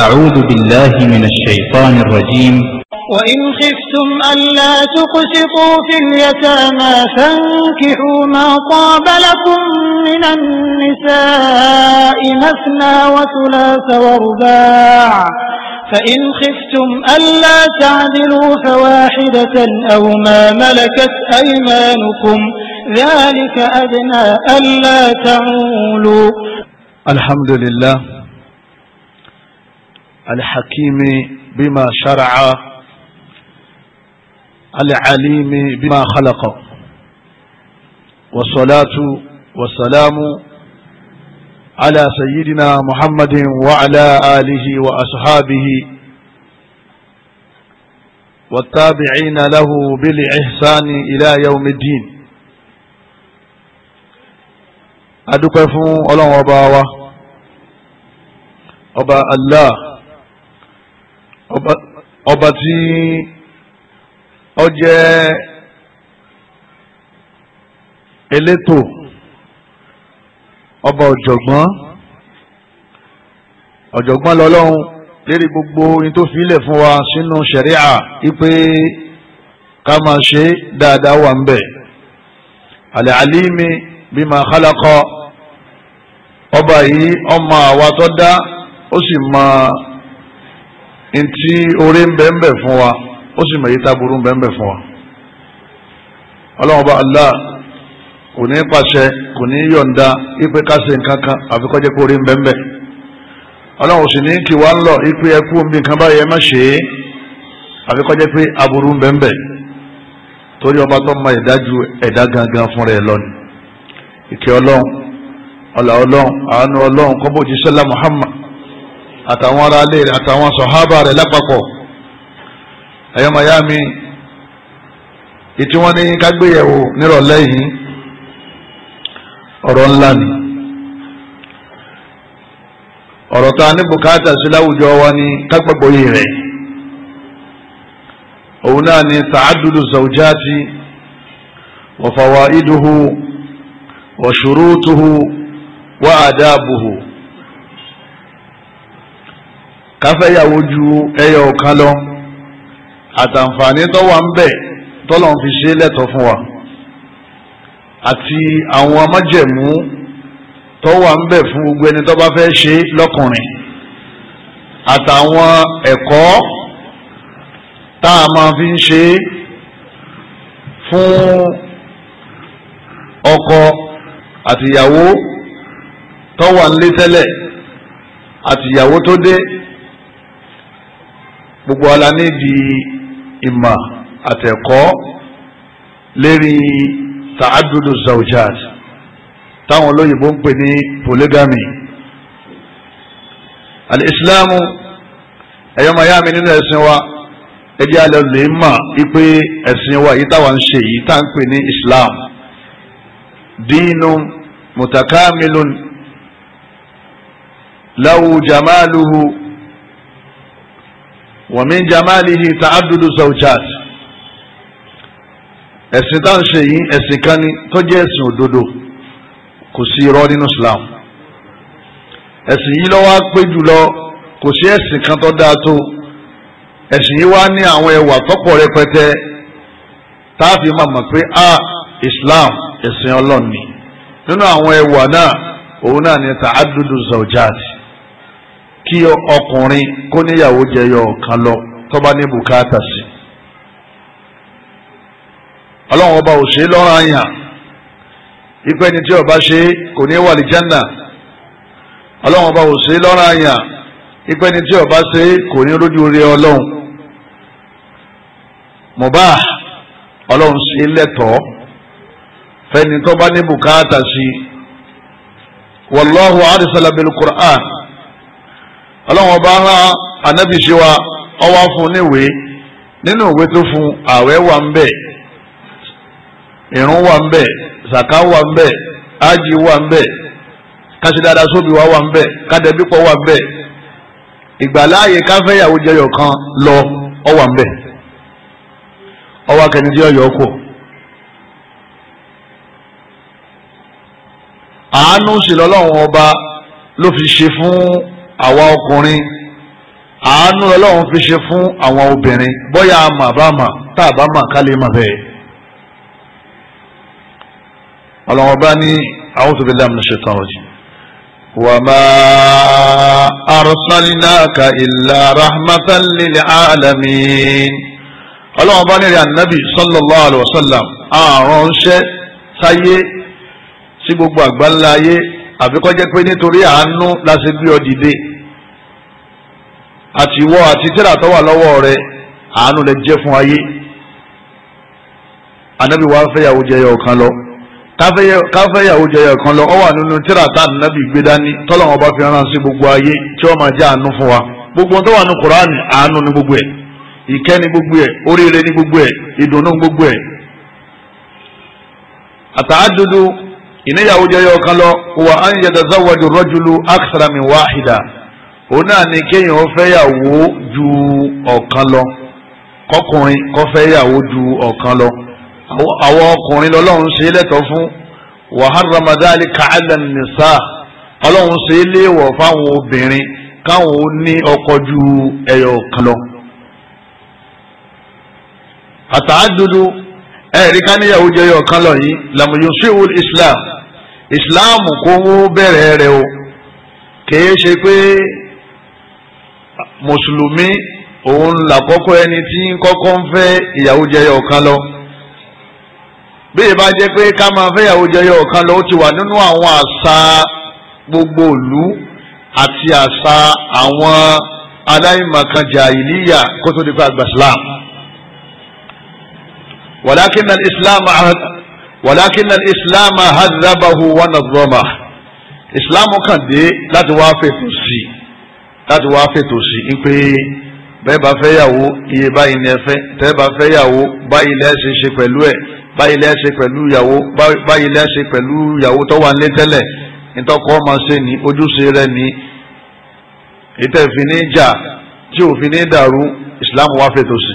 أعوذ بالله من الشيطان الرجيم وإن خفتم ألا تقسطوا في اليتامى فانكحوا ما طاب لكم من النساء مثنى وثلاث ورباع فإن خفتم ألا تعدلوا فواحدة أو ما ملكت أيمانكم ذلك أدنى ألا تعولوا الحمد لله الحكيم بما شرع العليم بما خلق والصلاة والسلام على سيدنا محمد وعلى آله وأصحابه والتابعين له بالإحسان إلى يوم الدين أدوك فون ألون وباوة ọba ọba tí ó jẹ́ elétò ọba ọ̀jọ̀gbọ́n ọ̀jọ̀gbọ́n lọ́lọ́run lérí gbogbo ohun tó filẹ̀ fún wa sínú ṣẹ̀ríà wípé ká máa ṣe dáadáa wà ń bẹ̀ àlẹ́ àlími bima khalaqa ọba yìí ọmọ àwa tó dá ó sì máa. nti orí ń fún wa ó sì mọ èyí táburú ń fún wa ọlọ́run bá Allah kò ní pàṣẹ kò ní yọ̀ǹda ipe kásẹ̀ nkankan kan àfi kọ́jẹ́ kó orí ń bẹ ń bẹ ọlọ́run sì ní kí wá ń lọ ipe ẹkú omi nǹkan báyìí ẹ má ṣe é àfi kọ́jẹ́ pé aburú ń torí ọba tó mọ ìdájú ẹ̀dá gangan fún rẹ̀ lọ́ni ìkẹ́ ọlọ́run ọ̀là ọlọ́run àánú ọlọ́run kọ́bọ̀jì sẹ́lá Muhammad àtàwọn ará ilé rẹ̀ àtàwọn sọ̀hábà rẹ̀ lápapọ̀ ẹ̀yọ́ mayami ìtí wọ́n ní kágbéyẹ̀wò nírọ̀lẹ́ yìí ọ̀rọ̀ ńlá ni ọ̀rọ̀ tá a ní bùkátà sí láwùjọ wa ni kápẹ́pọ̀ yìí rẹ̀ òun náà ni ta'addud zawjati wa fawaiduhu wa shurutuhu wa káfẹ́yàwó ju ẹyọ ọ̀kan lọ àtàǹfààní tó wà ń bẹ tọ́lọ̀ fi ṣe lẹ́tọ̀ fún wa àti àwọn amájẹ̀mú tó wà ń bẹ fún gbogbo ẹni tó bá fẹ́ ṣe lọ́kùnrin àtàwọn ẹ̀kọ́ tá a máa fi ń ṣe fún ọkọ àtìyàwó tó wà ń lé tẹ́lẹ̀ àtìyàwó tó dé gbogbo ala nídìí ìmọ̀ àtẹ̀kọ́ lérí tààdùdù zawjad táwọn olóyìnbó ń pè ní polygamy alìsílámù ẹ̀yọ́ màá yá mi nínú ẹ̀sìn wa ẹjẹ́ alẹ́ lè mà wípé ẹ̀sìn wa yìí táwa ń ṣe yìí tá ń pè ní islam dínú mutakamilun láwù wa min jamalihi ta'addudu zawjat ẹ̀sìn tá à ń ṣe yìí ẹ̀sìn kan ni tó jẹ́ ẹ̀sìn òdodo kò sí irọ́ nínú Islam ẹ̀sìn yìí lọ́wọ́ á pé jùlọ kò sí ẹ̀sìn kan tó dáa tó ẹ̀sìn yìí wá ní àwọn ẹwà tọ́pọ̀ rẹpẹtẹ tá a fi máa mọ̀ pé a Islam ẹ̀sìn ọlọ́ọ̀ni nínú àwọn ẹwà náà òun náà ni ta'addudu zawjat kí ọkùnrin kó níyàwó jẹyọ kan lọ tó bá ní bùkátà sí ọlọ́run ọba ò ṣe lọ́rọ̀ àyàn ipẹ́ ni tí ọba ṣe kò ní wà lìjánà ọlọ́run ọba ò ṣe lọ́rọ̀ àyàn ipẹ́ ni tí ọba ṣe kò ní rójú rí ọlọ́run mọ̀bá ọlọ́run ṣe lẹ́tọ̀ọ́ fẹ́ni tó bá ní bùkátà sí wàlláhu arísàlábìlì Qur'an ọlọ́run ọba hàn anabi ṣe wa ọwọ́ fún níwèé nínú ìwé tó fún ààwẹ̀ wà ń bẹ̀ ìrun wà ń bẹ̀ sàká wà ń bẹ̀ ájì wà ń bẹ̀ kásídáadáa sóbì wa wà ń bẹ̀ kádẹ́bípọ̀ wà ń bẹ̀ ìgbàláàyè káfẹ́yàwó jẹyọ̀ kan lọ ọ wà ń bẹ̀ ọwọ́ akẹ́nidí ọ̀yọ́ kù. àánú sì lọ́lọ́run ọba ló fi ṣe fún àwa ọkùnrin àánú ọlọ́run fi ṣe fún àwọn obìnrin bóyá àmà àbámà tá àbámà ká lè mà bẹ́ẹ̀. ọlọ́run ọba ní a'udhu billahi minash shaitanir rajim. wa ma arsalnaka illa rahmatan lil alamin. ọlọ́run ọba nílẹ̀ ànábì sallallahu alayhi àrùn ṣẹ́ sáyé sí gbogbo àgbáńlá ayé àfikọ́jẹ́ pé nítorí àánú la ṣe ọ dìde àti ìwọ àti tírà tó wà lọ́wọ́ rẹ àánú lè jẹ́ fún ayé anabi wa fẹ́yàwó jẹyọ kan lọ káfẹ́yàwó jẹyọ kan lọ ọ wà nínú tírà tá anabi gbé dání tọ́lọ́wọ́n bá fi ránṣẹ́ gbogbo ayé tí ó máa jẹ́ àánú fún wa gbogbo tó wà ní kuraani àánú ní gbogbo ẹ̀ ìkẹ́ ní gbogbo ẹ̀ oríire ní gbogbo ẹ̀ ìdùnnú ní gbogbo ẹ̀ àtàádúdú ìníyàwó jẹyọ kan lọ wà á ń yẹ òun náà ni kéèyàn ó fẹ́yàwó ju ọ̀kan lọ kọkùnrin kó fẹ́yàwó ju ọ̀kan lọ àwọn ọkùnrin lọ́lọ́run ṣe lẹ́tọ̀ọ́ fún wa harrama dhalika ala nisa ọlọ́run ṣe léèwọ̀ fáwọn obìnrin káwọn ó ní ọkọ ju ẹyọ kan lọ. àtàdúdú ẹ̀rí ká níyàwó jẹyọ kan lọ yìí làmúyọ̀ṣẹ́wò islam islam kò ń bẹ̀rẹ̀ rẹ̀ o kì í ṣe pé mùsùlùmí òun làkọ́kọ́ ẹni tí ń kọ́kọ́ ń fẹ́ ìyàwó jẹyọ kan lọ bí ìbá jẹ́ pé ká máa fẹ́ ìyàwó jẹyọ kan lọ ó ti wà nínú àwọn àṣà gbogbo ìlú àti àṣà àwọn aláìmọ̀kan jàìlíyà kó tó di pé àgbà islam wàlákin náà islam wàlákin náà islam hazabahu wa nadhrama islam kàn dé láti wá fètò sí i láti wá fètò sí i pé bẹ́ẹ̀ bá fẹ́ yàwó iye báyìí ní ẹfẹ́ tẹ́ẹ̀ bá fẹ́ yàwó báyìí lẹ́ẹ̀ṣẹ̀ ṣe pẹ̀lú ẹ̀ báyìí lẹ́ẹ̀ṣẹ̀ pẹ̀lú yàwó báyìí lẹ́ẹ̀ṣẹ̀ pẹ̀lú yàwó tó wà nílé tẹ́lẹ̀ ìtọ́kọ́ máa ṣe ní ojúṣe rẹ̀ ní ìtẹ̀fin ní jà tí òfin ní dàrú Islam wá fètò sí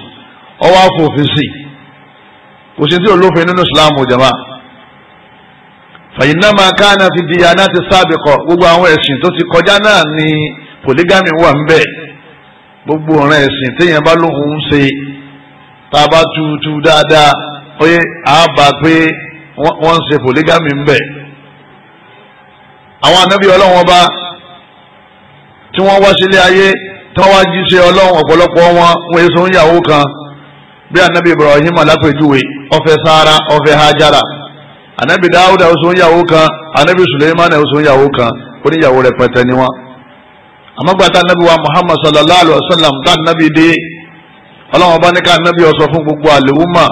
ọ wá fòfin sí kò sí tí olófin nínú Islam jama fàyínàmà kánà fi di aná ti sábìkọ gbogbo àwọn ẹ̀sìn tó ti kọjá náà ní polygamy wà ń bẹ gbogbo ọ̀ràn ẹ̀sìn téèyàn bá lóhùn ń ṣe tá a bá tuutu dáadáa oye àbá pé wọ́n ń ṣe polygamy ń bẹ àwọn ànábì ọlọ́run ọba tí wọ́n wá sílé ayé tí wọ́n wá jíṣẹ́ ọlọ́run ọ̀pọ̀lọpọ̀ wọn wọ́n èso ń yàwó kan bí ànábì Ibrahim alápèjúwe ọfẹ Sara ọfẹ Hajara ànábì Dáúdà ó so ń yàwó kan ànábì Suleiman ó so ń yàwó kan oníyàwó rẹpẹtẹ ni wọn àmọ́gbàtà nàbí wa muhammad sallallahu alayhi wa sallam tá nàbí dé ọlọ́wọ́n bá ní ká nàbí ọ̀sọ̀ fún gbogbo àlèwúmà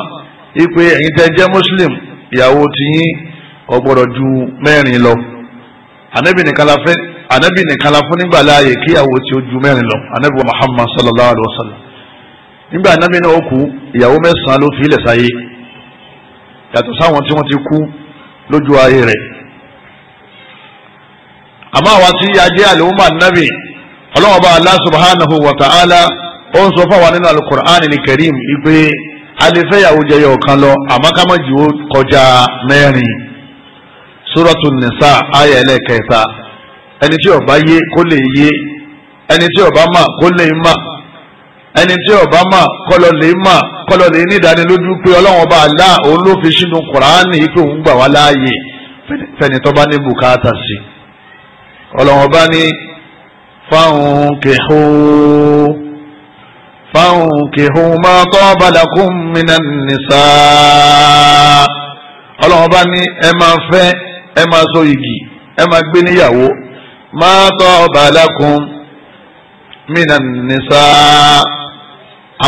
ipe ẹ̀yin tẹ́ jẹ́ muslim ìyàwó tiyín kò gbọ́dọ̀ ju mẹ́rin lọ ànábì nìkan la fẹ́ ànábì nìkan la fún nígbà láàyè kí ìyàwó tí ó ju mẹ́rin lọ ànábì wa muhammad sallallahu alayhi wa sallam nígbà ànábì náà kú ìyàwó mẹ́sàn-án ló fi ilẹ̀ sáyé yàtọ̀ sáwọn tí wọ́n ti kú lójú ayé rẹ̀ àmọ́ àwa tí a jẹ́ àlèwúmà nàbì ọlọ́wọ́ bá Allah subhanahu wa ta'ala ó ń sọ fáwọn nínú alukur'an ní karim ipe alifẹ́yàwó jẹyọ kan lọ àmọ́ ká kọjá mẹ́rin suratu nisa aya ẹlẹ́kẹta ẹni tí ó bá yé kó lè yé ẹni tí ó bá mà kó lè mà ẹni tí ó bá mà kọlọ lè mà kọlọ lè ní ìdánilójú pé ọlọ́wọ́n bá Allah òun ló fi sínú kur'an ní ipe òun gbà wá láàyè fẹ́ni bá ní bùkátà sí ọlọ́wọ́n bá ní. فانكحوا فانكحوا ما طاب لكم من النساء ọlọ́run bá ní ẹ máa fẹ́ ẹ máa so igi ẹ máa gbé níyàwó ما طاب لكم من النساء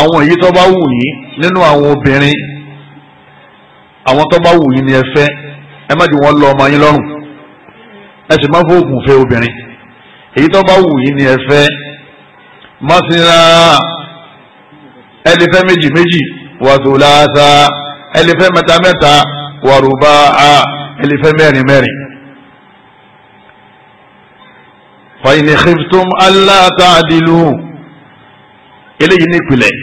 àwọn èyí tó bá wù yín nínú àwọn obìnrin àwọn tó bá wù yín ni ẹ fẹ́ ẹ má jù wọ́n lọ ọmọ yín lọ́rùn ẹ sì má fóògùn fẹ́ obìnrin èyí tó bá wù yín ni ẹ fẹ́ mọ́síra ẹlẹ́fẹ́ méjì méjì wàtúláta ẹlẹ́fẹ́ mẹ́ta mẹ́ta wàrúbá ẹlẹ́fẹ́ mẹ́rin mẹ́rin. fàyìnì khiftum alla ta'dilu eléyìí ní ìpìlẹ̀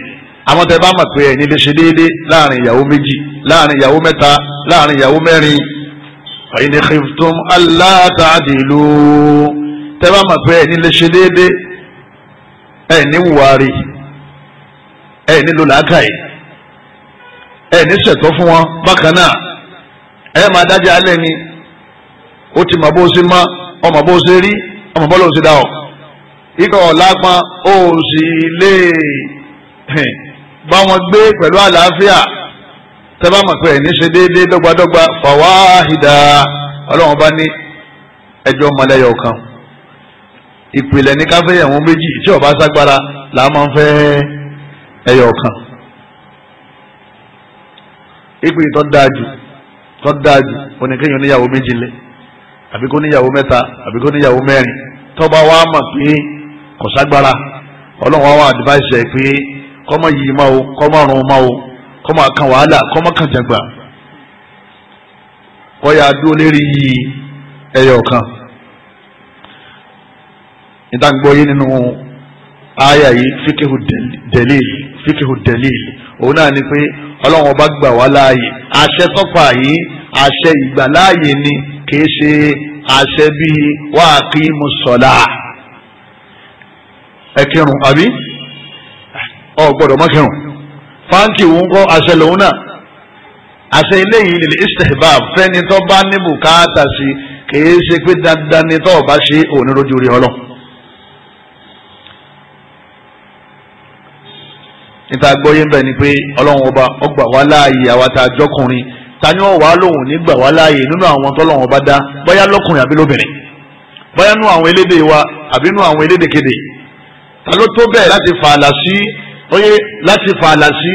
àwọn tẹ bá mọ̀ pé ẹ̀yin lè ṣe déédéé láàrin ìyàwó méjì láàrin ìyàwó mẹ́ta láàrin ìyàwó mẹ́rin fàyìnì khiftum alla tẹ́lá mà pé ẹ̀yin lè ṣe déédéé ẹ̀yin ní wùwárí ẹ̀yin nílò làákàyè ẹ̀yin ṣẹ̀tọ́ fún wọn bákan náà ẹ̀yin máa dájà alẹ́ ni ó ti mà bó ṣe má ọmọ bó ṣe rí ọmọ bọ́lá ò ṣe dá ọ ikọ̀ ọ̀làgbọ́n ó sì lè bá wọn gbé pẹ̀lú àlàáfíà tẹ́lá mà pé ẹ̀yin ṣe déédéé dọ́gbadọ́gba fàwáhìdá ọlọ́run bá ní ẹjọ́ mọ̀lẹ́yọ̀ kan ìpìlẹ̀ ní káfẹ́ ẹ̀wọ̀n méjì tí ọba ságbára là á máa ń fẹ́ ẹyọ kan ìpìlẹ̀ tó dáa jù tó dáa jù oníkéyàn níyàwó méjì lé àbí kó níyàwó mẹ́ta àbí kó níyàwó mẹ́rin tọ́ba wa mọ̀ pé kò ságbára ọlọ́run àwọn àdìbáṣe ẹ̀ pé kọ́mọ yìí máa o kọ́mọ rún máa o kọ́mọ kan wàhálà kọ́mọ kan jàgbà kọ́ya dúró lérí ẹyọ kan ìdágbọ́yé nínú àyà yìí fíkihù dẹ̀lìl fíkihù dẹ̀lìl òun náà ni pé ọlọ́run ọba gbà wá láàyè àṣẹ tọ́pa yìí àṣẹ ìgbàláàyè ni kìí ṣe àṣẹ bíi wáàkí mùsọ̀lá ẹ kírun àbí ọ gbọ́dọ̀ má kírun fáńkì òun kọ́ àṣẹ lòun náà àṣẹ ilé yìí lè istihbab fẹ́ni tó bá ní bùkátà sí kìí ṣe pé dandan ni tó o bá ṣe òun rí ọlọ́run. níta gbọ́yé ń bẹ̀ ni pé ọlọ́run ọba ọgbà wá láàyè àwa tá a jọkùnrin ta ni wọ́n wá lóhùn nígbà wá láàyè nínú àwọn tọ́lọ́run ọba dá bóyá lọ́kùnrin àbí lóbìnrin bóyá nú àwọn elédè wa àbí nú àwọn elédè kéde ta ló tó bẹ́ẹ̀ láti fààlà sí oyè láti fààlà sí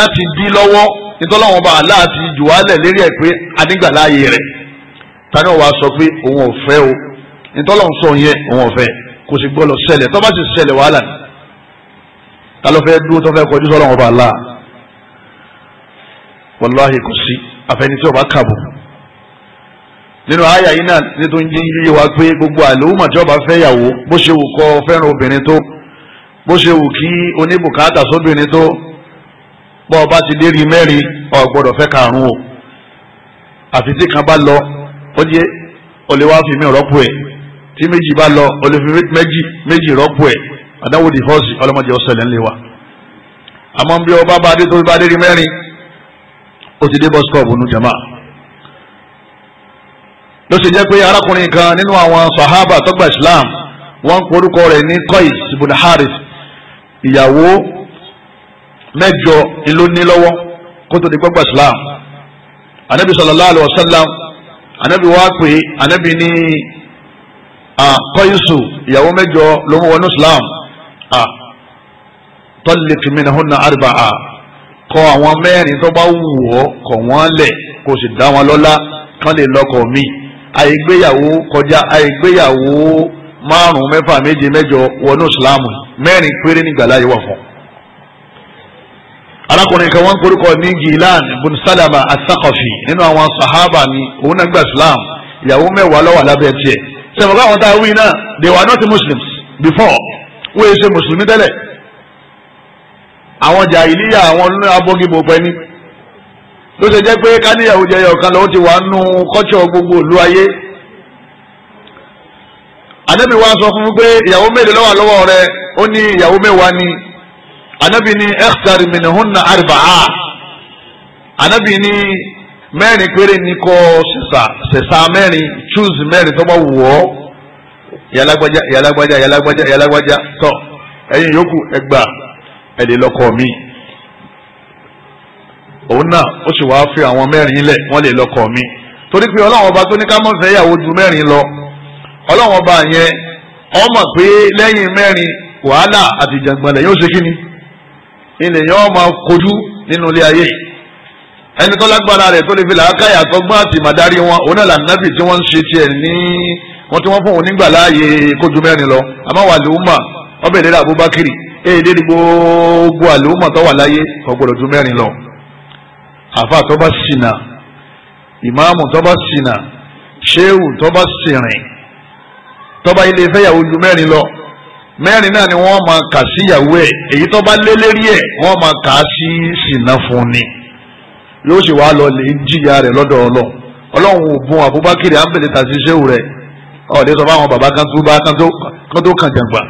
láti dí lọ́wọ́ nítọ́lọ́run ọba aláàtì jùwálẹ̀ lérí ẹ̀ pé anígbà láàyè rẹ̀ ta ni wọ́n wá sọ pé òun ò ta ló fẹ́ dúró tó fẹ́ kọjú sọ́lọ́ ọba Allah wàláhì kò sí àfẹnití ọba kàbò nínú àyà yìí náà ní tó ń jí yíyí wa pé gbogbo àlòmọ̀ tí ọba fẹ́ yàwó bó ṣe wù kọ́ fẹ́ràn obìnrin tó bó ṣe wù kí oníbùkátà sóbìnrin tó bọ́ ọba ti lérí mẹ́rin ò fẹ́ karùn-ún o àfi tí kan bá lọ ó jẹ́ ó fi mí rọ́pò ẹ̀ tí méjì bá lọ ó méjì méjì rọ́pò ẹ̀ adáwò di họ́ọ̀sì ọlọ́mọdé ọ̀sẹ̀lẹ̀ ńlẹ̀ wa àmọ́ bí ọba bá dé tó bá dé rí mẹ́rin ó ti dé bọ́ stọọbù nù jama ló ṣe jẹ́ pé arákùnrin kan nínú àwọn sahaba tọgbà islam wọ́n ń porúkọ rẹ̀ ní Qais ibn Harith ìyàwó mẹ́jọ ìlú ní lọ́wọ́ kó tó di gbọgbà islam anabi sallallahu alayhi wa sallam anabi wa pe anabi ní Qaisu ìyàwó mẹ́jọ ló islam a ah. tọ́lẹ̀kì mi náà hona àrùbá a ah. kọ àwọn mẹ́rin tó bá wù ọ́ kọ̀ wọ́n lẹ̀ kó o sì dá wọn lọ́lá kán lè lọ́kọ̀ mi àìgbéyàwó kọjá àìgbéyàwó márùn mẹ́fà méje mẹ́jọ wọnú ìsìláàmù mẹ́rin péré nígbàlá yìí wà fún. arákùnrin kan wọ́n ń korúkọ ní gilan bun salama asakafi nínú àwọn sahaba ni òun náà gba islam ìyàwó mẹ́wàá ló lábẹ́ tiẹ̀ sẹ́wọ̀n káwọn tá wí náà they were not muslims before wọ́n èsè mùsùlùmí tẹ́lẹ̀ àwọn jàhílíyà àwọn abọ́gibò pẹ́ni ló ṣe jẹ́ pé káníyàwó jẹyọ kan lọ́wọ́ ti wà nù kọ́tsọ̀ gbogbo òlu ayé anabi wa sọ fún mi pé ìyàwó mélòó lọ́wọ́ lọ́wọ́ rẹ ó ní ìyàwó mẹ́wàá ni anabi ni ikhtar minhunna arba'a anabi ni mẹ́rin péré ni kò ṣẹ̀ṣà ṣẹ̀ṣà mẹ́rin choose mẹ́rin tó bá wù ọ́ yàlágbájá yàlágbájá yàlágbájá yàlágbájá tọ ẹyin yòókù ẹgbà ẹ lè lọkọ mi òun náà ó sì wáá fi àwọn mẹ́rin lẹ̀ wọ́n lè lọkọ mi torí pé ọlọ́run ọba tó ní ká mọ̀ fẹ́ yàwó ju mẹ́rin lọ ọlọ́run ọba yẹn ọmọ pé lẹ́yìn mẹ́rin wàhálà àti ìjàngbọ̀nlẹ̀ yóò ṣe kíni ilẹ̀ yẹn ọmọ kojú nínú ilé ayé ẹni tó lágbára rẹ̀ tó lè fi làákàyà tó gbọ́n àti wọn òun náà làǹdàbì wọ́n ti wọ́n fún òun nígbà láàyè kójú mẹ́rin lọ àmọ́ wà lóhùnmà ọbẹ̀ ìlera Abubakar èyí lé gbogbo àlóhùnmà tó wà láyé ọgbọ̀dọ̀ ju mẹ́rin lọ. àfa tó bá ṣìnà ìmáàmù tó bá ṣéwù tó bá ṣìrìn tó bá ilé ju mẹ́rin lọ mẹ́rin náà ni wọ́n máa kà sí ìyàwó ẹ̀ èyí tó bá lé lérí ẹ̀ wọ́n máa kà á sí ṣìnà fún ni yóò ṣe wàá lọ lè jìyà rẹ̀ lọ́dọ̀ ọlọ́run ò bùn Abubakar àbẹ̀lẹ̀ tàṣíṣẹ́wò rẹ̀ ọ̀dẹ sọ fáwọn bàbá kan tó bá kan tó kàn jàǹgbà.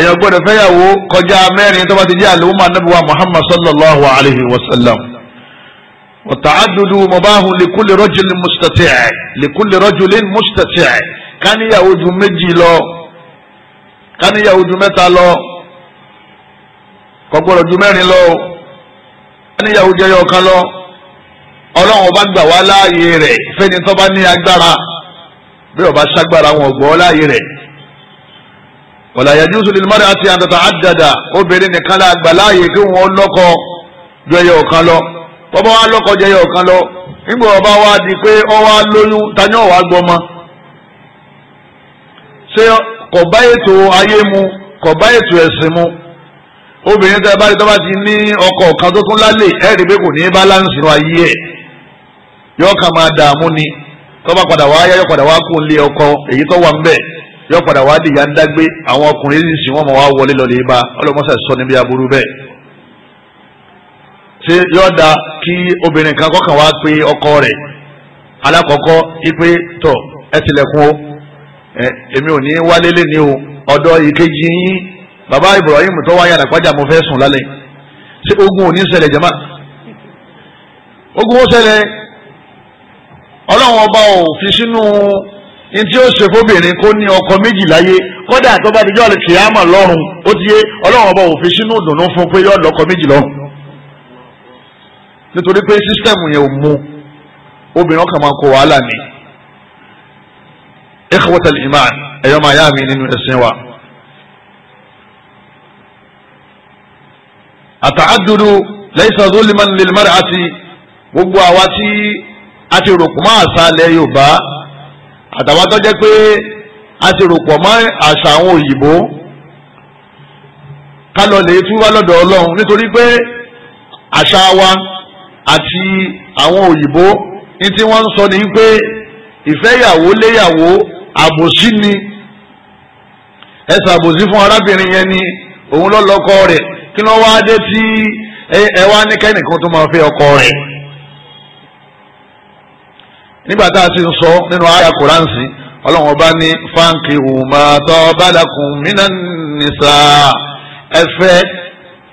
èèyàn gbọ́dọ̀ fẹ́yàwó kọjá mẹ́rin tó bá ti jẹ́ àlùmọ́ anábìwá muhammad sallallahu alayhi wa sallam. وتعدد مباح لكل رجل مستطيع لكل رجل مستطيع كان يهود méjì lọ كان يهود mẹ́ta lọ kò gbọ́dọ̀ ju mẹ́rin lọ كان يهود ẹyọ kan lọ ọlọ́run ọba gbà wá láàyè rẹ̀ fẹ́ni tó bá ní agbára bí ọba ṣagbára wọn gbọ́ láàyè rẹ̀ wala yajuzu lil mar'ati an tata'addada obìnrin nìkan la gbà láàyè kí wọ́n lọ́kọ ju ẹyọ ọ̀kan lọ bọ́bá wa lọ́kọ ju ẹyọ ọ̀kan lọ nígbà ọba wa di pé ọ wa lóyún tani ọ̀ wá gbọ́mọ ṣé kò bá ètò ayé mu kò bá ètò ẹ̀sìn mu obìnrin tẹ́ bá tọ́ bá ti ní ọkọ ọ̀kan tó tún lálẹ́ ẹ̀rí pé kò ní báláǹsì nínú ayé ẹ̀ yóò kàn máa dààmú ni tọ́ba padà wá yá yóò padà wá kó lé ọkọ èyí tó wà ń bẹ̀ yóò padà wá dìyà ń dágbé àwọn ọkùnrin yìí sì wọ́n mọ̀ wá wọlé lọ lè bá ọlọ́mọṣà sọ níbi aburú bẹ́ẹ̀. ṣé yóò da kí obìnrin kan kọ́kàn wá pé ọkọ rẹ̀ alákọ̀ọ́kọ́ ipe tọ̀ ẹ tilẹ̀kùn o èmi ò ní wálé lé ní o ọ̀dọ̀ ìkejì yín bàbá Ibrahim tó wáyà nàpájà mo fẹ́ sùn lálẹ́ ṣé ogun ò ní ṣẹlẹ̀ jẹ́mà ogun ó ṣẹlẹ̀ ọlọ́run ọba ò fi sínú ntí ó ṣe fóbìnrin kó ní ọkọ méjì láyé kódà tó bá di jọ́ kìámà lọ́run ó ti yé ọlọ́run ọba ò fi sínú dùnú fún pé yọ́ lọ́kọ méjì lọ́run nítorí pé sísítẹ̀mù yẹn ò mú obìnrin ọkàn máa kó wàhálà ni ikhwatal iman ẹ̀yọ́ máa yá mi nínú ẹ̀sìn wa. àtàádùdù laysa zulman lil mar'ati gbogbo àwa tí a ti rò pọ̀ mọ́ àṣà ilẹ̀ Yorùbá àtàwọn tó jẹ́ pé a ti rò àṣà àwọn òyìnbó ká lọ lè tún wá lọ́dọ̀ Ọlọ́run nítorí pé àṣà wa àti àwọn òyìnbó ní tí wọ́n ń sọ ni pé ìfẹ́yàwó léyàwó àbòsí ni ẹsẹ̀ àbòsí fún arábìnrin yẹn ni òun lọ lọ́kọ rẹ̀ kí ló wá dé tí ẹ wá ní kẹ́nìkan tó máa fẹ́ ọkọ rẹ̀ nígbà tá a ti ń sọ nínú àyà kùránsì ọlọ́run ọba ní fáǹkì hùmà tó bàdàkùn mínà nìsà ẹfẹ́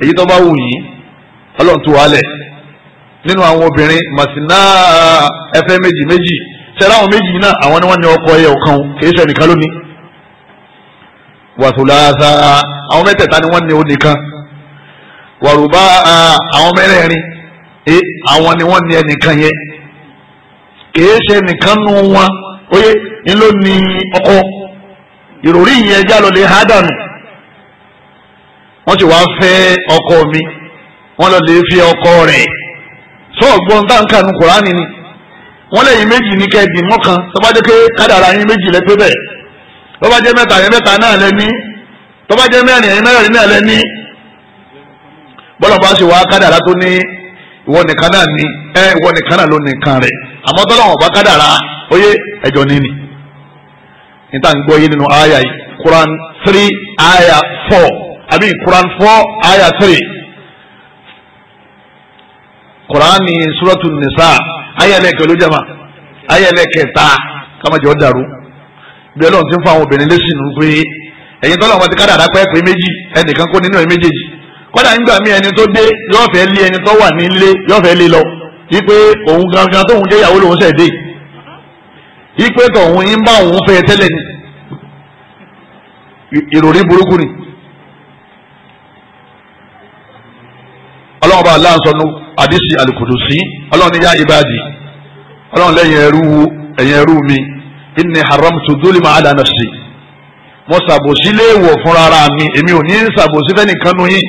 èyí tó bá wù yín ọlọ́run tó wálẹ̀ nínú àwọn obìnrin màsínà ẹfẹ́ méjì méjì sẹ́rẹ́ àwọn méjì náà àwọn ni wọ́n ní ọkọ ẹyẹ ọ̀kan kìí ṣe nìkan lónìí wàtúláàtà àwọn mẹ́tẹ̀ẹ̀ta ni wọ́n ní ó nìkan wàrúbá àwọn mẹ́rẹ̀ẹ̀rin eh, àwọn ni wọ́n ní ẹnìkan yẹn. kìí ṣe nìkan nù wọn oyè ńlọ ní ọkọ ìròrí yẹn ẹja lọ lè há dànù wọ́n sì wáá fẹ́ ọkọ mi wọ́n lọ lè fi ọkọ rẹ̀ sọ́ọ̀gbọ́n táǹkànù kùránì ni wọ́n lẹ́yìn méjì ní kẹ́ẹ̀dì mọ́kan tọ́bajẹ́ pé kádàrà yín méjì lẹ́pẹ́ bẹ́ẹ̀ tọ́bajẹ́ mẹ́ta yẹn mẹ́ta náà lẹ́ní tọ́bajẹ́ mẹ́rin yẹn mẹ́rin náà lẹ́ní bọ́lá bá sì wá kádàrà tó ní ìwọ nìkan náà ní ẹ ìwọ nìkan náà ló nìkan rẹ̀ àmọ́ tọ́lọ́wọ̀n ọba kádàrá oyè ẹjọ́ níní níta ń gbọ́ yé nínú àyà yìí Quran three àyà four àbí Quran four àyà three Quran ni suratul nisa àyà lẹ́kẹ̀ ló jẹ́ma àyà lẹ́kẹ̀ ta kàmájọ́ dàrú bí ti ń fa àwọn obìnrin lẹ́sìn pé ẹ̀yin tọ́lọ̀ wọn ti kádàrá méjì ẹnìkan kó nínú méjèèjì kọ́dà ẹni tó dé yọ̀ọ̀fẹ́ lé ẹni tó wà nílé lé lọ. wípé òun gangan tóun jẹ́ ìyàwó lòun ṣẹ̀dé wípé tọ̀hún ń bá òun fẹ́ tẹ́lẹ̀ ni ìròrí burúkú ni. ọlọ́run bá aláǹsọ̀nù àdìsí al-Qudusi ọlọ́run ní yá ibadi ọlọ́run lẹ́yìn ẹrú ẹ̀yìn ẹrú mi inni haramtu dhulma ala nafsi mo ṣàbòsí léèwọ̀ fúnra mi èmi ò ní ṣàbòsí fẹ́nìkan nu yín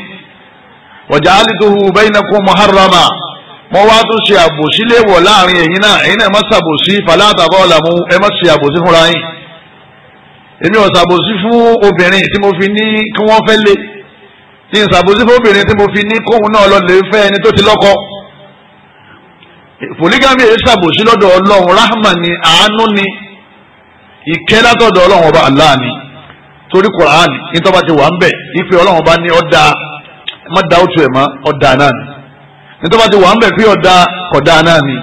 wa ja'altuhu bainakum muharrama mo wá tún ṣe àbòsí léwọ̀ láàrin ẹ̀yin náà ẹ̀yin náà ẹ má ṣàbòsí fàlàtàbà ọ̀làmú ẹ má ṣe àbòsí fúnra yín èmi ò ṣàbòsí fún obìnrin tí mo fi ní kí wọ́n fẹ́ lé ní ìṣàbòsí fún obìnrin tí mo fi ní kóhun náà lọ fẹ́ ẹni tó ti lọ́kọ. polygamy èyí ṣàbòsí lọ́dọ̀ ọlọ́run rahman ni àánú ni ìkẹ́ látọ̀dọ̀ ọlọ́run ọba Allah ni torí Qur'an ní tọ́ba ti wà ń bẹ̀ ife ọlọ́run ọba ní ọ̀dà má dá òtún ẹ̀ má ọ̀dà náà ni nítorí wọn ti wà ń bẹ̀ fi ọ̀dà kọ̀dà náà ni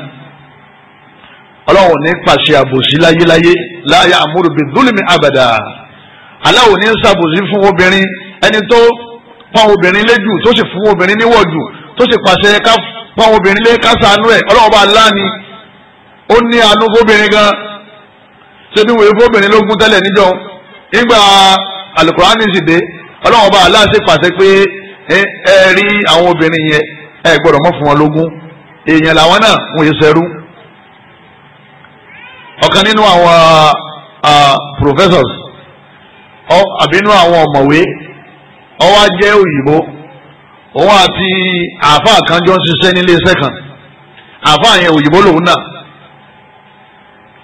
ọlọ́run ní pàṣẹ àbòsí láyéláyé láyé àmúrò bíi dúlùmí àbàdà aláwo ní sàbòsí fún obìnrin ẹni tó pọ́n obìnrin léjù tó sì fún obìnrin níwọ̀jù tó sì pàṣẹ ká pọ́n obìnrin lé ká ṣàánú ẹ̀ ọlọ́run bá láàánú ó ní àánú fóbìnrin gan ṣébi wòye fóbìnrin ló gún tẹ́lẹ̀ níjọ́ nígbà alukurani sì dé ọlọ́run bá aláàṣẹ pàṣẹ pé ẹ rí àwọn obìnrin yẹn ẹ gbọ́dọ̀ mọ́ fún wọn lógún èèyàn làwọn náà wọ́n yẹ sẹ́rú. ọ̀kan nínú àwọn professors àbí nínú àwọn ọ̀mọ̀wé ọwọ́ jẹ́ òyìnbó òun àti àáfàá kan jọ ń ṣiṣẹ́ nílé iṣẹ́ kan àáfàá yẹn òyìnbó lòun náà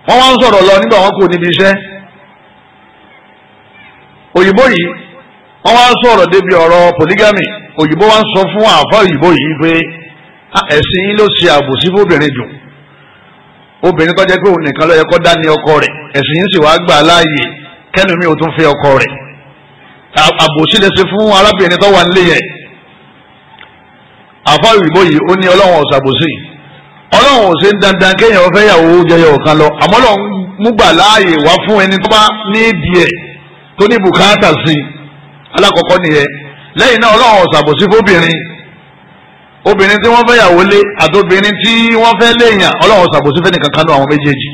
wọ́n wá ń sọ̀rọ̀ lọ nígbà wọn kò níbi iṣẹ́ òyìnbó yìí wọ́n wá ń sọ̀rọ̀ débi ọ̀rọ̀ polygamy òyìnbó wá ń sọ fún àfa òyìnbó yìí pé ẹ̀sìn yín ló ṣe àbòsí fóbìnrin jù obìnrin tó jẹ́ pé òun nìkan ló yẹ kó dá ní ọkọ rẹ̀ ẹ̀sìn yín sì wá gbà láàyè kẹ́nu mi ò tún fẹ́ ọkọ rẹ̀ àbòsí lè ṣe fún arábìnrin tó wà nílé yẹn àfa òyìnbó yìí ó ní ọlọ́run ọ̀sà àbòsí ọlọ́run ò ṣe ń dandan kéèyàn fẹ́ yàwó jẹyọ kan lọ àmọ́ lọ́run mú gbà láàyè wá fún ẹni tó bá ní ìdí ẹ̀ tó ní bùkátà sí i alákọ̀ọ́kọ́ nìyẹn lẹ́yìn náà ọlọ́run ọ̀sàbòsí fóbìnrin obìnrin tí wọ́n fẹ́ yàwó lé àtobìnrin tí wọ́n fẹ́ léèyàn ọlọ́run ọ̀sàbòsí fẹ́ nìkan kanú àwọn méjèèjì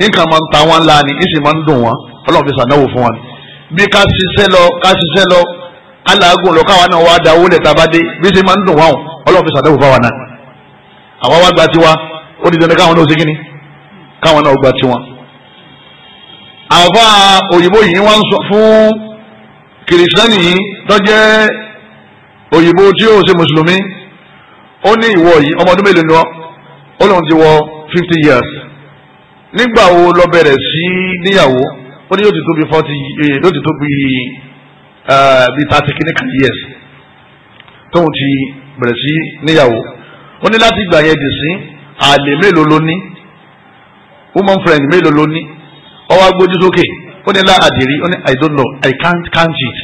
nǹkan máa ń ta wọn ńlá ni ìsì máa ń dùn wọn ọlọ́run fi sànáwó fún wọn bí ká ṣiṣẹ́ lọ ká ṣiṣẹ́ lọ aláàgùn lọ káwa náà wá da owó lẹ̀ tábà dé bí ṣe máa ń dùn wọn ọlọ́run fi sànáwó fáwọn náà àwa wá gba tiwa ó di dandan káwọn náà ṣe kíni káwọn náà gba tiwọn. àfa òyìnbó yìí wọ́n kìrìsìtẹ́nì yìí tọ́jẹ́ òyìnbó tí ó ṣe mùsùlùmí ó ní ìwọ yìí ọmọ ọdún mélòó ni wọ́n ó lóun ti wọ fifty years nígbà wo lọ bẹ̀rẹ̀ sí níyàwó ó ní yóò ti tó bí forty eh, yóò ti tó bí eh, thirty clinical years tóun ti bẹ̀rẹ̀ sí níyàwó ó ní láti gbà yẹn dì sí àlè mélòó ló ní woman friend mélòó ló ní ó wá gbójú sókè. Okay ó ní láàdìrí ó ní i don't know i can't count it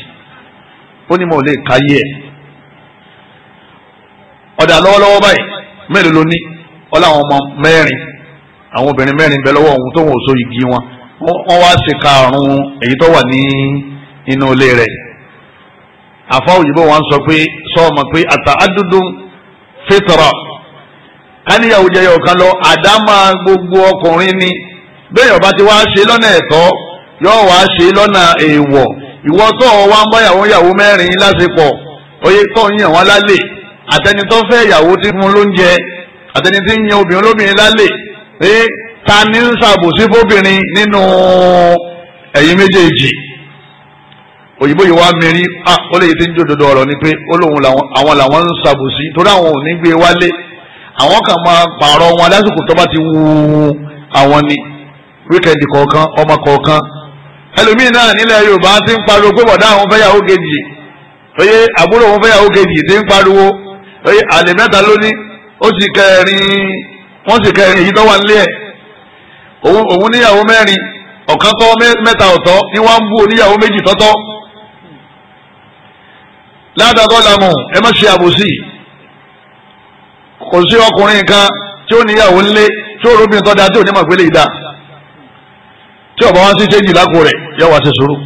ó ní mo lè káyé ẹ̀ ọ̀dà lọ́wọ́lọ́wọ́ báyìí mélòó ló ní ọlá àwọn ọmọ mẹ́rin àwọn obìnrin mẹ́rin bẹ lọ́wọ́ òun tó wọn ò so igi wọn wọ́n wá ṣe karùn-ún èyí tó wà ní inú ilé rẹ̀ àfa òyìnbó wọn sọ pé sọ́ọ̀mọ̀ pé àtà àdúdú fitra káníyàwó jẹyọ kan lọ àdámà gbogbo ọkùnrin ni bẹ́ẹ̀ ọba ti wá ṣe lọ́nà ẹ̀tọ́ yóò wá ṣe lọ́nà èèwọ̀ ìwọ tó ọ wá ń bá yàwó yàwó mẹ́rin lásìkò oyè tó ń yàn wá lálẹ́ àtẹni tó fẹ́ yàwó tí fún lóúnjẹ àtẹni tí ń yan obìnrin olóbìnrin lálẹ́ pé ta ni ń ṣàbòsí fóbìnrin nínú ẹ̀yin méjèèjì òyìnbó yìí wá mẹ́rí ah ó lè ti ń jòdodo ọ̀rọ̀ ni pé ó lóun àwọn làwọn ń ṣàbòsí torí àwọn ò ní gbé e wálé àwọn kan máa pààrọ̀ wọn lásìkò tó bá ti wú àwọn ni wíkẹ̀ndì kọ̀ọ̀kan ọmọ kọ̀ọ̀kan ẹlòmíín náà nílẹ̀ yorùbá ti ń pariwo pé bọ̀dá àwọn fẹ́yàwó kejì oye àbúrò òun fẹ́yàwó kejì ti ń pariwo oye àlè mẹ́ta lóní ó sì kẹrin wọ́n sì kẹrin èyí tó wà nílé òun níyàwó mẹ́rin ọ̀kan tọ́ mẹ́ta ọ̀tọ̀ ni wọ́n ń bú oníyàwó méjì tọ́tọ́ ládàtọ́ làmù ẹ má ṣe àbòsí kò sí ọkùnrin kan tí ó níyàwó ńlé tí ó róbìn tọ́ da tí ò ní màgbélé ìdá tí ọba wọn ṣe ṣéǹjì lákò rẹ̀ yóò wá ṣe sùúrù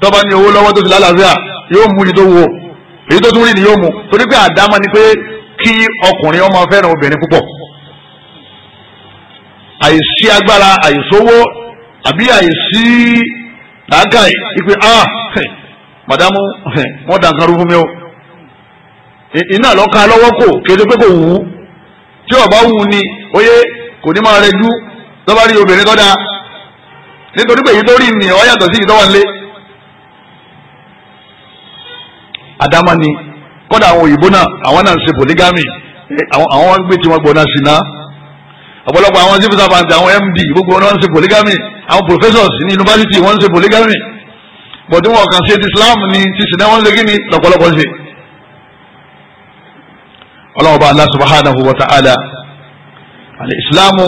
tọ́ba ní owó lọ́wọ́ tó ti lálàáfíà yóò mú yìí tó wo èyí tó tún rí ni yóò mú torí pé àdámọ́ ni pé kí ọkùnrin ọmọ fẹ́ràn obìnrin púpọ̀ àìsí agbára àìsówó àbí àìsí làákàyè ipe ah madamu wọn dàn kan rú fún mi o iná lọ́ka lọ́wọ́ kò kéde pé kò wù ú tí ọba wù ni ó yẹ kò ní máa rẹjú lọ́ba rí obìnrin tó dáa nítorí pé èyí tó rí ni ọ yàtọ̀ sí ìtọ́wọ́n lé àdámá ni kọ́dà àwọn òyìnbó náà àwọn náà ń ṣe polygamy eh, àwọn wọn gbé tiwọn gbọ́ná sí náà ọ̀pọ̀lọpọ̀ àwọn civil servant àwọn md gbogbo wọn ń ṣe polygamy àwọn professors ní university wọn ń ṣe polygamy bọ̀dé wọn kàn ṣe ti Islam ni ti sinna wọn ṣe kí ni lọ́pọ̀lọpọ̀ ṣe. ọlọ́run bá Allah subhanahu wa ta'ala al-islamu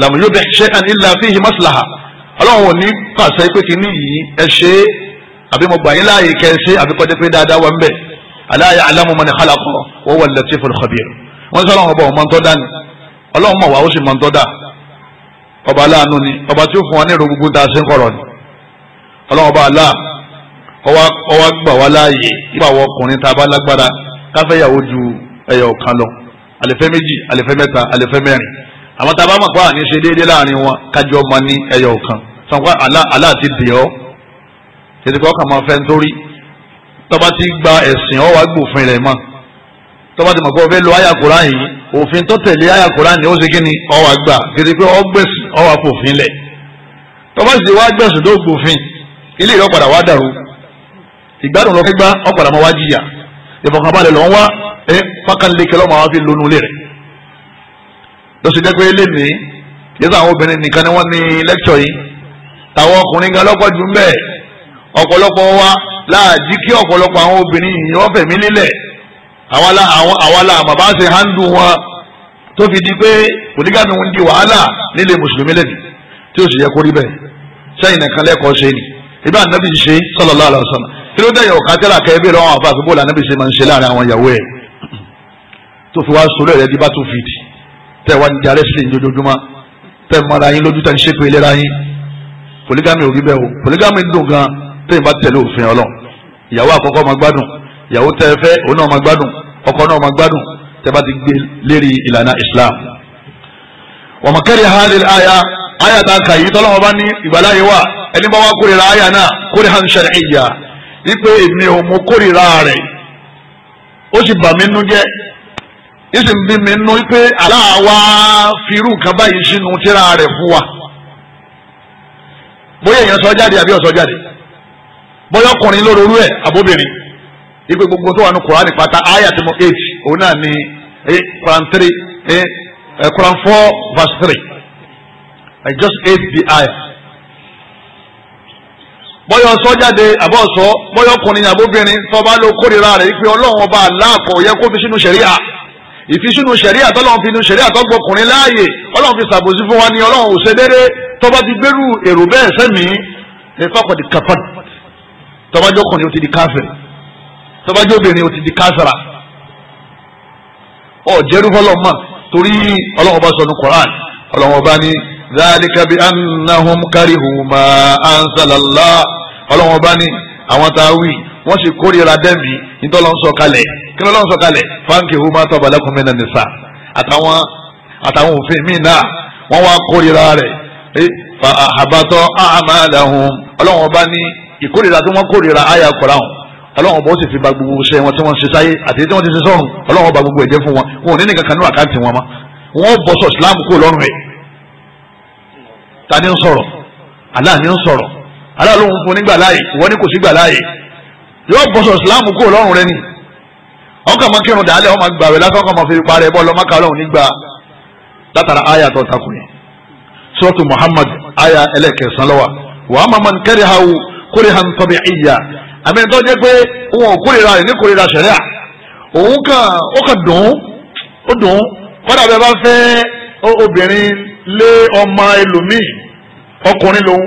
lam yubih shay'an illa fihi maslaha ọlọ́run ò ní pàṣẹ pé kínní yìí ẹ ṣe é àbí mo gbà yín láàyè kẹ́ ẹ ṣe àbí kọ́ dé pé dáadáa wà ń bẹ̀ ala ya'lamu man khalaqa wa huwa al-latiful khabir wọ́n sọ ọlọ́run ọba ò mọ ntọ́ dá ni ọlọ́run mọ̀ wá ó sì mọ ntọ́ dá ọba aláàánú ni ọba tí ó fún wa ní èrò gbogbo tá a ṣe ń kọ̀rọ̀ ni ọlọ́run ọba aláà ọwá gbà wá láàyè nípa àwọn ọkùnrin tá a bá lágbára káfẹ́yàwó ju ẹyọ ọ̀kan lọ àlẹ́fẹ́ méjì àlẹ́fẹ́ mẹ́ta àlẹ́fẹ́ mẹ́rin àwọn tá a bá mọ̀ pé àní déédéé láàrin wọn kájọ ọmọ ní ẹyọ ọ̀kan sọ̀kọ́ Allah ti dè ọ́ tètè kọ́ kà máa fẹ́ nítorí tọ́ba ti gba ẹ̀sìn ọ́ wá gbòfin rẹ̀ mọ́ tọ́ba ti mọ̀ pé ọ fẹ́ lo àyà yìí òfin tó tẹ̀lé àyà Kùránì ó ṣe kí ni ọ wá gbà tètè pé ọ gbẹ̀sìn ọ wá fòfin lẹ̀ tọ́ba sì wá gbẹ̀sìn tó gbòfin ilé ìrọ̀ padà wá dàrú ìgbádùn lọ́kẹ́ gbá ọ padà máa wá jìyà ìfọ̀kànbalẹ̀ lọ́n wá ẹ pákànlẹ̀kẹ́ lọ́mọ àwọn fi lónú ilé rẹ̀ lọ́sọ̀dẹ́gbẹ́ lé ní yẹ́sà àwọn obìnrin nìkan ni wọ́n ní lẹ́kṣọ̀ yìí tàwọn ọkùnrin gan lọ́pọ̀ jù ń bẹ̀ ọ̀pọ̀lọpọ̀ wa láàjí kí ọ̀pọ̀lọpọ̀ àwọn obìnrin yìí wọ́n fẹ̀mí lílẹ̀ àwa la àmàbá ṣe hándù wọn tó fi di pé polygamy ń di wàhálà nílé mùsùlùmí lẹ́nu tí ó sì yẹ kó rí bẹ́ẹ̀ sẹ́yìn nìkan lẹ́kọ̀ọ́ ṣe ni ibi ànábì ń ṣe sallallahu alaihi wasallam kí ló dẹ̀yẹ̀ ọ̀ká tẹ́lá kẹ́ bí lọ́wọ́ àfa àfi bóòlù ànábì ṣe máa ń ṣe láàrin àwọn ìyàwó ẹ̀ tó polygamy ò rí bẹ́ẹ̀ o polygamy dùn gan téèyàn bá tẹ̀lé òfin ọlọ́run ìyàwó àkọ́kọ́ máa gbádùn ìyàwó tẹ́ ẹ fẹ́ òun náà máa gbádùn ọkọ náà máa gbádùn tẹ́ bá ti gbé lérí ìlànà Islam. wa man kariha hadhihi al-aya aya ta kà yìí tọ́lọ́wọ́ bá ní ìgbàláyé wà ẹni bá wá kórìíra aya náà kórìíhan shar'iyya wípé èmi ò mú kórìíra rẹ̀ ó sì bà mí nú jẹ́ ìsìn bí mi nú wípé aláwa firú kan báyìí sínú tíra rẹ̀ fún wa bóyá èèyàn sọ jáde àbí ọ̀sọ́ jáde bóyá ọkùnrin ló ronú ẹ̀ àbóbìnrin ipe gbogbo tó wà ní Quran pátá ayat mo eight òun náà ni eh, Quran three eh, eh, Quran four verse three I just ate the eye. bóyá ọ̀sọ́ jáde àbí ọ̀sọ́ bóyá ọkùnrin àbóbìnrin tó bá lọ kórìíra rẹ̀ ipe ọlọ́run ọba aláàkọ̀ yẹ kó fi sínú ṣẹ̀ríà ìfisínú sẹ̀rí àtọ́lọ́run fi nu sẹ̀rí àtọ́gbọ́ ọkùnrin láàyè ọlọ́run fi ṣàbòsí fún wa ní ọlọ́run ò ṣe déédéé tọ́ba ti gbẹ́rù èrò bẹ́ẹ̀ sẹ́mi ìfapọ̀ di kafad tọ́ba jẹ́ ọkùnrin ó ti di káfẹ́ tọ́ba jẹ́ obìnrin ó ti di kására ọ̀ jẹ́rú fọlọ́mọ torí ọlọ́run ọba sọ nu Quran ọlọ́run ọba ní zalika bi annahum karihu ma anzalallah ọlọ́run ọba ní àwọn tá wọ́n sì kórìíra dẹ́mi nítọ́lọ́ ń sọ kalẹ̀ kí lọ́lọ́ ń sọ kalẹ̀ fáńkì huma tọ́ba lẹ́kùn mẹ́ta nìsa àtàwọn àtàwọn òfin míì náà wọ́n wá kórìíra rẹ̀ fa àbátọ́ àmàlàhùn ọlọ́run ọba ní ìkórìíra tí wọ́n kórìíra àyà kọ̀ọ̀ràn ọlọ́run ọba ó sì fi ba gbogbo iṣẹ́ wọn tí wọ́n ṣe sáyé àti tí wọ́n ti ṣe sọ́run ọlọ́run ọba gbogbo ẹ̀jẹ̀ fún wọn wọn ò ní nìkan kanú àkáǹtì wọn ma wọn bọ́ sọ islam kó lọ́rùn ẹ̀ ta ni ń sọ̀rọ̀ Allah ni ń sọ̀rọ̀ Allah ló ń fún nígbà láàyè ìwọ ni kò sí láàyè yóò bọ́sọ̀ sílámù kúrò lọ́rùn rẹ ni ọkọ̀ máa kírun dàálẹ̀ ọmọ gbà rẹ lásán ọkọ̀ máa fi parẹ́ bọ́ lọ́mọ kàlọ́ òní gbà látara àyà tó takùn sọ́ọ̀tù Muhammad àyà ẹlẹ́kẹsán lọ́wọ́ wàá máa máa kẹ́rì ha wù kórè ha ń tọ́bi ìyá àmì tó jẹ́ pé wọn ò kórìíra rẹ̀ ní kórìíra sẹ̀ríà òun kàn ó kàn dùn ó dùn kọ́dà bẹ́ẹ̀ bá fẹ́ obìnrin lé ọmọ ẹlòmíì ọkùnrin lòun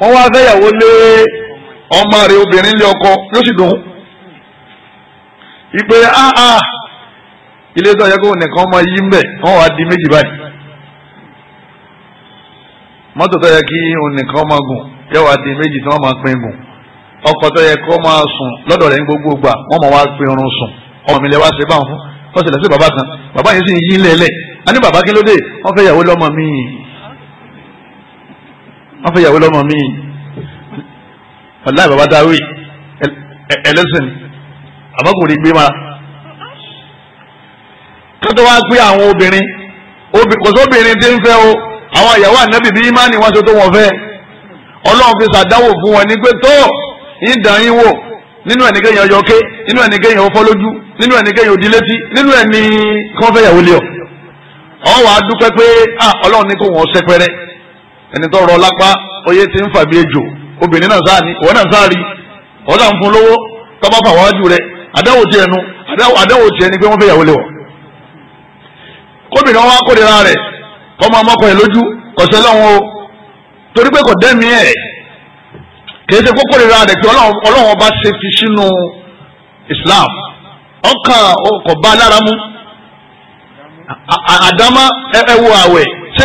wọ́n wá fẹ́yàwó lé ọmọ rẹ obìnrin lé ọkọ yóò sì dùn ìpè áá ah, ah, ilé tó yẹ kó nìkan ọmọ yìí ń bẹ wọn wàá di méjì báyìí mọ́tò tó yẹ kí nìkan ọmọ gùn yẹ wàá di méjì tí wọ́n máa pín gùn ọkọ tó yẹ kó máa sùn lọ́dọ̀ rẹ̀ ní gbogbo gbà wọ́n máa wá pín irun sùn ọmọ mi lè wá ṣe báwọn fún wọ́n ṣẹlẹ̀ sí bàbá kan bàbá yẹn sì ń yí lẹ́lẹ̀ a ní bàbá kí ló dé wọ́n fẹ́ yàwó lọ́mọ míì wọ́n fẹ́ yàwó lọ́mọ míì wàláì bàbá dáwé ẹlẹ́sìn àbákùnrin gbé máa kátó wá gbé àwọn obìnrin kò sóbìnrin tí ń fẹ́ o àwọn ìyàwó ànábì bí imáni wọn ṣe tó wọn fẹ́ ọlọ́run fi ṣàdáwò fún wọn ní pé tó ìdàn yín wò nínú ẹni kéèyàn yọké nínú ẹni kéèyàn fọ́ lójú nínú ẹni kéèyàn òdì létí nínú ẹni kán fẹ́ yàwó lé ọ ọ wàá dúpẹ́ pé ah, ọlọ́run ní kó wọn ṣẹpẹrẹ ẹni tó rọ lápá oyè ti ń fà bí ejò obìnrin náà sáà ní ìwọ náà sáà rí ọ̀ náà ń fún lówó tọ́ba fà wájú rẹ̀ àdáwò tiẹ̀ nu àdáwò tiẹ̀ ni pé wọ́n fẹ́ yàwó lé wọ̀ kóbìnrin wọn kórìíra rẹ̀ kọ́ máa mọ́kọ lójú kọ̀sẹ́ lọ́wọ́ o torí pé kò dẹ́mi ẹ̀ kì í ṣe kókórìíra rẹ̀ pé ọlọ́run ọba ṣe fi sínú Islam ọkàn ọkọ̀ bá lára àdámá ẹ àwẹ̀ ṣé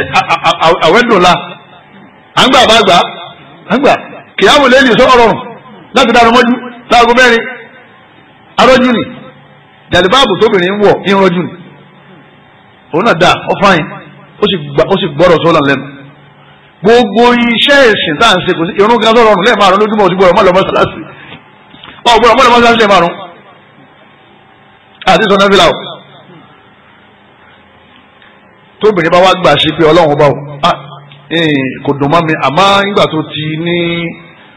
àwẹ̀ dùn la àgbà bá gbà àgbà kìyàwó lẹ́yìn sọ̀rọ̀ láti dáná mọ́jú láago mẹ́rin arọ́jú ni jàlíbáàbù tóbìnrin ń wọ̀ ìrọ́jú ni òun náà dáa ọ fáyín ó sì gbọ́rọ̀ sọ́là lẹ́nu gbogbo iṣẹ́ ẹ̀sìn tá à ń ṣe kò sí irun gan sọ̀rọ̀ ọ̀run lẹ́ẹ̀márùn lójúmọ́ òsì gbọ́rọ̀ mọ́lẹ̀ mọ́sálásì ọ̀gbọ́rọ̀ mọ́lẹ̀ mọ́sálásì lẹ́ẹ̀márùn àti sọ̀nà fìlà o tóbìnrin bá wá gbà ṣe pé ọlọ́run bá o ah, eh, kò dùn mọ́ mi àmọ́ nígbà tó ti ní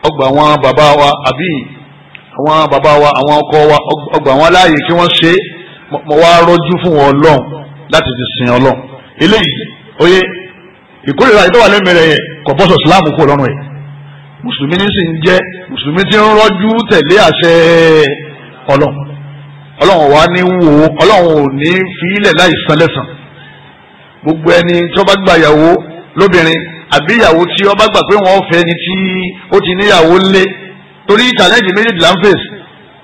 ọgbà àwọn bàbá wa àbí àwọn bàbá wa àwọn ọkọ wa ọgbà àwọn aláàyè kí wọ́n ṣe mọ̀ wá rọ́jú fún wọn ọlọ́run láti fi sin ọlọ́run eléyìí oyè ìkórìíra ìtọ́wà lẹ́mẹ̀rẹ̀ yẹ kò bọ́sọ̀ síláàmù kú ọlọ́run yẹ mùsùlùmí ní sì ń jẹ́ mùsùlùmí ti ń rọ́jú tẹ̀lé àṣẹ ọlọ́run ọlọ́run wa ní wò ọlọ́run ò ní fi ilẹ̀ láì san lẹ́sàn gbogbo ẹni tí wọ́n bá gbà yàwó lóbìnrin àbí ìyàwó tí ọba gbà pé wọn fẹ́ ni tí ó ti níyàwó lé torí challenge méjèèjì là ń fèsì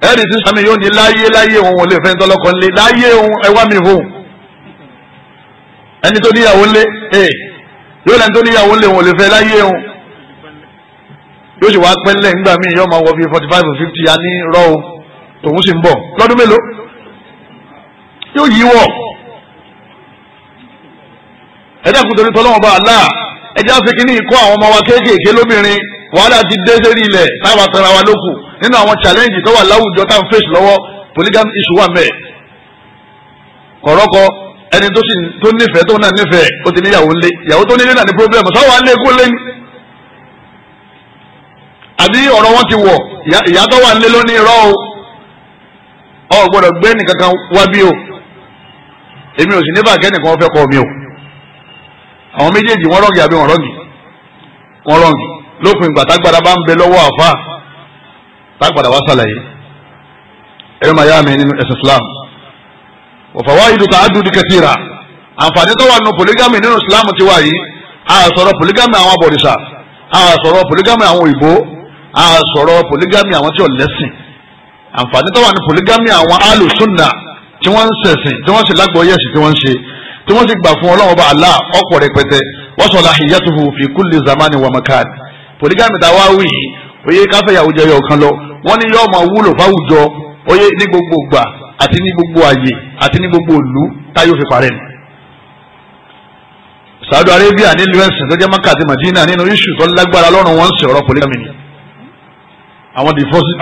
ẹ̀rí tí sami yóò ní láyé láyé òun ò lè fẹ́ tọ́lọ́kọ lé láyé òun ẹwà mi fóun ẹni tó níyàwó lé ee yóò lẹ́ni tó níyàwó lé òun ò lè fẹ́ láyé òun yóò sì wá pẹ́lẹ́ nígbà míì yóò máa wọ bíi forty five or fifty a ní rọ́ o tòun sì ń bọ̀ lọ́dún mélòó yóò yí wọ̀ ẹ̀dá kùtòrí tọ́lọ́wọ́n bá a ẹjẹ́ àfikín ní ìkọ́ àwọn ọmọ wa kéékèèké lóbìnrin wàhálà ti dé sérí ilẹ̀ táwa tara wa lókù nínú àwọn challenge tó wà láwùjọ tá à ń face lọ́wọ́ polygamy issue wà mẹ́ẹ̀ eni ẹni tó sì tó nífẹ̀ẹ́ tó náà nífẹ̀ẹ́ ó ti níyàwó ńlé ìyàwó tó nílé náà ní problem sáwọn alẹ́ kó lé ní. àbí ọ̀rọ̀ wọn ti wọ̀ ìyá tó wà ńlé lónìí irọ́ o ọ gbọ́dọ̀ gbé nìkankan wá bí o èmi ò sì ní àwọn méjèèjì wọ́n rọ̀gì àbí wọ́n rọ̀gì wọ́n rọ̀gì lópin ìgbà tágbàdá bá ń bẹ lọ́wọ́ àfa tágbàdá wá sàlàyé ẹ̀rọ màá yá mi nínú ẹ̀sìn Islam òfàwá ìlú ta àdúdú kẹtìrà àǹfààní tó wà nù polygamy nínú Islam ti wà yìí a sọ̀rọ̀ polygamy àwọn abọ̀rìṣà a sọ̀rọ̀ polygamy àwọn òyìnbó a sọ̀rọ̀ polygamy àwọn tí ò lẹ́sìn àǹfààní tó wà nù polygamy àwọn alùsùnà tí wọ́n ń ṣẹ̀sìn tí wọ́n ń ṣe lágbóyè tí wọ́n ń ṣe tí wọ́n sì gbà fún ọlọ́run ọba Allah ọ̀pọ̀ rẹpẹtẹ wọ́n sọ lahiyatuhu fi kulli zamani wa makan polygamy ta wá wí yìí oyè káfẹ́yàwó jẹyọ kan lọ wọ́n ní yọ́ọ́ máa wúlò fáwùjọ oyè ní gbogbo gbà àti ní gbogbo àyè àti ní gbogbo ìlú táyọ̀ fi parẹ́ ni. Saudi Arabia nílùú ẹ̀sìn tó jẹ́ Maka àti Madina nínú iṣu tó lágbára lọ́rùn wọn ń sọ̀rọ̀ polygamy ni.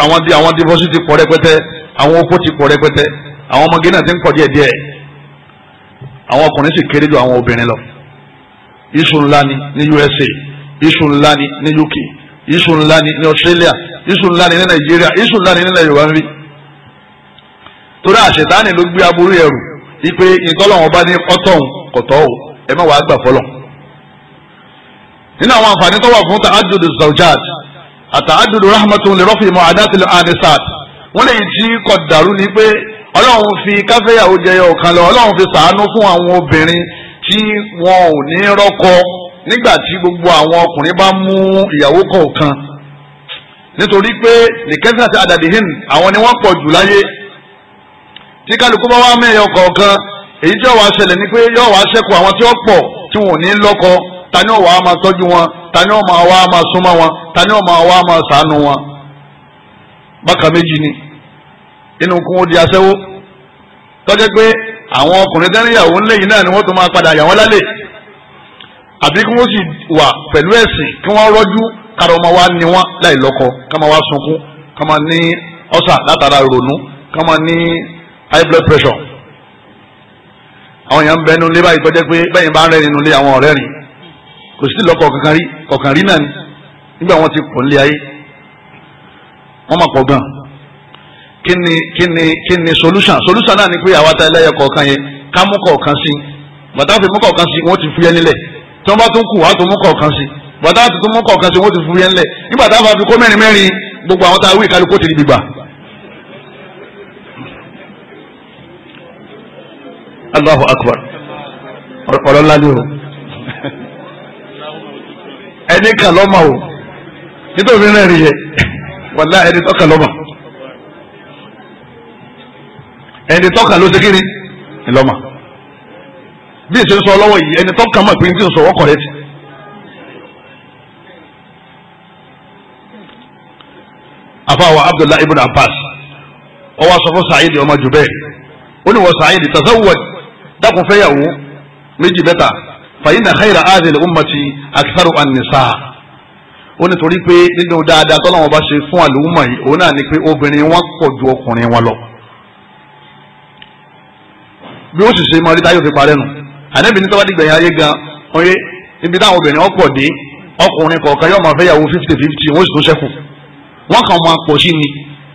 àwọn divorce ti pọ̀ rẹpẹtẹ àwọn opó ti pọ̀ rẹpẹtẹ àwọn ọmọge náà ti àwọn ọkùnrin sì kéré ju àwọn obìnrin lọ iṣu ńlá ni ní USA iṣu ńlá ni ní UK iṣu ńlá ni ní Australia iṣu ńlá ni ní Nàìjíríà iṣu ńlá ni nílẹ̀ Yorùbá ń rí torí àṣetáni ló gbé aburú ẹrù ipe ìtọ́lọ́wọ́n bá ní ọtọ̀hún kọ̀tọ́ o ẹ má wàá gbà fọlọ̀ nínú àwọn àǹfààní tó wà fún ta'adudu zawjad àta'adudu rahmatun rọ́fìmọ̀ adátilẹ̀ anisat wọ́n lè jí kọ̀ dàrú ni pé ọlọ́run fi káfẹ́yàwó jẹyọ ọ̀kan lọ ọlọ́run fi sàánú fún àwọn obìnrin tí wọn ò ní rọ́kọ nígbà tí gbogbo àwọn ọkùnrin bá mú ìyàwó kọ̀ọ̀kan nítorí pé nìkẹ́sì àti àdàdìhìn àwọn ni wọ́n pọ̀ jù láyé tí kálukú bá wá mẹ́yọ kọ̀ọ̀kan èyí tí ó wàá ṣẹlẹ̀ ni pé yóò wàá ṣẹ́kù àwọn tí ó pọ̀ tí wọn ò ní lọ́kọ ta ni ó wàá máa tọ́jú wọn ta ni ó máa wá máa súnmọ́ wọn ta ni ó máa wá máa ṣàánú wọn bákan méjì ni inú kún ó di aṣẹ́wó tọ́jẹ́ pé àwọn ọkùnrin tẹ́lẹ̀ ìyàwó ńlẹ́yìn náà ni wọ́n tún máa padà yà wọ́n lálẹ́ àbí kí wọ́n sì wà pẹ̀lú ẹ̀sìn kí wọ́n rọ́jú kára ọmọ wa ni wọ́n láì lọ́kọ ká máa wá sunkún ká máa ní ọ́sà látara ìrònú ká máa ní high blood pressure. àwọn èèyàn ń bẹ nínú ilé báyìí tọ́jẹ́ pé bẹ́yìn bá ń rẹ́ nínú ilé àwọn ọ̀rẹ́ rìn kò sí lọ́kọ kankan rí kọ̀ọ̀kan rí náà nígbà wọn ti pọ̀ nílé ayé wọ́n máa pọ̀ gan-an kí ni kí solution solution náà ni pé àwa ta ẹlẹ́yẹ kọ̀ọ̀kan yẹn ká mú kọ̀ọ̀kan sí bàtà fi mú kọ̀ọ̀kan sí wọ́n ti fúyẹ́ nílẹ̀ tí wọ́n bá tún kù wá tó mú kọ̀ọ̀kan sí bàtà tó tún mú kọ̀ọ̀kan sí wọ́n ti fúyẹ́ nílẹ̀ nígbà tá a bá fi kó mẹ́rin mẹ́rin gbogbo àwọn tá a wí ìkálukó ti di gbígbà. Allahu akbar ọ̀rọ̀ ńlá ni o ẹni kan o nítorí rẹ̀ rí yẹ wàlá ẹni tọ́ka lọ́mọ ẹni tọ́ka ló ṣe kí ni ìlọ́mà bí ìṣe ń sọ lọ́wọ́ yìí ẹni tọ́ka mọ̀ pé ní tí ń sọ wọ́kọ̀ rẹ ti. afaawa abdullahi ibn abbas ọwọ́ aṣọ fún sa'id ọmọ jubair ó ní wọ́n sa'id tazawwaj dákun fẹ́yàwó méjì mẹ́ta fàyínà khayra adìl ummati aktharu an-nisa ó ní torí pé nínú dáadáa tọ́lọ́wọ́n bá ṣe fún àlùmọ̀ yìí òun náà ni pé obìnrin wọn pọ̀ ju ọkùnrin wọn lọ bí ó sì ṣe máa rí táyọ̀ fi parẹ́ nù ànábì ní sábàdì gbẹ̀yìn ayé gan oyè níbi táwọn obìnrin ọ̀pọ̀ dé ọkùnrin kọ̀ọ̀kan yóò máa fẹ́ yàwó fifty fifty wọ́n sì tún ṣẹ́kù wọ́n kàn máa pọ̀ sí ni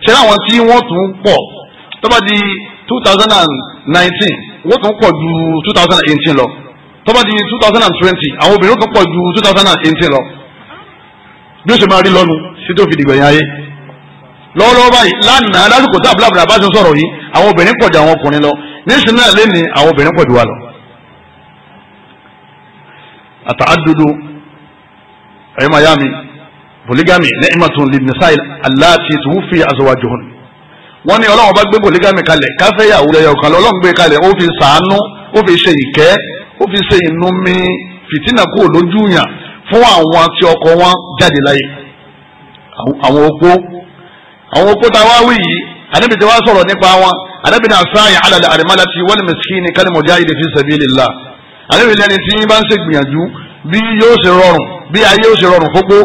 ṣé láwọn tí wọ́n tún pọ̀ tó two thousand and nineteen wọ́n tún pọ̀ ju two thousand and eighteen lọ tó two thousand and twenty àwọn obìnrin tún pọ̀ ju two thousand and eighteen lọ bí ó ṣe máa rí lọ́nu sí tó fi ayé lọ́wọ́lọ́wọ́ báyìí lánàá lásìkò tá àbúlàbùlà bá ti sọ̀rọ̀ yìí àwọn obìnrin pọ̀jù àwọn ọkùnrin lọ nísìnyí náà lé ní àwọn obìnrin pọ̀jù wa lọ. àtàdúdú ẹ̀yìn mayami polygamy ni'matun linnisa'i allati tuwfi azwajuhun. wọ́n ní ọlọ́wọ́n bá gbé polygamy kalẹ̀ káfẹ́yàwó ẹ̀yọ̀ kan lọ́lọ́run gbé e kalẹ̀ ó fi sàánú ó fi ṣe ìkẹ́ ó fi ṣe ìnumi fìtínà kúrò lójú yàn fún àwọn tí ọkọ wọn jáde láyé àwọn opó àwọn opó tá a wá wí yìí ànábì tí wàá sọ̀rọ̀ nípa wọn ànábì náà sáàyè alàlẹ́ àrèmálàtì wal miskini kal mujahidi fi sabilillah ànábì lẹ́ni tí yín bá ń ṣe gbìyànjú bí yóò ṣe rọrùn bí ayé yóò ṣe rọrùn fógbó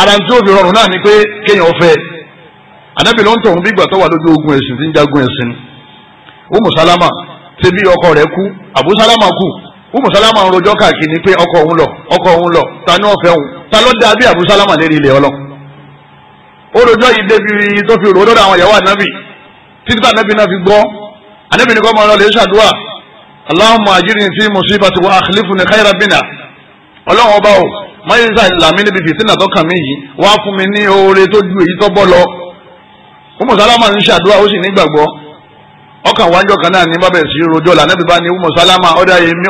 ara tí ó fi rọrùn náà ni pé kéèyàn fẹ́ ànábì ló ń tọ̀hún bí ìgbà tó wà lójú ogun ẹ̀sìn tí ń jagun ẹ̀sìn Umu Salama ṣe bí ọkọ rẹ̀ kú ó lójọ́ yìí débi tó fi rò lọ́dọ̀ àwọn ìyàwó ànábì títí tá ànábì náà fi gbọ́ ànábì ní kọ́ máa lọ lè ṣàdúrà Allahumma ajirni fi musibati wa akhlifni khayran minha ọlọ́run ọba o mayinza làmí níbi fìtínà tó kàn mí yìí wá fún mi ní oore tó ju èyí tó bọ́ lọ Umu Salama ń ṣàdúrà ó sì nígbàgbọ́ ọkàn wájọ kan náà ní bàbá èsì rojọ́ là níbi bá ní Umu Salama ọ̀dà èmi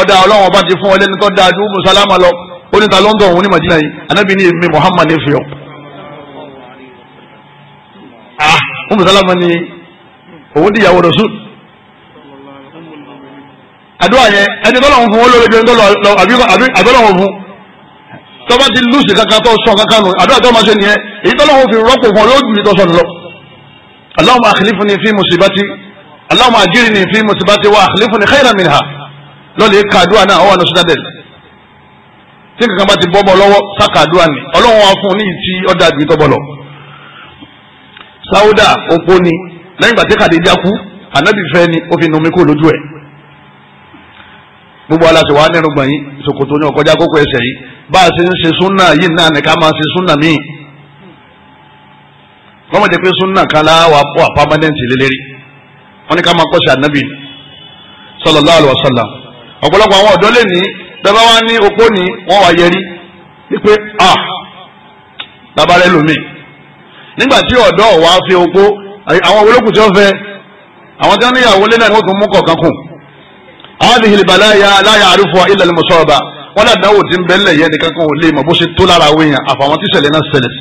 ọ̀dà ọlọ́run ọba ti fún ọ lẹ́ni tó dáa ju Umu lọ ó ní ta ló òun ní Madina yìí ànábì ní èmi Muhammad ní fi ọ́. Umu Salama ni òun di ìyàwó Rasul àdúrà yẹn ẹni tó lọ́wọ́ fún wọn lórí ẹni tó lọ àbíọ́lọ́wọ́ fún tọ́ba ti lùsì kankan tó sọ kankan nù àdúrà tó máa ṣe nìyẹn èyí tó lọ́wọ́ fi rọ́pò fún ọ lójú mi tó sọ nù lọ. Allahumma fi musibati Allahumma ajirni fi musibati wa akhlifni khayran minha lọ́lẹ̀ ka àdúrà náà ọwọ́ àná sọ́dẹ̀ tí kankan bá ti bọ́ bọ́ lọ́wọ́ sáka àdúrà ni Ọlọ́run wa fún ní ìtì ọ̀dà àgbẹ̀ tó bọ́ lọ sáúdà opó ni lẹ́yìn ìgbà tí Khadija kú ànábì fẹ́ ni ó fi numi kó lójú ẹ̀ gbogbo aláṣẹ wa nínú gbọ̀n yìí ṣòkòtò ní ọkọjá kókó ẹsẹ̀ yìí bá a ṣe ń ṣe súnà yìí náà nìka máa ṣe súnà míì wọ́n mọ̀ jẹ́ pé súnà kan láwa pọ̀ àpámẹ́nẹ́ǹtì lélẹ́rí wọ́n ní ká máa kọ́sẹ̀ ànábì sallallahu alaihi wasallam ọ̀pọ̀lọpọ̀ àwọn ọ̀dọ́ lè ní bẹ́ẹ̀ bá wá ní opó ni wọ́n wá yẹrí wípé ah labarẹ́ lomi nígbà tí ọ̀dọ́ ọ̀wá fi opó àwọn olókùn tí wọ́n fẹ́ àwọn tí wọ́n níyàwó lé náà ni wọ́n tún mú kọ̀ọ̀kan kù hadhihi albalaya la ya'rifuha illa almusaba wọ́n dàda wò tí ń bẹ́lẹ̀ yẹn nìkan kan ò lè mọ̀ bó ṣe tó lára àwọn èèyàn àfàwọn tí ṣẹlẹ̀ náà ṣẹlẹ̀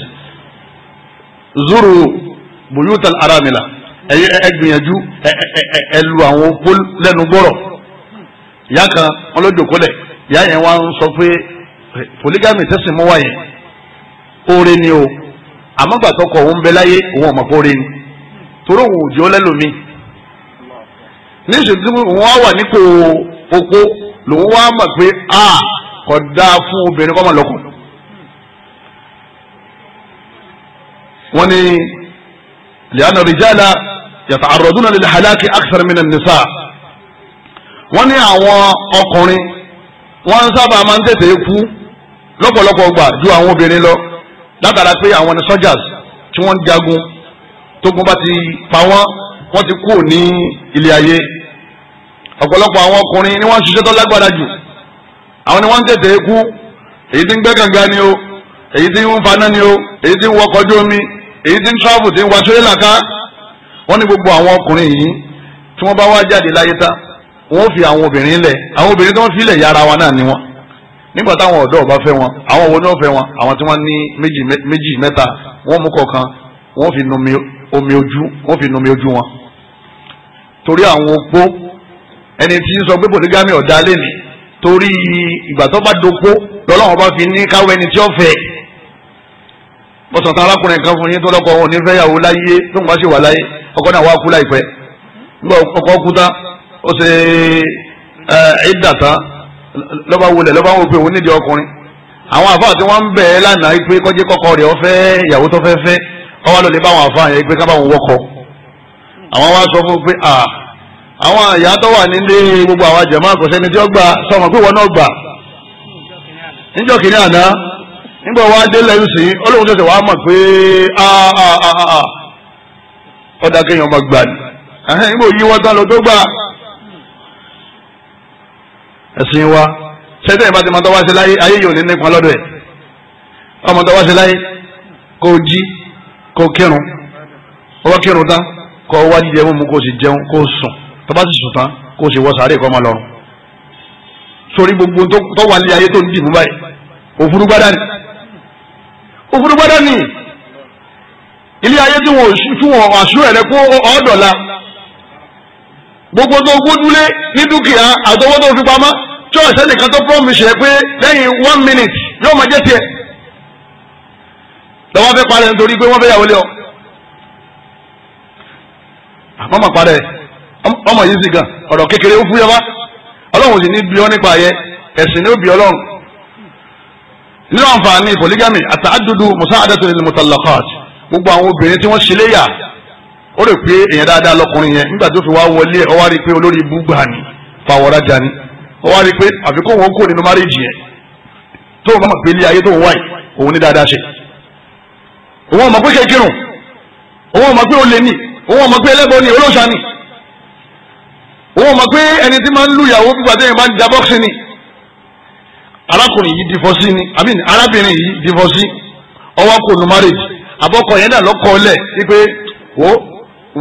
zuru buyut al-aramila ẹ̀yẹ ẹgbìyànjú ẹ lu àwọn opó lẹ́nu gbọ́rọ̀ ìyá kan wọn ló jòkólẹ̀ ìyá yẹn wá ń sọ pé polygamy tẹ̀sìn mọ́wá yẹn oore ni o àmọ́ gbà tọkọ òun bẹ láyé òun ọmọ kó rí ni torí òun ò jọ lẹ́lòmí níṣẹ́ tí wọ́n wà nípò opó lòun wá mọ̀ pé a kò dáa fún obìnrin kọ́mọ lọ́kùn. wọ́n ní li'anna rijala yata'arraduna lil halaki akthar min an wọ́n ní àwọn ọkùnrin wọ́n sábà máa ń tètè kú lọ́pọ̀lọpọ̀ gbà ju àwọn obìnrin lọ látara pé àwọn soldiers tí wọ́n ń jagun tógun bá ti pa wọ́n wọ́n ti kúrò ní ilé ayé ọ̀pọ̀lọpọ̀ àwọn ọkùnrin ni wọ́n ń ṣiṣẹ́ tó lágbára jù àwọn ni wọ́n ń tètè kú èyí tí ń gbẹ́kànga ni o èyí tí ń faná ni o èyí tí ń wọkọ̀ ojú omi èyí tí ń travel tí ń wá tírélà ká wọ́n ní gbogbo àwọn ọkùnrin yìí tí wọ́n bá wá jáde láyé tá wọ́n fi àwọn obìnrin lẹ̀ àwọn obìnrin tí wọ́n fi lẹ̀ yára wa náà ni wọ́n nígbà táwọn ọ̀dọ́ ọba fẹ́ wọn àwọn wo ni wọ́n fẹ́ wọn àwọn tí wọ́n ní méjì méjì mẹ́ta wọ́n mú kọ̀ọ̀kan wọ́n fi numi omi ojú wọ́n fi numi ojú wọn. torí àwọn opó ẹni tí ń sọ pé polygamy ọ̀dà lè ní torí ìgbà tó bá dopó lọ́lọ́wọ́n bá fi ní káwé ẹni tí ó fẹ́. bọ́sọ̀tàn arákùnrin kan fún yín tó lọ́kọ̀ òun nífẹ̀ẹ́yàwó láyé tó ń bá ṣe wà láyé ọkọ náà wá kú láìpẹ́ nígbà ọkọ ó ṣe ẹ̀ẹ́dà tán lọba wulẹ̀ lọba wo pé òun di ọkùnrin àwọn àfáà tí wọ́n ń bẹ̀ ẹ́ lánàá pé kọ́jí kọ́kọ́ rẹ̀ ọ̀fẹ́ ìyàwó tó fẹ́ fẹ́ ọwọ́ bá àwọn àfáà yẹn ká bá wọn wọkọ. àwọn wá sọ fún pé àwọn àyà tó gbogbo àwọn jẹ̀mọ́ àkọsẹ́ni tí ó gbà sọmọ pé wọn náà gbà kìíní àná nígbà sí wàá ẹ̀sìn wa sẹ́tẹ̀ ìbá ti máa tọ́wá sí láyé ayé yóò ní nípa lọ́dọ̀ ẹ̀ ọmọ tọ́wá sí láyé kó o jí kó o kírun ọwọ́ kírun tán kó o wá jíjẹ mímu kó o sì jẹun kó o sùn tọ́ba sì sùn tán kó o sì wọ sàárè kó o máa lọ. sórí gbogbo tó wà nílé ayé tó ń dì mú báyìí òfurufú gbádà ni òfurufú gbádà ni ilé ayé tí wọn àṣù ẹ̀rẹ́ kó ọ̀ọ́dọ̀la gbogbo tó gbójúlé ní dúkìá àtọwọ́ tó fi pamọ́ tí ọ̀sẹ̀ nìkan tó promise ẹ pé lẹ́yìn one minute yóò máa jẹ́ tiẹ̀ lọ́wọ́ fẹ́ parẹ́ nítorí pé wọ́n fẹ́ yàwó lé ọ. àmọ́ parẹ́ ọmọ ọ nípa ayẹ ẹ̀sìn ní ó bí ọlọ́run. nínú ó rò pe èèyàn dáadáa lọkùnrin yẹn nígbà tó fi wá wọlé ọ wá rí i pé olórí ibú gbà ní ni ọ wá rí i pé àfikún òun kò nínú márìjì yẹn tó o bá mọ̀ pé ilé ayé tó ń wáyé òun ní dáadáa ṣe òun ọmọ pé kékerùn òun ọmọ pé olè ní òun ọmọ pé ẹlẹ́bọ ní olóṣà ní òun ọmọ pé ẹni tí máa ń lu ìyàwó gbígbà tẹ́yìn bá ń ni àbí arábìnrin yìí ọwọ́ kò nu márìjì yẹn wípé wò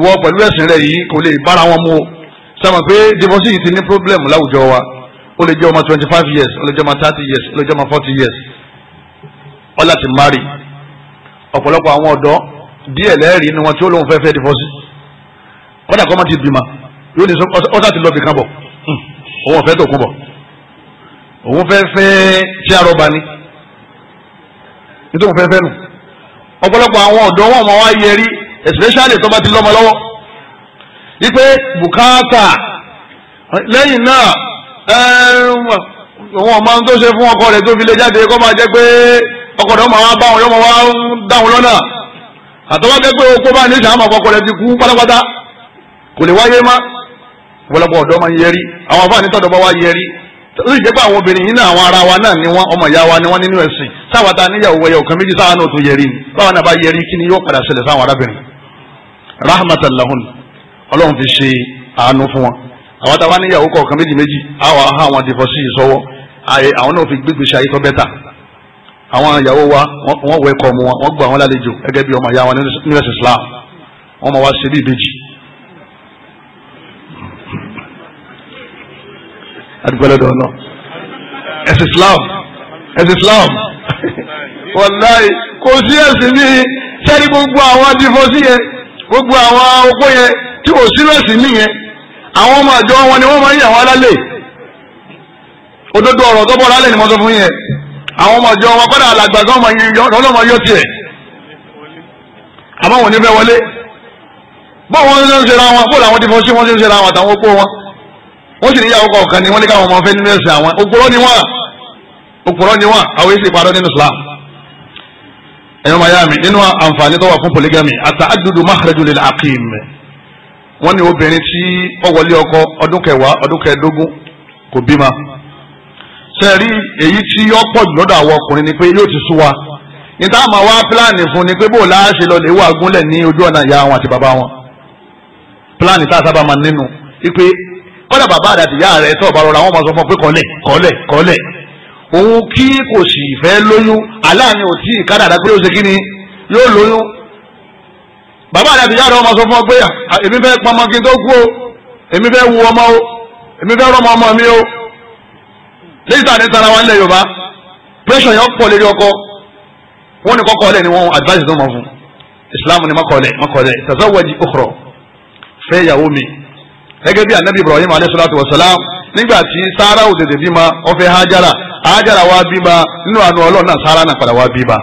wọ pẹ̀lú ẹ̀sìn rẹ̀ yìí kò lè bára wọn mu o sọ ma pé divorce yìí ti ní problem láwùjọ wa ó lè jẹ́ ọmọ twenty five years ó lè jẹ́ ọmọ thirty years ó lè jẹ́ ọmọ forty years ó láti marry ọ̀pọ̀lọpọ̀ àwọn ọ̀dọ́ díẹ̀ lẹ́ẹ̀rí ni wọn tí ó lóun fẹ́ fẹ́ divorce kọ́dà kọ́ ma ti bímọ yóò ní sọ ọ́sà ti lọ bì kan bọ̀ hmm. òun ò fẹ́ tó kún bọ̀ òun fẹ́ fẹ́ tí arọba ni nítorí òun fẹ́ fẹ́ nù ọ̀pọ̀lọpọ̀ àwọn ọ̀dọ́ wọn mọ̀ wá yẹrí especially tó bá ti lọ́mọ lọ́wọ́ wípé bùkátà lẹ́yìn náà wọn máa ń tó ṣe fún ọkọ rẹ̀ tó fi lè jáde kó máa jẹ́ pé ọkọ rẹ̀ máa bá wọn yọ máa wá ń dá wọn lọ́nà àtọ́wọ́ jẹ́ pé okó bá ní sàmà ọkọ rẹ̀ ti kú pátápátá kò lè wáyé má wọlọpọ ọ̀dọ́ máa ń yẹrí àwọn àbáwọn nítọ̀dọ̀ bá wá yẹrí tó sì àwọn obìnrin yìí náà àwọn ara wa náà ni wọ́n ọmọ ìyá wa ni wọ́n nínú ẹ̀sìn sáwàtà níyàwó ẹ̀yà ọ̀kan méjì sáwọn náà tó yẹrí ni báwọn náà bá yẹrí kí ni yóò padà ṣẹlẹ̀ sáwọn arábìnrin rahmatan lahun ọlọ́run fi ṣe àánú fún wọn àwọn táwa níyàwó kọ̀ọ̀kan méjì méjì àwọn ahọ́n àwọn dìfọ́sí ìsọwọ́ àwọn náà fi gbégbé ṣe ayétọ́ bẹ́tà àwọn ìyàwó wa wọ́n wọ ẹ̀kọ́ ọmọ wọn wọ́n gba àwọn lálejò gẹ́gẹ́ bí ọmọ ìyá wọn nínú ẹ̀sìn Islam wọ́n máa wá ṣe bí ìbejì. adúgbòlódò ọ̀nà ẹ̀sìn Islam ẹ̀sìn Islam wàláì kò sí ẹ̀sìn bíi sẹ́ni gbogbo àwọn adìfọ́sí gbogbo àwọn opó yẹn tí kò sírọ̀sì nìyẹn àwọn ọmọ àjọ wọn ni wọ́n máa ń yà wọ́n alálẹ̀ òdodo ọ̀rọ̀ tó bọ̀ lálẹ́ ni mo sọ fún yẹn àwọn ọmọ àjọ wọn padà àlàgbà kan ọlọ́mọ yọ tiẹ̀ àmọ́ wọn ní fẹ́ wọlé báwọn ń ṣe ń wọn bóòlù àwọn ti fọ́ sí wọn ṣe ń wọn àtàwọn opó wọn wọ́n sì níyàwó kọ̀ọ̀kan ni wọ́n ní káwọn ọmọ fẹ́ nínú ẹ̀sìn àwọn òpùrọ́ ni wọ́n òpùrọ́ ni wọ́n àwọn èsì ìparọ́ nínú Islam ẹ̀yọ́ máa yá mi nínú àǹfààní tó wà fún polygamy àtàdúdú mahrajul lil aqim wọ́n ní obìnrin tí ó wọlé ọkọ ọdún kẹwàá ọdún kẹẹ̀ẹ́dógún kò bímọ sẹ́ẹ̀rí èyí tí yọ pọ̀ àwọn ọkùnrin ni pé yóò ti sú wa ní tá wá pílánì fún ni pé bó láà ṣe lọ lè wà gúnlẹ̀ ní ojú ọ̀nà ìyá wọn àti bàbá wọn pílánì tá a sábà máa nínú wípé kọ́dà bàbá àdàtì ìyá rẹ̀ tó ọ̀bá rọra wọn máa sọ fún ọ pé kọ́lẹ̀ kọ́lẹ̀ kọ́lẹ̀ òun kí kò sì fẹ́ lóyún aláàánú ò tí ì kádàdá pé ó ṣe kí ni yóò lóyún bàbá rẹ̀ àti rẹ̀ ọmọ sọ fún ọ pé èmi fẹ́ pamọ́ kí n tó kú o èmi fẹ́ wu ọmọ o èmi fẹ́ rọmọ ọmọ mi o lẹ́yìn tàà ní tara wa nílẹ̀ yorùbá pẹ́sọ̀n yẹn pọ̀ lérí ọkọ wọn ni kọ́kọ́ ọlẹ́ ni wọ́n advice tó mọ̀ fún islam ni mọ́kọ̀ọ́lẹ̀ mọ́kọ̀ọ́lẹ̀ tazawwaji ukhra fẹ́ ìyàwó mi gẹ́gẹ́ bí anabi ibrahim alayhi salatu wa salam nígbà tí sara ò tètè bímọ ó fẹ́ hajara wa bímọ nínú àánú ọlọ́run náà sara náà padà wa bímọ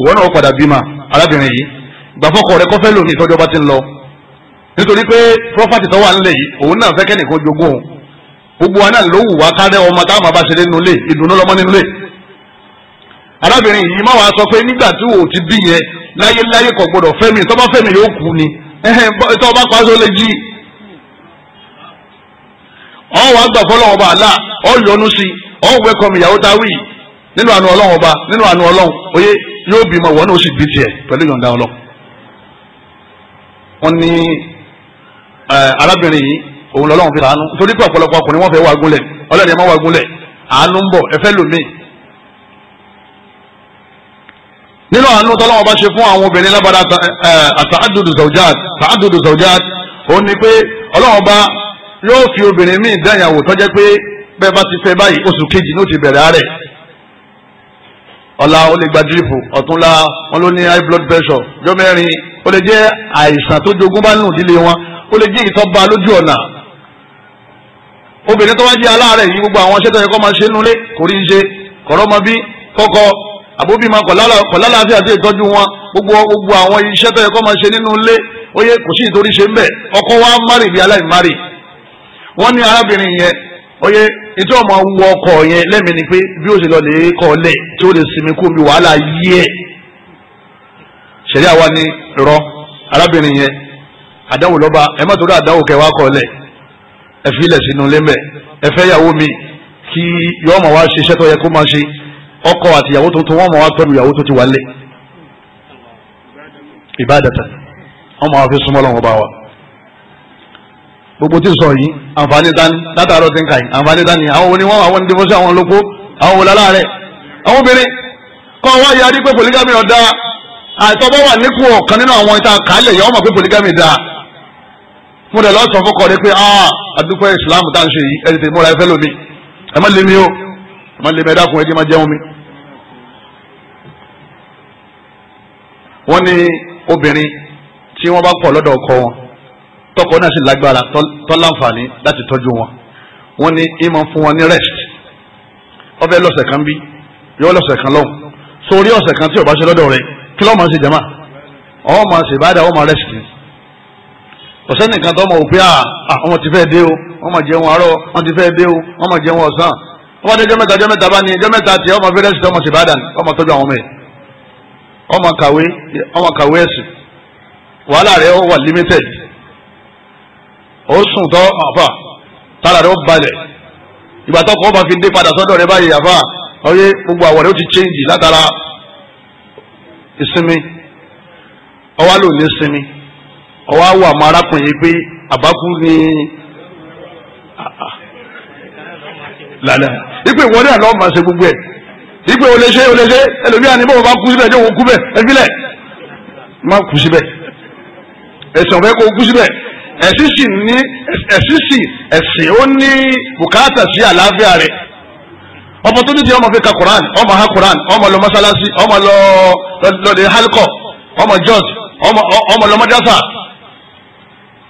ìwọ náà padà bímọ arábìnrin yìí gbàfọkọ rẹ kọfẹ lomi ìtọ́jú ọba ti ń lọ nítorí pé yìí òun náà jogún gbogbo ló wù wá ọmọ táwọn ṣe ìdùnnú sọ pé nígbà tí o ti bí yẹn láyéláyé kò gbọdọ̀ fẹ́mi tọ́ba fẹ́mi yóò kú ni tọ́ba lè ọ̀hún wàá gbà fọlọ́wọ́ ọba àlá ọ̀hún yọnu sí ọ̀hún wẹ́kọ̀m ìyàwó tá a wí nínú àánú ọlọ́run ọba nínú àánú ọlọ́run oyè yóò bímọ wọn náà sì bí tiẹ̀ pẹ̀lú yọ̀ǹda ọlọ́run. wọ́n ní arábìnrin yìí òun lọ́lọ́run fi àánú torí pé ọ̀pọ̀lọpọ̀ ọkùnrin wọ́n fẹ́ wá gúnlẹ̀ ọlọ́run ẹ̀ máa wá gúnlẹ̀ àánú ń bọ̀ ẹ fẹ́ lòmíì. nínú àánú tọ́lọ́wọ́n bá ṣe fún àwọn obìnrin lábàdà àtàdùdù zawjat àtàdùdù zawjat òun ni pé ọlọ́run bá yóò fi obìnrin míì dáyàwó tọ́jẹ́ pé bẹ́ẹ̀ bá ti fẹ́ báyìí oṣù kejì ló ti bẹ̀rẹ̀ àárẹ̀ ọ̀la ó lè gba dírípù ọ̀túnla wọn ló ní high blood pressure jọ mẹ́rin ó lè jẹ́ àìsàn tó jogún bá nù dílé wọn ó lè jẹ́ ìtọ́ba lójú ọ̀nà obìnrin tó wá jẹ́ aláàárẹ̀ yìí gbogbo àwọn ṣẹ́tọ̀ yẹn kọ́ máa ṣe nulẹ̀ kò rí ṣe kọ̀rọ̀ máa bí kọ́kọ́ àbóbí máa kọ̀ lálàáfíà àti ìtọ́jú wọn gbogbo gbogbo àwọn iṣẹ́ tó kọ́ máa ṣe nínú ilé ó yẹ kò sí ìtorí ṣe ń bẹ̀ ọkọ wa márì bí aláìmárì wọ́n ní arábìnrin yẹn oye ìjọ ọmọ wọ ọkọ yẹn lẹ́mìí ni pé bí ó ṣe lọ lè kọ́ lẹ̀ tí ó lè sinmi kó mi wàhálà yí ẹ̀ ṣẹ̀ríà wa ni rọ arábìnrin yẹn àdáwò lọ́ba ẹ má torí àdáwò kẹ́ wá kọ́ lẹ̀ ẹ fi ilẹ̀ sínú lẹ́mẹ̀ ẹ fẹ́ yàwó mi kí yọ ọmọ wa ṣe iṣẹ́ tó yẹ kó máa ṣe ọkọ àti ìyàwó tuntun wọn mọ wá tọ́jú ìyàwó tó ti wà lẹ̀ ìbádàtà wọn mọ wá fi súnmọ́ lọ́wọ́ bá wa gbogbo tí ń sọ yìí àǹfààní dání látàárọ̀ tí ń kà yìí àǹfààní dání àwọn oní wọn àwọn ndébọ́sí àwọn olóko àwọn olálàárẹ̀ àwọn obìnrin kọ́ wá yá rí pé polygamy ọ̀dà àìsọ́bọ̀ wà nípò ọ̀kan nínú àwọn ìta kàálẹ̀ yẹn wọ́n mọ̀ pé polygamy dáa mo dẹ̀ lọ sọ fún kọ́ni pé àdúgbò ah, Islam tá n ṣe yìí ẹ tètè múra ẹ fẹ́ lómi ẹ má lé mi o ẹ má lé mi ẹ dákun ẹ jẹ́ má jẹun mi. wọ́n ní obìnrin tí wọ́n bá pọ̀ lọ́dọ̀ ọkọ wọn tọkọ náà sì lágbára tó láǹfààní láti tọ́jú wọn wọ́n ní ìmọ̀ fún wọn ní rest ọbẹ̀ lọ́sẹ̀ kan bí yọ lọ́sẹ̀ kan lọ́hùn sórí ọ̀sẹ̀ kan tí o bá ṣe lọ́dọ̀ rẹ kí lọ́ọ́ máa ṣe jama ọ̀ máa ṣe ìbáda ọ̀ máa rest ọ̀sẹ̀ nìkan tó ọmọ òpin à ọmọ ti fẹ́ dé o wọ́n máa jẹun àárọ̀ wọ́n ti fẹ́ dé o wọ́n máa jẹun ọ̀sán wọ́n bá dé jọ́mẹ́ta jọ́mẹ́ta bá ní jọ́mẹ́ta tiẹ̀ ọmọ fẹ́ rest ọmọ sì bá dàn ọmọ tọ́jú àwọn ọmọ yẹn ọmọ kàwé kàwé ẹ̀sìn wàhálà rẹ̀ wà limited ó sùn tọ́ àfà tára rẹ̀ ó balẹ̀ ìgbà tó kọ́ ọ́ bá fi dé padà sọ́dọ̀ rẹ̀ báyìí àfà ọyẹ gbogbo àwọ̀ rẹ̀ ó ti change látara ìsinmi ọwọ́ ló ní sinmi ọwọ́ àwọ̀ àmọ́ arákùnrin pé àbákú ni lálẹ́ ipe ìwọlé àlọ́ máa ṣe gbogbo ẹ̀ ipe olèṣe olèṣe ẹlòmíà ni bọ́ọ̀ bá kú síbẹ̀ ẹjọ́ òun kú bẹ̀ ẹbílẹ̀ má kú síbẹ̀ ẹ̀sìn ọ̀fẹ́ kó kú síbẹ̀ ẹ̀sìn ní ẹ̀sìn sì ó ní bùkátà sí àlàáfíà rẹ̀ ọmọ tó ní ọmọ fi ka Quran ọmọ ha Quran ọmọ lọ mọ́sálásí ọmọ lọ lọ́dẹ halkọ ọmọ George ọmọ lọ madrasa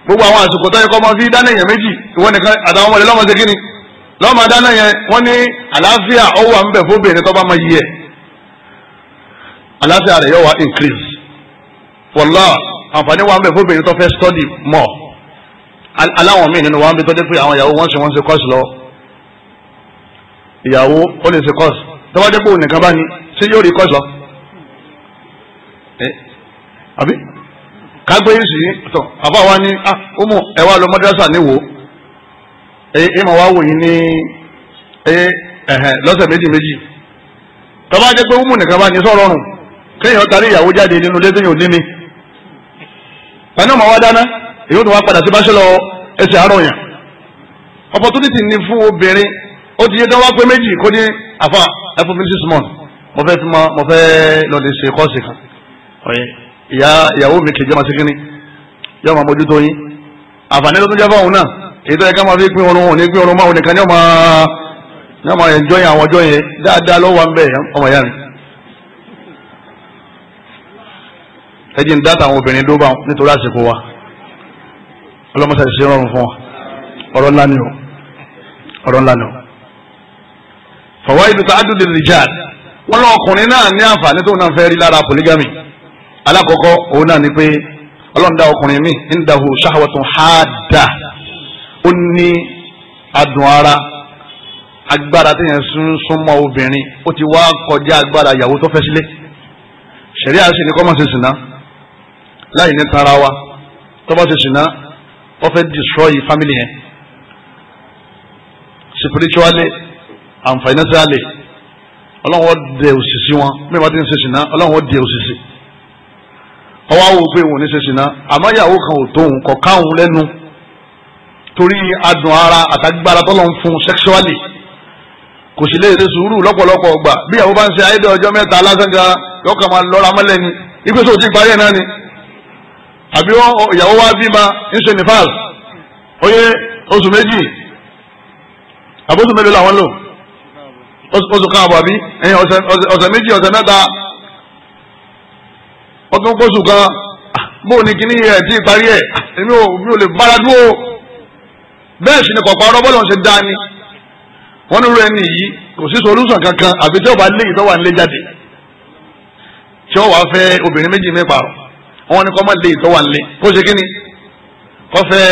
gbogbo àwọn àsìkò tó yẹ kọ́ ọmọ fi dáná yẹn méjì ìwọ nìkan àtàwọn ọmọdé ni lọ́mọ dáná yẹn wọ́n ní àlàáfíà ọwọ́ à ń bẹ̀ fún tó bá yí ẹ̀ àlàáfíà rẹ̀ yọ wá increase wọ́lá àǹfààní ń bẹ̀ fún tó fẹ́ study more. aláwọn míì nínú wa ń bí tọ́jú pé àwọn ìyàwó wọ́n ṣe wọ́n ṣe kọ́ọ̀sì lọ ìyàwó ó lè ṣe kọ́ọ̀sì tọ́wọ́jẹ́ pé òun nìkan bá ní ṣé yóò rí kọ́ọ̀sì lọ. Eh, àbí kágbé yìí sì tọ̀ àbá wa ní ọmọ ah, ẹ wá lọ mọ́dásà níwò eh, ẹ máa wá wò yín ní eh, lọ́sẹ̀ méjì méjì tọ́wọ́jẹ́ pé ọmọ nìkan bá ní sọ̀rọ̀ ọ̀run kéèyàn tarí ìyàwó jáde nínú ilé téèyàn ní mi. pẹ̀lú ọmọ wa dáná èyí ó tún wá padà sí báṣẹ́ lọ ẹsẹ̀ àárọ̀ yàn opportunity ni fún obìnrin ó ti yẹ kí wọ́n wá pé méjì kó ní àfa ẹ̀fọ́ fún six months mo fẹ́ tuma mo fẹ́ lọ lè ṣe kọ́ọ̀sì kan ìyá ìyàwó mi kì í jẹ́ ma ṣe kínní yóò máa mójútó yín àǹfààní ló tún jẹ́ fáwọn náà èyí tó yẹ ká máa fi pín ọrùn òní pín ọrùn máa òní kan ní ọmọ ní ọmọ ẹ̀jọ́ yẹn àwọn ọjọ́ yẹn dáadáa lọ́wọ́ ń bẹ̀ ọmọ ìyá mi. ẹ jí ń dá tàwọn obìnrin dó bá nítorí àsìkò wa ọlọ́mọṣẹ́ ṣe rọrùn fún wa ọ̀rọ̀ ńlá ni o ọ̀rọ̀ ńlá ni o. fọwọ́ ibi tó adúlé rìjáàd wọn lọ ọkùnrin náà ní àǹfààní tó náà fẹ́ rí lára polygamy alákọ̀ọ́kọ́ òun náà ni pé ọlọ́run dá ọkùnrin mi ń dahu ṣahwatun haada ó ní adùn ara agbára tí yẹn sún súnmọ́ obìnrin ó ti wá kọjá agbára ìyàwó tó fẹ́ sílé ṣẹ̀rí àṣìní kọ́mọ̀ ṣe ṣìnà láì ní tara wa tó bá ṣe ṣìnà wọ́n fẹ́ destroy family yẹn spiritually and financially ọlọ́wọ́ dẹ òṣìṣì wọn bí wọ́n ti ń ṣe ṣìnà ọlọ́wọ́ dẹ òṣìṣì ọwọ́ àwọn òpin ìwọ̀n ní ṣe ṣìnà àmọ́ ìyàwó kan ò tóun kọ̀ káwọn lẹ́nu torí adùn ara àtàgbára tọ́lọ̀ ń fún sexually kò sì lè ṣe sùúrù lọ́pọ̀lọpọ̀ ọgbà bí ìyàwó bá ń ṣe ayédè ọjọ́ mẹ́ta lásán gan yọkàn máa lọ́ra mọ́lẹ̀ ni ìgbésẹ̀ òtí parí àbí ìyàwó wa bímọ ń ṣe nífàs oyè oṣù méjì àbóṣù mélòó làwọn lò oṣù kan àbọ̀ àbí ẹ̀yìn ọ̀sẹ̀ méjì ọ̀sẹ̀ mẹ́ta ọtún kóṣù kan ah, bóun ni kíní ẹ̀ tí ì parí ẹ̀ ah, èmi ò mi ò lè bára dúró bẹ́ẹ̀ sì ni kọ̀ọ̀pá ọ̀rọ̀ bọ́lọ̀ ń ṣe dá ni wọ́n ní irú ẹni yìí kò sí solúsàn kankan àfi tí ó bá lé ìtọ́wà ń lé jáde tí ó wàá fẹ́ obìnrin méjì mẹ́pàá rọ̀ wọn ni kọ́ mọ́ lé ìtọ́wà lé kó ṣe kíni kọ́fẹ́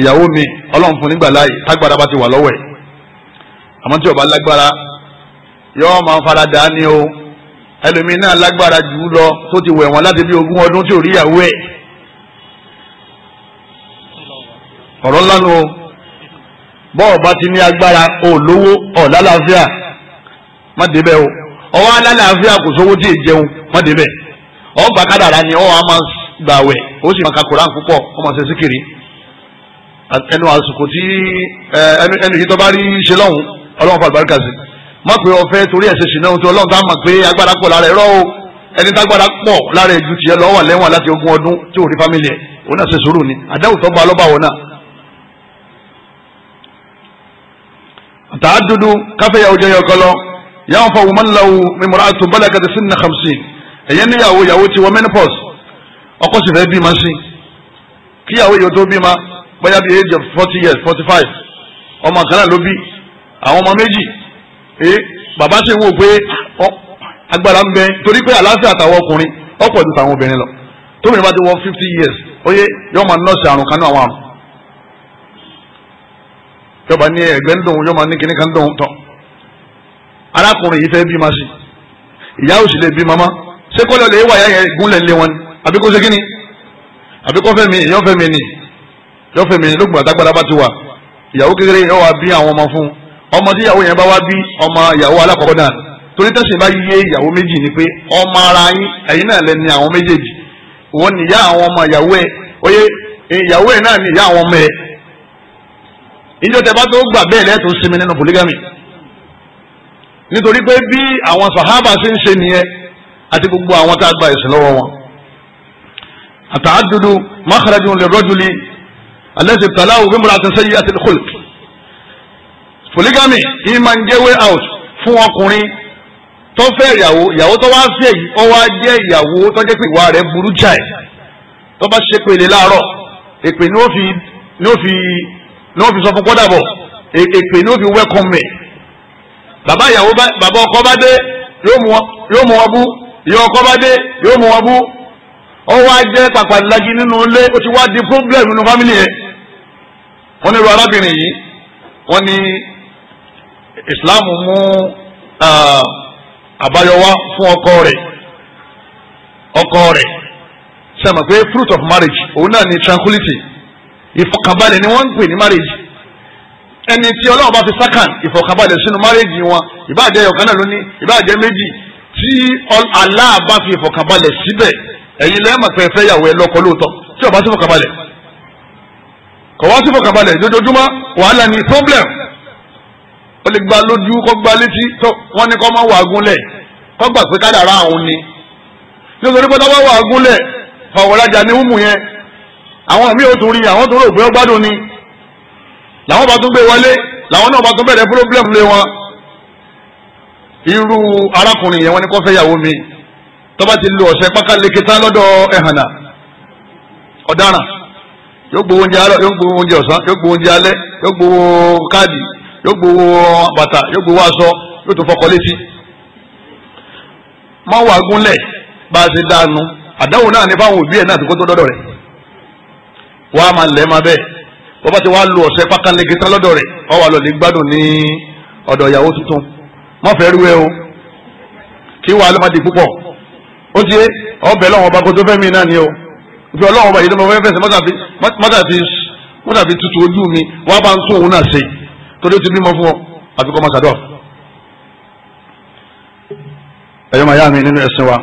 ìyàwó mi ọlọ́run fún nígbà láàyè tágbára bá ti wà lọ́wọ́ ẹ̀ àmọ́ tí ó bá lágbára yọ́ọ́ máa fara dà á o ẹlòmíín náà lágbára jù ú lọ tó ti wẹ̀ wọ́n láti bí ogún ọdún tí ò rí ìyàwó ẹ̀ ọ̀rọ̀ ńlá nu o bọ́ọ̀ bá ti ní agbára o lówó ọ̀ lálàáfíà má débẹ̀ o ọwọ́ alálàáfíà kò sówó tí ì jẹun má débẹ̀ ọ gba kádàrá ni ọ wà máa gbàwẹ̀ ó sì máa ka koran púpọ̀ ọ máa ṣe síkiri ẹnu àsìkò tí ẹnu yìí tó bá rí ṣe lọ́hùn ọlọ́run fún àlùbáríkà sí má pé ọ̀fẹ́ torí ẹ̀ṣẹ̀ ṣìnà ohun tí ọlọ́run tá mọ̀ pé agbára pọ̀ lára ẹ̀rọ o ẹni tágbára pọ̀ lára ẹ̀jú tiẹ̀ lọ́wọ́ lẹ́wọ̀n láti ogún ọdún tí ò rí fámìlì ẹ̀ òun náà ṣe sùúrù ni àdáwò tó bá lọ́bàwọ̀ náà. àtàdúdú káfíyà òjò yẹ ọkọ lọ yàwọn fọwọ́ mọ́ńlá wo mímọ́ra tó bọ́lá kẹtẹ sínú náà ẹ̀yẹ́ níyàwó ìyàwó ti wọ menopause ọkọ sì fẹ́ bímọ sí kíyàwó yìí tó bímọ bóyá bíi age of forty years forty five ọmọ àkàrà ló bí àwọn ọmọ méjì ee eh, bàbá sì wò pé ah, agbára ń bẹ torí pé àlàáfíà àtàwọn ọkùnrin ọ̀pọ̀ ju tàwọn obìnrin lọ tóbìnrin bá ti wọ fifty years oyè yóò máa nọ́ọ̀sì àrùn kan ní àwọn àrùn yọba ní ẹgbẹ́ ń dùn yọba ní kíní kan dùn tán arákùnrin yìí fẹ́ bímọ sí ìyá òsì lè bí mama Se kọ́ lọ́lẹ̀ ìwà ya gúnlẹ̀ lé wọn ni àbí kó ṣe kí ni àbí kọ́ fẹ́ mi yọ fẹ́ mi ni yọ fẹ́ mi ni lóògùn àtàgbàdà bá ti wà ìyàwó kékeré yẹn wà bí àwọn ọmọ fún ọmọ tí ìyàwó yẹn bá wá bí ọmọ ìyàwó alákọ̀ọ́kọ́ náà torí tẹ̀sán bá yé ìyàwó méjì ni pé ọmọ ara yín ẹ̀yin náà lẹ́ni àwọn méjèèjì wọ́n ní ìyá àwọn ọmọ ìyàwó ẹ̀ oyè ìyàwó ẹ̀ náà ní ìyá àwọn ọmọ ẹ̀ ìjọ tẹ bá tó gbà bẹ́ẹ̀ lẹ́ẹ̀tún sinmi nínú polygamy nítorí pé bí àwọn sàhábà ṣe ń ṣe nìyẹn àti gbogbo àwọn tá a gba ẹ̀sìn lọ́wọ́ wọn. àtàdúdú makhrajun lirrajuli alẹ́sẹ̀ tàláwù bímúra àti sẹ́yìn àti khulq. polygamy yìí máa ń jẹ́ way out fún ọkùnrin tó fẹ́ ìyàwó ìyàwó tó wá fẹ́ yìí ó wá jẹ́ ìyàwó tó jẹ́ pé ìwà rẹ̀ burú jáì tó bá ṣe pèlè láàárọ̀ èpè ni ó fi ni ó fi ni ó fi sọ fún kọ́dà èpè ni ó fi welcome me bàbá ìyàwó bàbá ọkọ bá dé yóò mú wọn bú yóò kọ́ bá dé yóò mú wọn bú ó wá jẹ́ pàpàlagi nínú ilé ó ti wá di problem nínú family yẹn wọ́n ní irú arábìnrin yìí wọ́n ní Islam mú àbáyọ wá fún ọkọ rẹ̀ ọkọ rẹ̀ sẹ́mi pé fruit of marriage òun náà ni tranquility ìfọkànbalẹ̀ ni wọ́n ń pè ní marriage ẹni tí ọlọ́run bá fi sákàn ìfọ̀kànbalẹ̀ sínú márèèjì wọn ìbáàjẹ́ ọ̀kan náà lóní ìbáàjẹ́ méjì tí Allah bá fi ìfọ̀kànbalẹ̀ síbẹ̀ ẹ̀yin lẹ́yìn màpẹ́ fẹ́ yàwó ẹ lọ́kọ lóòótọ́ tí ó bá sí ìfọ̀kànbalẹ̀ kò wá sí ìfọ̀kànbalẹ̀ lójoojúmọ́ wàhálà ni problem ó lè gba lójú kó gba létí tó wọ́n ní kó má wà á gúnlẹ̀ kó gbà pé kádàrá àwọn ni nítorí pé tọ́wọ́ wà á gúnlẹ̀ fàwọ̀rajà ní hùmù yẹn àwọn míì ò tún rí àwọn tó rò pé ó gbádùn ni làwọn bá tún gbé wọlé làwọn náà bá tún bẹ̀rẹ̀ problem lé wọn iru arákùnrin yẹn wọ́n ní kó fẹ́ yàwó mi tó ti lu ọ̀sẹ̀ pákáleke tán lọ́dọ̀ ẹ̀hànà ọ̀daràn yóò gbowó oúnjẹ àárọ̀ yóò gbowó oúnjẹ ọ̀sán yóò gbowó oúnjẹ yóò bàtà yóò gbowó aṣọ yóò tó fọkọ létí. má wàá gúnlẹ̀ bá a ṣe dáanu àdáwò náà ní fáwọn òbí ẹ̀ náà ti rẹ̀ wàá máa lẹ̀ máa bẹ́ẹ̀ ọ wà lọ́ọ́ lè gbádùn ní ọ̀dọ̀ mọ́fẹ́ rú ẹ o kí wàá lọ́mọdé púpọ̀ ó ti yé ọbẹ̀ lọ́wọ́ ọba kó tó fẹ́ mi náà ni o ìfẹ́ ọlọ́wọ́ ọba yìí ló máa fẹ́ fẹsẹ̀ mọ́tàfi tutù ojú mi wàá bá ń tún òun náà ṣe torí ó ti bímọ fún ọ àfikọ́ máa ẹ̀yọ́ màá yá mi nínú ẹ̀sìn wa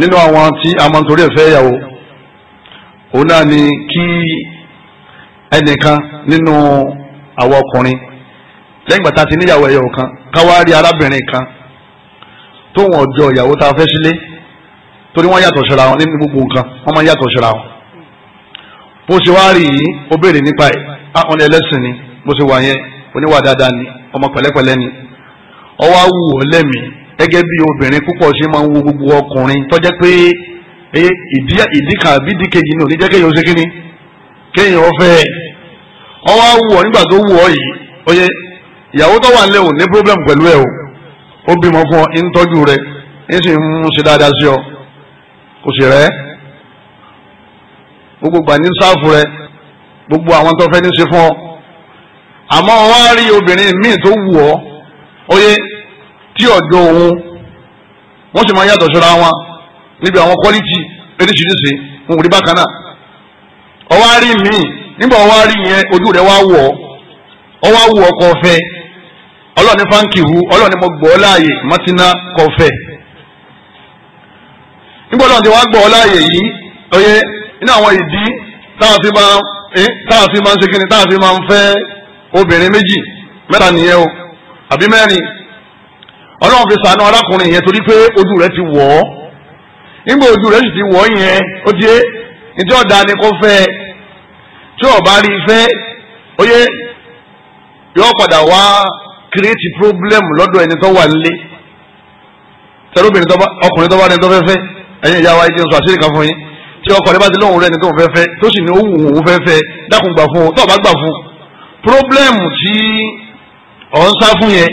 nínú àwọn tí a máa ń torí ẹ̀fẹ́ yàwó òun náà ni kí ẹnìkan nínú àwọn ọkùnrin lẹ́yìn ìgbà a ti níyàwó ẹ̀yọ̀ kan káwá arábìnrin kan tó wọn ọjọ́ ìyàwó tá a fẹ́ sílé torí wọ́n yàtọ̀ síra wọn nínú gbogbo nǹkan wọ́n máa yàtọ̀ síra wọn. bó ṣe wá rí yìí ó béèrè nípa ẹ̀ àwọn ẹlẹ́sìn ni bó ṣe wà yẹn oníwà dáadáa ni ọmọ pẹ̀lẹ́pẹ̀lẹ́ ni ọwọ́ awù gẹ́gẹ́ bí obìnrin wo gbogbo ọkùnrin pé ní jẹ́ kéèyàn wù ọ yìí ó ìyàwó tó wà ń ní problem pẹ̀lú ẹ o ó bímọ fún ọ ń tọ́jú rẹ ń sì ń ṣe dáadáa sí ọ kò sì rẹ gbogbo gbà ní rẹ gbogbo àwọn tó fẹ́ ní ṣe fún ọ àmọ́ wọ́n á rí obìnrin míì tó wù ọ́ tí òun wọ́n sì máa yàtọ̀ quality wọn rí bákan náà ọwọ́ á rí míì nígbà á rí yẹn ojú rẹ wá ọ́ wù ọlọ́run ní fáńkìwù ọlọ́run ní mo gbọ́ ọ láàyè mọ́tínà kọfẹ́ nígbà ọlọ́run ti wá gbọ́ ọ láàyè yìí oyè nínú àwọn ìdí táwọn fi máa ń ṣe kíni táwọn fi máa ń fẹ́ obìnrin méjì mẹ́ta nìyẹn o àbí mẹ́rin ọlọ́run fi sànú arákùnrin yẹn torí pé ojú rẹ̀ ti wọ̀ ọ́ nígbà ojú rẹ̀ sì ti wọ̀ ọ́ yẹn ó ti yé ìjọ ọ̀dà ni kò fẹ́ tí ọ̀bá rí fẹ́ oyè yóò padà wá kírètì pírọ́blẹ́mù lọ́dọ̀ ẹni tó wà nílé tẹ́lóbìnrin tó bá ọkùnrin tó bá ní tó fẹ́ fẹ́ ẹ̀yin ìyá wa ìjẹun sọ àṣírí kan fún yín tí ọkọ rẹ bá ti lóhùn rẹ ní tó fẹ́ fẹ́ tó sì ní ó wù òun fẹ́ fẹ́ dákun gbà fún o tó o bá gbà fún pírọ́blẹ́mù tí ọ̀ ń sá fún yẹn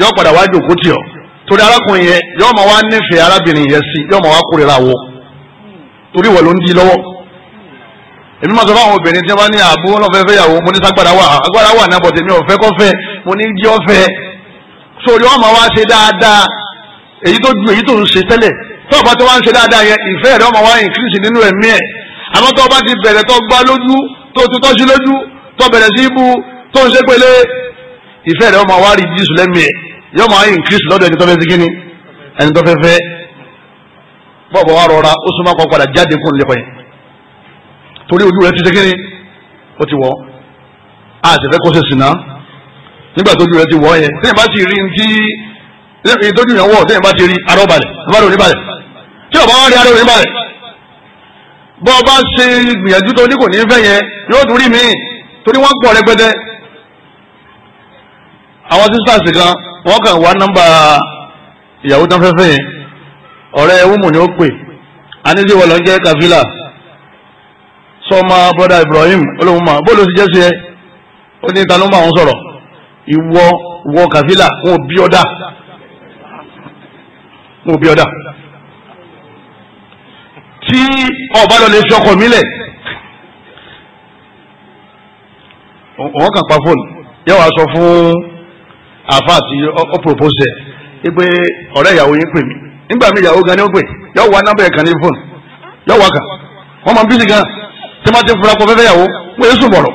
yọ padà wá jòkó tì ọ́ torí arákùnrin yẹn yọ ọmọ wa nífẹ̀ẹ́ arábìnrin yẹn sí yọ ọmọ wa kórìíra wọ torí wọ̀ ló ń di lọ́wọ́ èmi máa sọ fún àwọn obìnrin tí wọ́n bá ní àbú ọlọ́fẹ́ fẹ́yàwó mo ní sagbada wà agbada wà náà bọ̀tẹ̀ mi ò fẹ́ kọ́ fẹ́ mo ní jí ọ́fẹ́ sórí wọn máa wá ṣe dáadáa èyí tó ju èyí tó ń ṣe tẹ́lẹ̀ tó o bá ti wá ń ṣe dáadáa yẹn ìfẹ́ rẹ̀ ọmọ wa ìkírísì nínú ẹ̀mí ẹ̀ àmọ́ tó o bá ti bẹ̀rẹ̀ tó gbá lójú tó o ti tọ́jú lójú tó o bẹ̀rẹ̀ sí ibu tó ń ṣe pélé ìfẹ́ rẹ̀ ọmọ wa rí jísù lẹ́mí ẹ̀ yọ máa wa rọra torí ojú rẹ ti ṣe kíni ó ti wọ a sì fẹ́ kó ṣe sìnà nígbà tójú rẹ ti wọ yẹn tẹ́yìn bá ti rí ti lẹ́yìn tójú yẹn wọ̀ tẹ́yìn bá ti rí arọ́ balẹ̀ arọ́ òní balẹ̀ tí ọba wọn rí arọ́ òní balẹ̀ bọ́ ọba ṣe gbìyànjú tó ní kò ní fẹ́ yẹn yóò tún rí míì torí wọ́n pọ̀ rẹpẹtẹ àwọn sisters kan wọ́n kàn wá nọ́mbà ìyàwó tán fẹ́fẹ́ yẹn ọ̀rẹ́ ẹ̀wùmù ni ó pè anídìwọ̀ lọ́jẹ́ kàfílà sọma broda Ibrahim olóhùnmá bóòlù ti jẹ́ sí ẹ ó ní ta ló máa ń sọ̀rọ̀ ìwọ ìwọ kàfílà wọn ò bí ọ̀dà wọn ò bí ọ̀dà tí ọba lọ lè fi ọkọ mi lẹ̀ wọ́n kàn pa fóònù yóò wá sọ fún àfa àti ọ propose ẹ pé ọ̀rẹ́ ìyàwó yín pè mí nígbà mi ìyàwó gan ni ó pè yóò wá nábẹ́ ẹ̀kan ní fóònù yóò wá kà wọ́n máa ń bí sí gan-an tí wọ́n ti fura kọ fẹ́fẹ́ yàwó wọ́n yéésù bọ̀rọ̀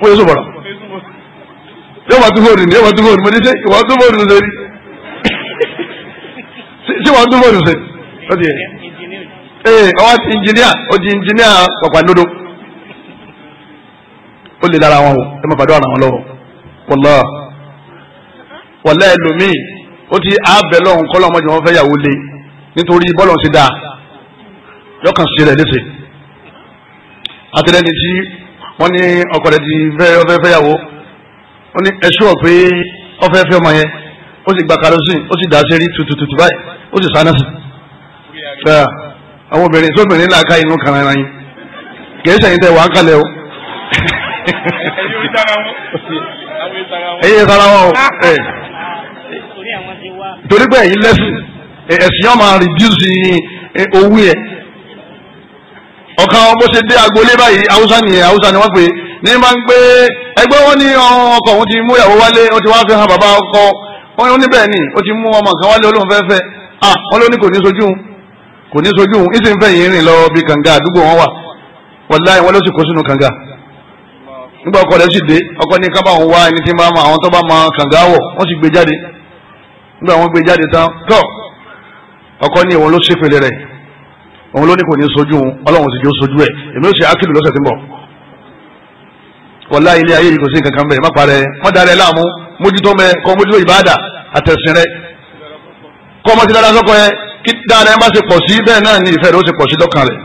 wọ́n yéésù bọ̀rọ̀ yóò wá túbọ̀ òdìní yóò wá túbọ̀ òdìní mo ní sẹ́ ìwà túbọ̀ òdìní sẹ́ni sí ìwà túbọ̀ òdìní sẹ́ni ó ti yẹ ee ọwọ́ ti injinia ó di injinia pàpàdodo o lè lára wọn o ẹ má fàdó ara wọn lọ́wọ́ wọlọ́ wọlé ẹlòmíì ó ti àbẹ̀ lọ́hùn kọ́ lọ́mọdé wọn fẹ́ yàwó lé nítorí bọ́lọ̀ ti dáa yọkàn sí rẹ̀ léṣe àtẹlẹni tí wọ́n ní ọkọ rẹ̀ ti fẹ́ ọfẹ́ fẹ́yàwó wọ́n ní ẹ̀ṣọ́ pé ọfẹ́ fẹ́ ọmọ yẹn ó sì gba kerosene ó sì dà sí rí tututu báyìí ó sì sáná sí fẹ́ àwọn obìnrin sóbìnrin làákà inú kan ara yín kì í sẹ́yìn tẹ wàá kalẹ̀ o ẹ̀yin sara wọn o torí pé ẹ̀yin lẹ́sìn ẹ̀sìn yóò máa reduce owó yẹn. ọkàn bó ṣe dé agboolé báyìí haúsá nìyẹn haúsá ni wọ́n pè ní máa ń gbé ẹgbẹ́ wọn ní ọkọ̀ wọn ti mú ìyàwó wálé ó ti wá fi hàn bàbá ọkọ wọn ní bẹ́ẹ̀ ni ó ti mú ọmọ kan wálé olóhùn fẹ́fẹ́ à wọn ló kò ní sojú kò ní sojú lọ bí kànga àdúgbò wọn wà wọn ló sì kànga nígbà ọkọ rẹ sì dé ọkọ ní ẹni tí ma àwọn tó ma kànga wọ wọn sì gbé jáde nígbà òun ló ní kò ní sojú ọlọ́run sì jó sojú ẹ̀ èmi ó ṣe ákìlù lọ́sẹ̀ tí ń bọ̀ wọ́lá ilé ayé yìí kò sí kankan bẹ́ẹ̀ má parẹ́ má darẹ̀ láàmú mójútó mẹ́ kọ́ mójútó ìbáàdà àtẹ̀sìn rẹ kọ́ ọmọ ti dára sọ́kọ ẹ kí dáadáa ẹ bá ṣe pọ̀ sí bẹ́ẹ̀ náà ni ìfẹ́ rẹ ó ṣe pọ̀ sí lọ́kàn rẹ̀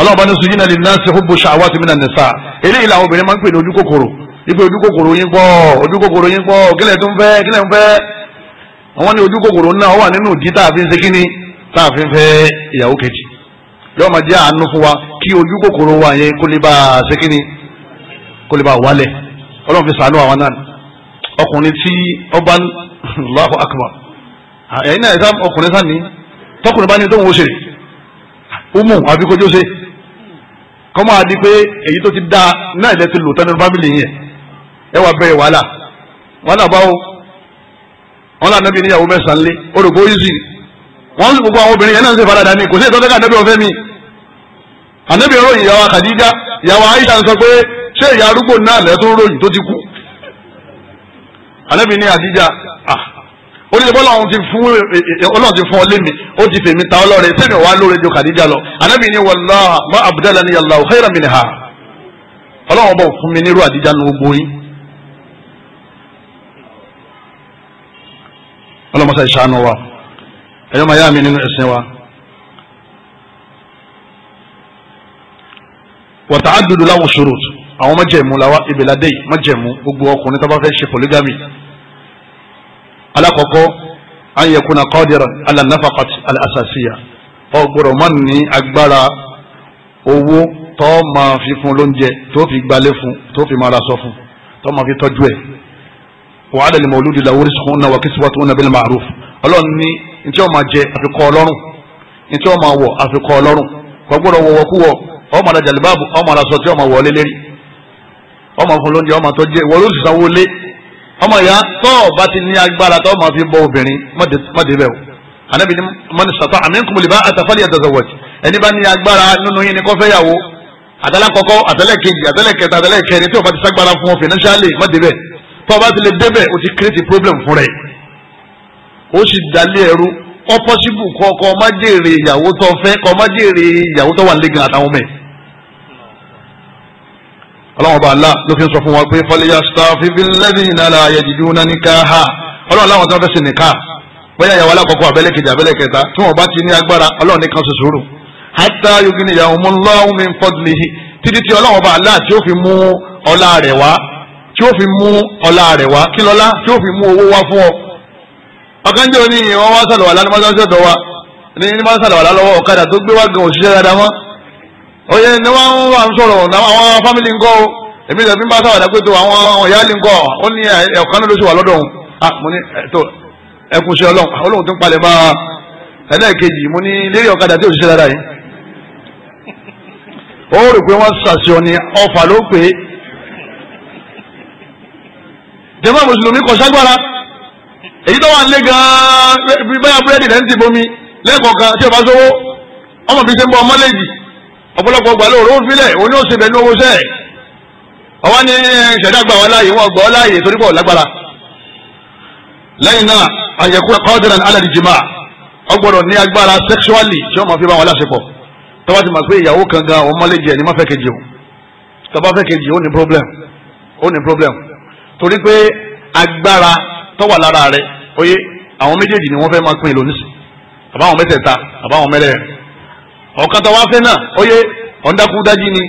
ọlọ́ọ̀bá ní sùn yìí náà lè ná ṣe hubbu shahawati minan nisa eléyìí ní ojúkòkòrò tá a fi ń fẹ́ ìyàwó kejì yóò máa jẹ́ àánú fún wa kí ojú kòkòrò wa yẹn kó lè bá a ṣe kí ni kó lè bá a wálẹ̀ ọlọ́run fi sàánú àwọn náà ọkùnrin tí ọba Allahu akbar ẹ̀yin náà ẹ̀sán ọkùnrin sáà tọkùnrin bá ní tó ń wo ṣe umu àbíkójú ṣe kọ́mọ́ adi pé èyí tó ti da náà ilẹ̀ ti lò tán nínú fámìlì yẹn ẹ wà bẹ́ẹ̀ wàhálà wàhálà báwo wọn là nàbí níyàwó mẹ́sàn-án lé orògbó yìí sì wọn gbogbo àwọn obìnrin yẹn náà ń ṣe faradà ní kò sí ìtọ́jú ká nàbí ọ̀fẹ́ mi ànábì ròyìn ìyàwó àkàdíjà ìyàwó àyíṣà ń sọ pé ṣé ìyá arúgbó náà lẹ́tọ́ ròyìn tó ti kú ànábì ní àdíjà ah ó ní bọ́lá òun ti fún ọlọ́run ti fún ọ lémi ó ti fèmí ta ọlọ́rẹ sẹ́mi wàá lóore ju àkàdíjà lọ ànábì ní wallahi ma abdalani Allahu khayran minha ọlọ́run ọba òfun mi nírú àdíjà nu gbogbo yín ọlọ́mọṣẹ́ ìṣàánú wa ẹ̀yọ́ máa yá mi nínú ẹ̀sìn wa. wọ̀tá àdúdú láwọn shurut àwọn májẹ̀mú làwa ìbìládé yìí májẹ̀mú gbogbo ọkùnrin tó bá fẹ́ ṣe polygamy. alákọ̀ọ́kọ́ an yakuna qadiran ala nafaqat al asasiya ọgbọ̀rọ̀ má ní agbára owó tó máa fi fún lóúnjẹ tó fi gbalẹ̀ fún tó fi máa ra sọ fún tó máa fi tọ́jú ẹ̀ wàhálà lè mọ̀lúdi la wọ́n sùn náà wà kí sùpàtù náà bil ma'ruf ọlọ́run ní ntí wọ́n máa jẹ àfikọ́ ọlọ́run ntí wọ́n máa wọ̀ àfikọ́ ọlọ́run gbọ́gbọ́dọ̀ wọ̀wọ́kúwọ̀ ọmọ ara jàlibáàbù ọmọ ara sọtí ọmọ wọlé lérí ọmọ fún lóúnjẹ ọmọ tó jẹ wọlé òsì sanwó lé ọmọ ìyá tó ọba ti ní agbára tó ọmọ fi bọ obìnrin má débẹ̀ o anabi ni mọ́ni sàtọ́ àmì nkùnmù lè bá àtàfàlì àtàzọ̀wọ̀tì ẹni bá ní agbára nínú yín ni kó fẹ́ yàwó àtàlà kọ́kọ́ àtàlà kejì àtàlà kẹta àtàlà kẹrin tí o bá ti sagbara fún ọ financially má débẹ̀ tó o bá ti lè débẹ̀ o ti create problem fún rẹ̀ o sì dalé ẹrú ọ pọ́sibù kọ́ kọ́ má jèrè ìyàwó tó fẹ́ kọ́ má jèrè ìyàwó tó wà lẹ́gàn àtàwọn mẹ́. ọlọ́run ọba àlá ló fi sọ fún wa pé fọlẹ́yà stafi bílẹ́bì ìnára ayẹyẹdìdú náà ní káhá ọlọ́run láwọn tó fẹ́ sí nìka bóyá ìyàwó alákọ̀ọ́kọ́ abẹ́lẹ̀ kejì abẹ́lẹ̀ kẹta tí wọn bá ti ní agbára ọlọ́run nìkan ṣe sùúrù hátà yogin ọ̀kanjọ́ ní ìyẹn wọ́n wá sàlùwà lánàá máa sọ́sọ́ dọ̀ wa ní ní máa sàlùwà lálọ́wọ́ ọ̀kadà tó gbé wá gan òṣìṣẹ́ dáadáa mọ́ oyè ni wọ́n wà ń sọ̀rọ̀ àwọn fámìlì ńkọ́ o èmi ìdàbí ń bá sàwàdà pé tó àwọn ìyáàlì ńkọ́ ó ní ọ̀kan ló sì wà lọ́dọ̀ òun ah mo ní eh, tó ẹkùn sí ọlọ́run olóhùn tó ń palẹ̀ bá ẹlẹ́ẹ̀kejì mo ní lérí ọ̀kadà tí òṣìṣẹ́ dáadáa yìí ó rò pé wọ́n ṣàṣeyọ ni ọfà ló pé jẹ́mọ́ mùsùlùmí kọ̀ ságbára èyí tó wà ń lé gan-an báyà búrẹ́dì rẹ̀ ń ti bomi lẹ́ẹ̀kọ̀ọ̀kan tí o bá sówó ọmọ mi ṣe ń bọ mọ́lẹ́jì ọ̀pọ̀lọpọ̀ gbà lóòrò ó filẹ̀ òun ni ó ṣe bẹ̀ ní owó sẹ́ẹ̀ ọwọ́ ní eh, ṣẹ̀dá gbà wọ́n láàyè wọ́n gbà ọ́ láàyè torí pọ̀ lágbára lẹ́yìn náà àyẹ̀kú kọ́dìrán alẹ́dì jìmá ọ ní agbára sẹ́kṣuálì tí wọ́n problem ó problem torí pé agbára tọ́wà lára rẹ̀ Oye, àwọn méjèèjì ni wọ́n fẹ́ máa pín in lónìí àbáwọn mẹ́tẹ̀ẹ̀ta àbáwọn mẹ́rẹ̀ ọ̀kan tó wá fẹ́ náà oyè ọ̀ndàkú dájí ni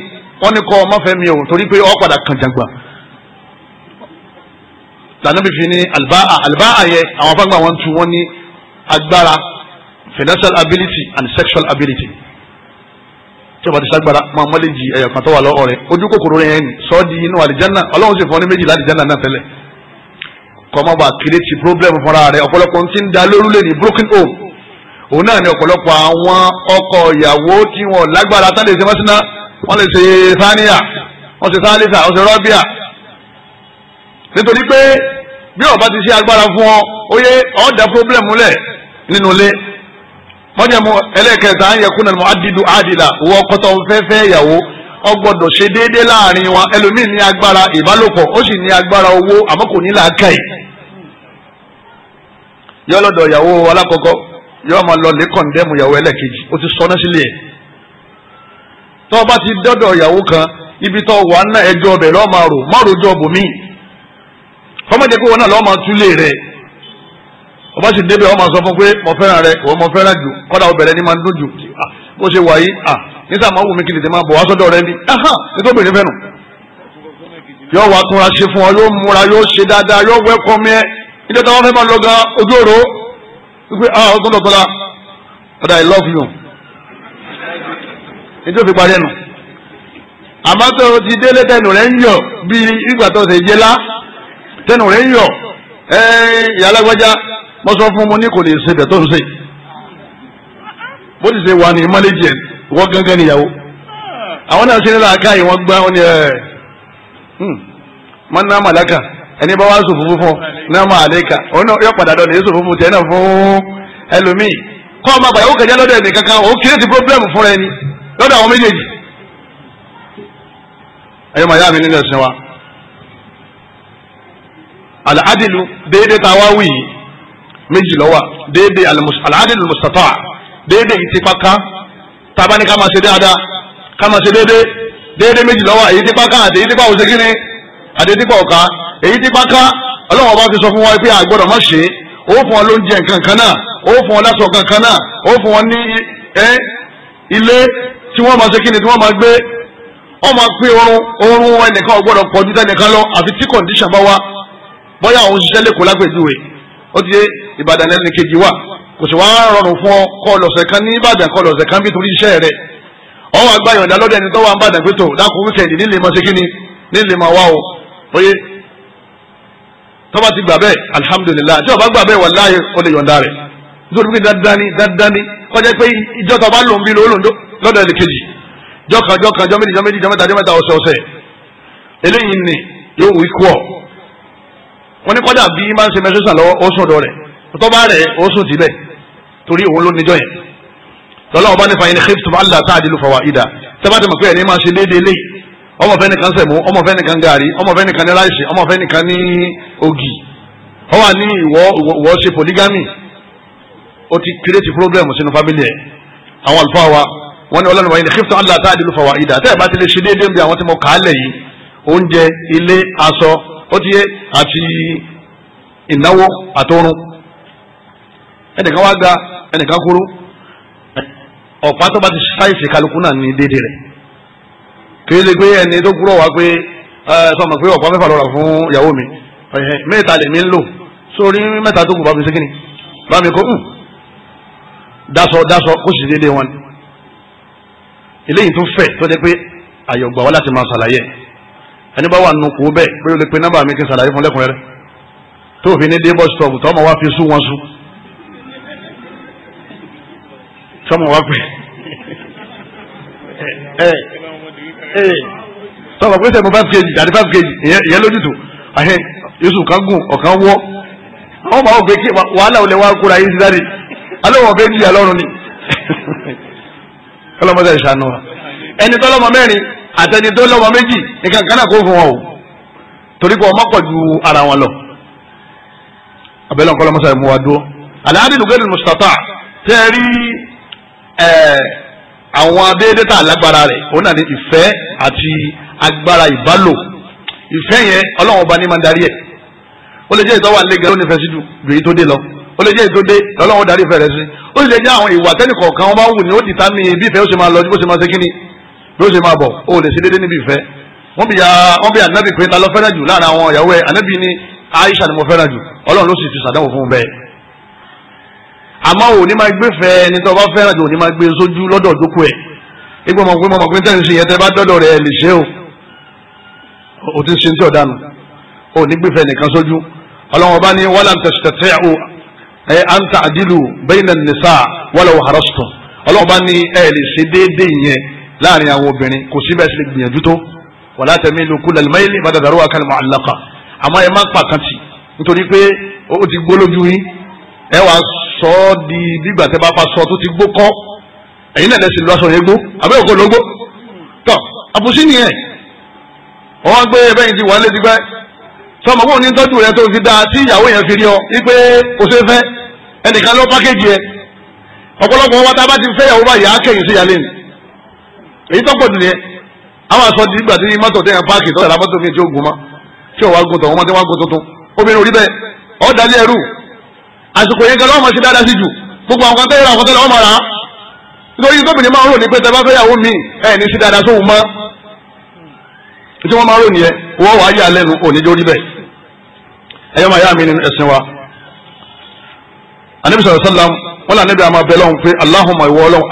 wọ́n ní kọ́ ọmọ fẹ́ mi ò torí pé ọ padà kàn jàgbà lànàbí fi ní àlùbáà àlùbáà yẹ àwọn afágbà wọn tu wọn ní agbára financial ability and sexual ability tí o bá ti sagbara máa mọ́lẹ́jì ẹ̀yọ̀kan tó wà lọ́wọ́ rẹ̀ ojú kòkòrò rẹ̀ yẹn sọ́ọ́ di inú àlìjánná ọlọ́run sì fún ọ ní méjìlá àlìjánná náà tẹ́lẹ̀ kọ́mọ́bà kìrìtì problem fúnra rẹ̀ ọ̀pọ̀lọpọ̀ ti ń da lórúlẹ̀ ní broken home òun náà ni ọ̀pọ̀lọpọ̀ àwọn ọkọ ìyàwó tí wọn lágbára tá lè ṣe mọ́síná wọ́n lè ṣe sáníyà wọ́n ṣe sáníyà wọ́n ṣe rọ́bíà nítorí pé bí ọba ti ṣe agbára fún ọ ó yẹ ọ̀dà problem lẹ̀ nínú ilé mọ́jẹ̀mú ẹlẹ́kẹta ń yẹ kúnnà mọ́ adidu adila wọ́n kọ́tọ̀ fẹ́fẹ́ ìyàwó ọgbọ́dọ̀ ṣe déédéé láàrin wọn ẹlòmíì ní agbára ìbálòpọ̀ ó sì ní agbára owó àmọ́ kò ní làákà yìí yọ lọ́dọ̀ ìyàwó alákọ̀ọ́kọ́ yọ máa lọ lé kọ̀ǹdẹ́mù ìyàwó ẹlẹ́kejì ó ti sọná sílé ẹ̀ tọ́ bá ti dọ́dọ̀ ìyàwó kan ibi tọ́ wà ná ẹjọ́ ọbẹ̀ lọ́ọ́ máa rò má rojọ́ bòmí kọ́mọ̀dé pé wọn náà lọ́ọ́ máa túlé rẹ̀ ọba sì débẹ̀ wọ́n máa sọ fún pé mo fẹ́ràn rẹ̀ ni máa ń dún níta máa wù mí kí lè tẹ máa bọ̀ wá sọ́dọ̀ rẹ bí nítorí obìnrin fẹ́ nù. yóò wá túnra ṣe fún ọ yóò múra yóò ṣe dáadáa yóò wẹ́kọ̀ mi ẹ níjọ́ táwọn fẹ́ máa lọ gan ojú òro wípé ah ọtún dọ̀tọ́lá but I love you nítorí òfin parí ẹnu àmọ́ tó o ti délé tẹnu rẹ̀ ń yọ bí ìgbà tó ṣe yé lá tẹnu rẹ̀ ń yọ ìyá alágbájá fún mo ní kò lè ṣe bẹ̀ tó ń ṣe bó ti ṣe wà ní mọ́lẹ́jì ẹ̀ wọ́n gángan níyàwó àwọn náà ṣe ní làákà yìí wọ́n gbá wọn ni ẹ̀ eh, hmm, mọ náà màláka ẹni bá wá sòfófó fún náà má àléka òun yóò padà dọ̀ ní sòfófó tẹ̀ náà fún ẹlòmíì kọ́ ọ ma bàyàwó kẹjá lọ́dọ̀ ẹ̀mí kankan ó kéré ti problem fúnra ẹni lọ́dọ̀ àwọn méjèèjì ẹ̀yọ́ màá yá mi nínú ẹ̀sìn wa al'adilu déédéé tá a wá wí yìí méjì lọ́wọ́ déédéé al'adilu mustata déédéé ìtìpáká tabani ní ká máa ṣe dáadáa ká máa ṣe déédéé déédéé méjì lọ́wọ́ èyí tí pákà àti èyí tí pákà òṣèkí ni àti èyí tí pákà ọ̀ka èyí tí pákà fún wa pé àgbọ̀dọ̀ má ṣe ó fún ọ lóúnjẹ nǹkan kan náà ó fún ọ lásọ nǹkan kan náà fún ọ ní ilé tí wọ́n máa ṣe kí ni tí wọ́n máa gbé wọ́n máa pé oorun oorun ẹnìkan ọgbọ́dọ̀ pọ̀ ju tẹnìkan lọ àfi tí condition bá wá bóyá òun ṣiṣẹ́ lẹ́kọ̀ọ́ lágbèjúwe ó ti yé Ìbàdàn ẹnì kejì wà kò sì wá rọrùn fún ọ kọ lọ̀sẹ̀ kan ní ìbàdàn kọ lọ̀sẹ̀ kan bí torí iṣẹ́ rẹ ọwọ́ àgbà yọ̀ǹda lọ́dọ̀ ẹni tó wà ń bàdàn pé tó dákun wíkẹ́ndì nílé mọ́ sí kíni nílé mọ́ wá o oyè tọ́ba ti gbà bẹ́ẹ̀ alihamudulilayi tí o bá gbà bẹ́ẹ̀ wàláyé o lè yọ̀ǹda rẹ̀ nítorí pé dandan ni dandan ni kọjá pé ìjọ tó bá lòun bí lòun lọ́dọ̀ ẹni kejì jọkàn jọkàn jọ méjì jọ méjì jọ mẹ́ta jọ mẹ́ta ọ̀sẹ̀ọ̀sẹ̀ eléyìí torí òun ló níjọ́ yẹn lọ́lá ọba nífa yẹn khiftum allah ta'dilu fawaida sábà tó mọ̀ pé ẹ̀ ní máa ṣe déédéé lé ọmọ fẹ́ nìkan sẹ̀mú ọmọ fẹ́ nìkan gàrí ọmọ fẹ́ nìkan ní ráìsì ọmọ fẹ́ nìkan ní ògì ọ wà ní ìwọ ìwọ ṣe polygamy ó ti create problem sínú family ẹ̀ àwọn àlùfáà wa wọn ní ọlọ́run wa yẹn khiftum allah ta'dilu fawaida tẹ́ ẹ̀ bá ti lè ṣe déédéé bí àwọn tí mo kà á lẹ̀ yìí oúnjẹ ilé aṣọ ó ti yẹ àti ìnáwó àtọrun ẹnìkan wá gba ẹnìkan kúrú ọ̀pá tó bá ti ṣáìsì kálukú náà ní déédéé rẹ̀ kìí ṣe pé ẹni tó kúrọ̀ wá pé sọmọ pé ọ̀pá mẹ́fà lọ́ra fún ìyàwó mi mẹ́ta lèmi ń lò sórí mẹ́ta tó kù bá mi ṣe kíni bá mi kó hmm. dasọ dasọ kó sì déédéé wọn eléyìí tó fẹ̀ tó dé pé àyọ̀gbà wa láti máa ṣàlàyé ẹni bá wà nù kú bẹ́ẹ̀ pé o lè pe nọ́mbà mi kí n ṣàlàyé fún lẹ́kùnrẹ́rẹ́ tó fi ní dé bọ́ọ̀sì tọ́ sọmọ wa pé ẹ ẹ eh, eh, eh. sọmọ pé sẹmọ five kg àti five kg ìyẹn lójú tó ahẹ yusuf kan gùn ọ̀kan wọ́ àwọn máa gbé kí wàhálà olè wa kóra yìí sísáré alówó ọbẹ̀ yìí alọ́run ni kọlọmọdé ìṣàánú wa ẹni tó lọ́mọ mẹ́rin àtẹni tó lọ́mọ méjì nìkan kan náà kó fún wọn o torí pé ọmọ pọ̀ ju ara wọn lọ abẹ́lẹ́ ọ̀kọ́lọ́mọsá ìmúwadó aláàdínlùgẹ́dùn mustapha tẹ́ẹ̀rí àwọn adéédé tá a lágbára rẹ̀ òun náà ni ìfẹ́ àti agbára ìbálò ìfẹ́ yẹn ọlọ́run ọba ní máa darí ẹ̀ ó lè jẹ́ ìtọ́ wà lẹ́gẹ̀ẹ́ lónìí fẹ́ẹ́ sídùú ju èyí tó dé lọ ó lè jẹ́ èyí tó dé ọlọ́run darí ìfẹ́ rẹ̀ sí ó sì lè jẹ́ àwọn ìwà tẹ́nì kọ̀ọ̀kan wọn bá wù ní ó dìtà mí bí ìfẹ́ ó ṣe máa lọ bó ṣe máa ṣe kíni bí ó ṣe máa bọ̀ ó lè ṣe déédéé níbi ìfẹ́ wọ́n bí ya wọ́n bí ànábì pé ta ló fẹ́ràn jù láàrin àwọn ìyàwó ẹ̀ ànábì ni Aisha ni mo fẹ́ràn jù ọlọ́run ló sì ti ṣàdánwò fún un bẹ́ẹ̀ àmọ́ ò ní máa gbé fẹ́ ẹni tó bá fẹ́ràn jù ò ní máa gbé sójú lọ́dọ̀ dúkú ẹ̀ igbó mọ̀ pé mọ̀ pé tẹ́ ń ṣe yẹn tẹ́ bá dọ́dọ̀ rẹ̀ lè ṣe o ò ti ṣe ń tí ò dànù ò ní gbé fẹ́ nìkan sójú ọlọ́wọ́n bá ní wàlà ń tẹ̀sítẹ̀tẹ̀ o ẹ à ń ta àdìlù bẹ́yìn nìsa wàlà ò harasùtò ọlọ́wọ́n bá ní ẹ lè ṣe déédéé yẹn láàrin sọ ọ́ di bígbà tẹ́ bá fa sọ tó ti gbó kọ́ ẹ̀yin náà lẹ́sìn lọ́sọ̀ yẹn gbó àbẹ́ òkò ló gbó tọ́ àbùsí nìyẹn ọwọ́ gbé ẹbẹ́yìn ti wà létí pẹ́ sọmọ bóun ní tọ́jú rẹ tó fi dáa tí ìyàwó yẹn fi rí ọ wípé kò ṣe fẹ́ ẹnìkan lọ pákéjì yẹn ọ̀pọ̀lọpọ̀ wọn tá a bá ti fẹ́ ìyàwó bá yà á kẹ́yìn sí ìyàlẹ́ ni èyí tó pọ̀ jù nìyẹn àwọn àṣọ di ìgbà tí mọ́tò tẹ̀yàn páàkì tó yàrá mọ́tò mi tí ó gùn mọ́ tí ò wá gùn tó wọ́n máa ti wá gùn tuntun obìnrin ò àsìkò yẹn gan lọ́mọ sí dáadáa sí jù gbogbo àwọn kan tẹ́lẹ̀ àwọn tẹ́lẹ̀ ọmọ rà á nítorí tóbìnrin máa ń rò ní pé tẹ́lẹ̀ bá fẹ́yàwó mi ẹ̀ ní sí dáadáa sóhun mọ́ tí wọ́n máa rò nìyẹn wọ́n wàá yà lẹ́nu òníjó rí bẹ́ẹ̀ ẹ̀yọ́ máa yá mi nínú ẹ̀sìn wa anabi sọ̀rọ̀ sọ́lá wọn là níbi àmọ́ abẹ́lẹ́ ọ̀hún pé aláhùnmọ̀ ìwọ ọlọ́run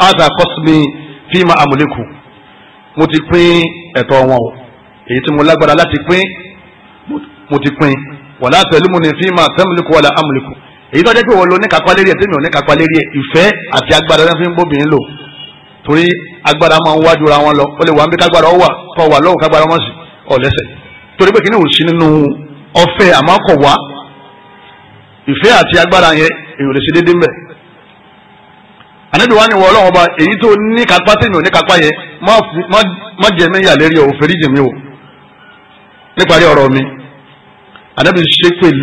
èyí tó jẹ́ pé wọ́n lo oníkàkọ́ lérí ẹ̀ tẹ́mi oníkàkọ́ lérí ẹ̀ ìfẹ́ àti agbára ló fi ń bóbìnrin lò torí agbára máa ń wájú ra wọn lọ ó lè wà ń bí kágbára ó wà kọ́ wà lọ́wọ́ kágbára wọn sì ọ̀ lẹ́sẹ̀ torí pé kìnìún sí nínú ọ̀fẹ́ àmọ́ kọ̀ wá ìfẹ́ àti agbára yẹn èyí ò lè ṣe déédé mbẹ̀ ànábìwá ni wọ́n ọlọ́wọ́n ọba èyí tó ní kápá tẹ́mi òní kápá yẹn má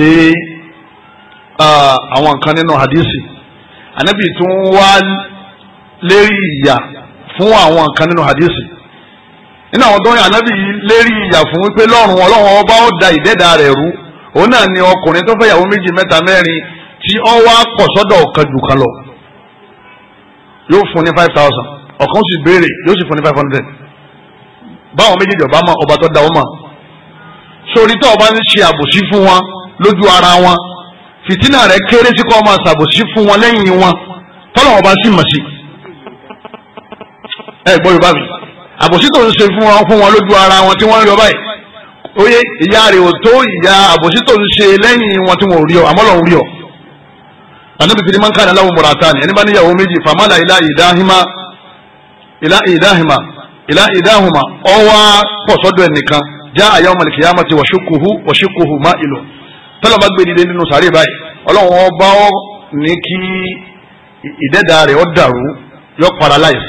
jẹ àwọn kan nínú hadisi anabi tún wá lérí ìyà fún àwọn kan nínú hadisi nínú àwọn dọ́rin anabi lérí ìyà fún wípé lọ́rùn ọlọ́run ọba ó da ìdẹ́dà rẹ̀ rú òun náà ni ọkùnrin tó fẹ́yàwó méjì mẹ́ta mẹ́rin tí ó wá pọ̀ sọ́dọ̀ ọ̀kan jù kan lọ yóò fún ní five thousand ọ̀kan sì béèrè yóò sì fún ní five hundred báwọn méjèèjì ọba mọ ọba tó da wọn mọ sórí tó ọba ń ṣe àbòsí fún wọn lójú ara wọn fìtínà rẹ̀ kéré sí kọ́ máa ṣàbòsí fún wọn lẹ́yìn wọn tọ́lọ̀ wọn bá sì mọ̀ sí. ẹ gbọ́ yorùbá mi àbòsí tó ń ṣe fún wọn fún wọn lójú ara wọn tí wọ́n ń yọ báyìí oye ìyá rẹ̀ ò tó ìyá àbòsí tó ń ṣe lẹ́yìn wọn tí wọ́n ò rí ọ àmọ́ lọ́n rí ọ. ànábì fìdí máa ń kàdé aláwọ̀ mọ̀ràtà ni ẹni bá níyàwó méjì fàmálà ilá ìdáhìmá ilá ọwọ́ pọ̀ sọ́dọ̀ ẹnìkan já àyà ọmọlẹ̀kìyàmọ̀ ti wàṣíkùhù wàṣíkùhù má ìlò tọ́lọ̀ bá gbé dìde nínú sàárè báyìí ọlọ́run ọba ọ ní kí ìdẹ́dà rẹ̀ ọ dàrú yọ paralyze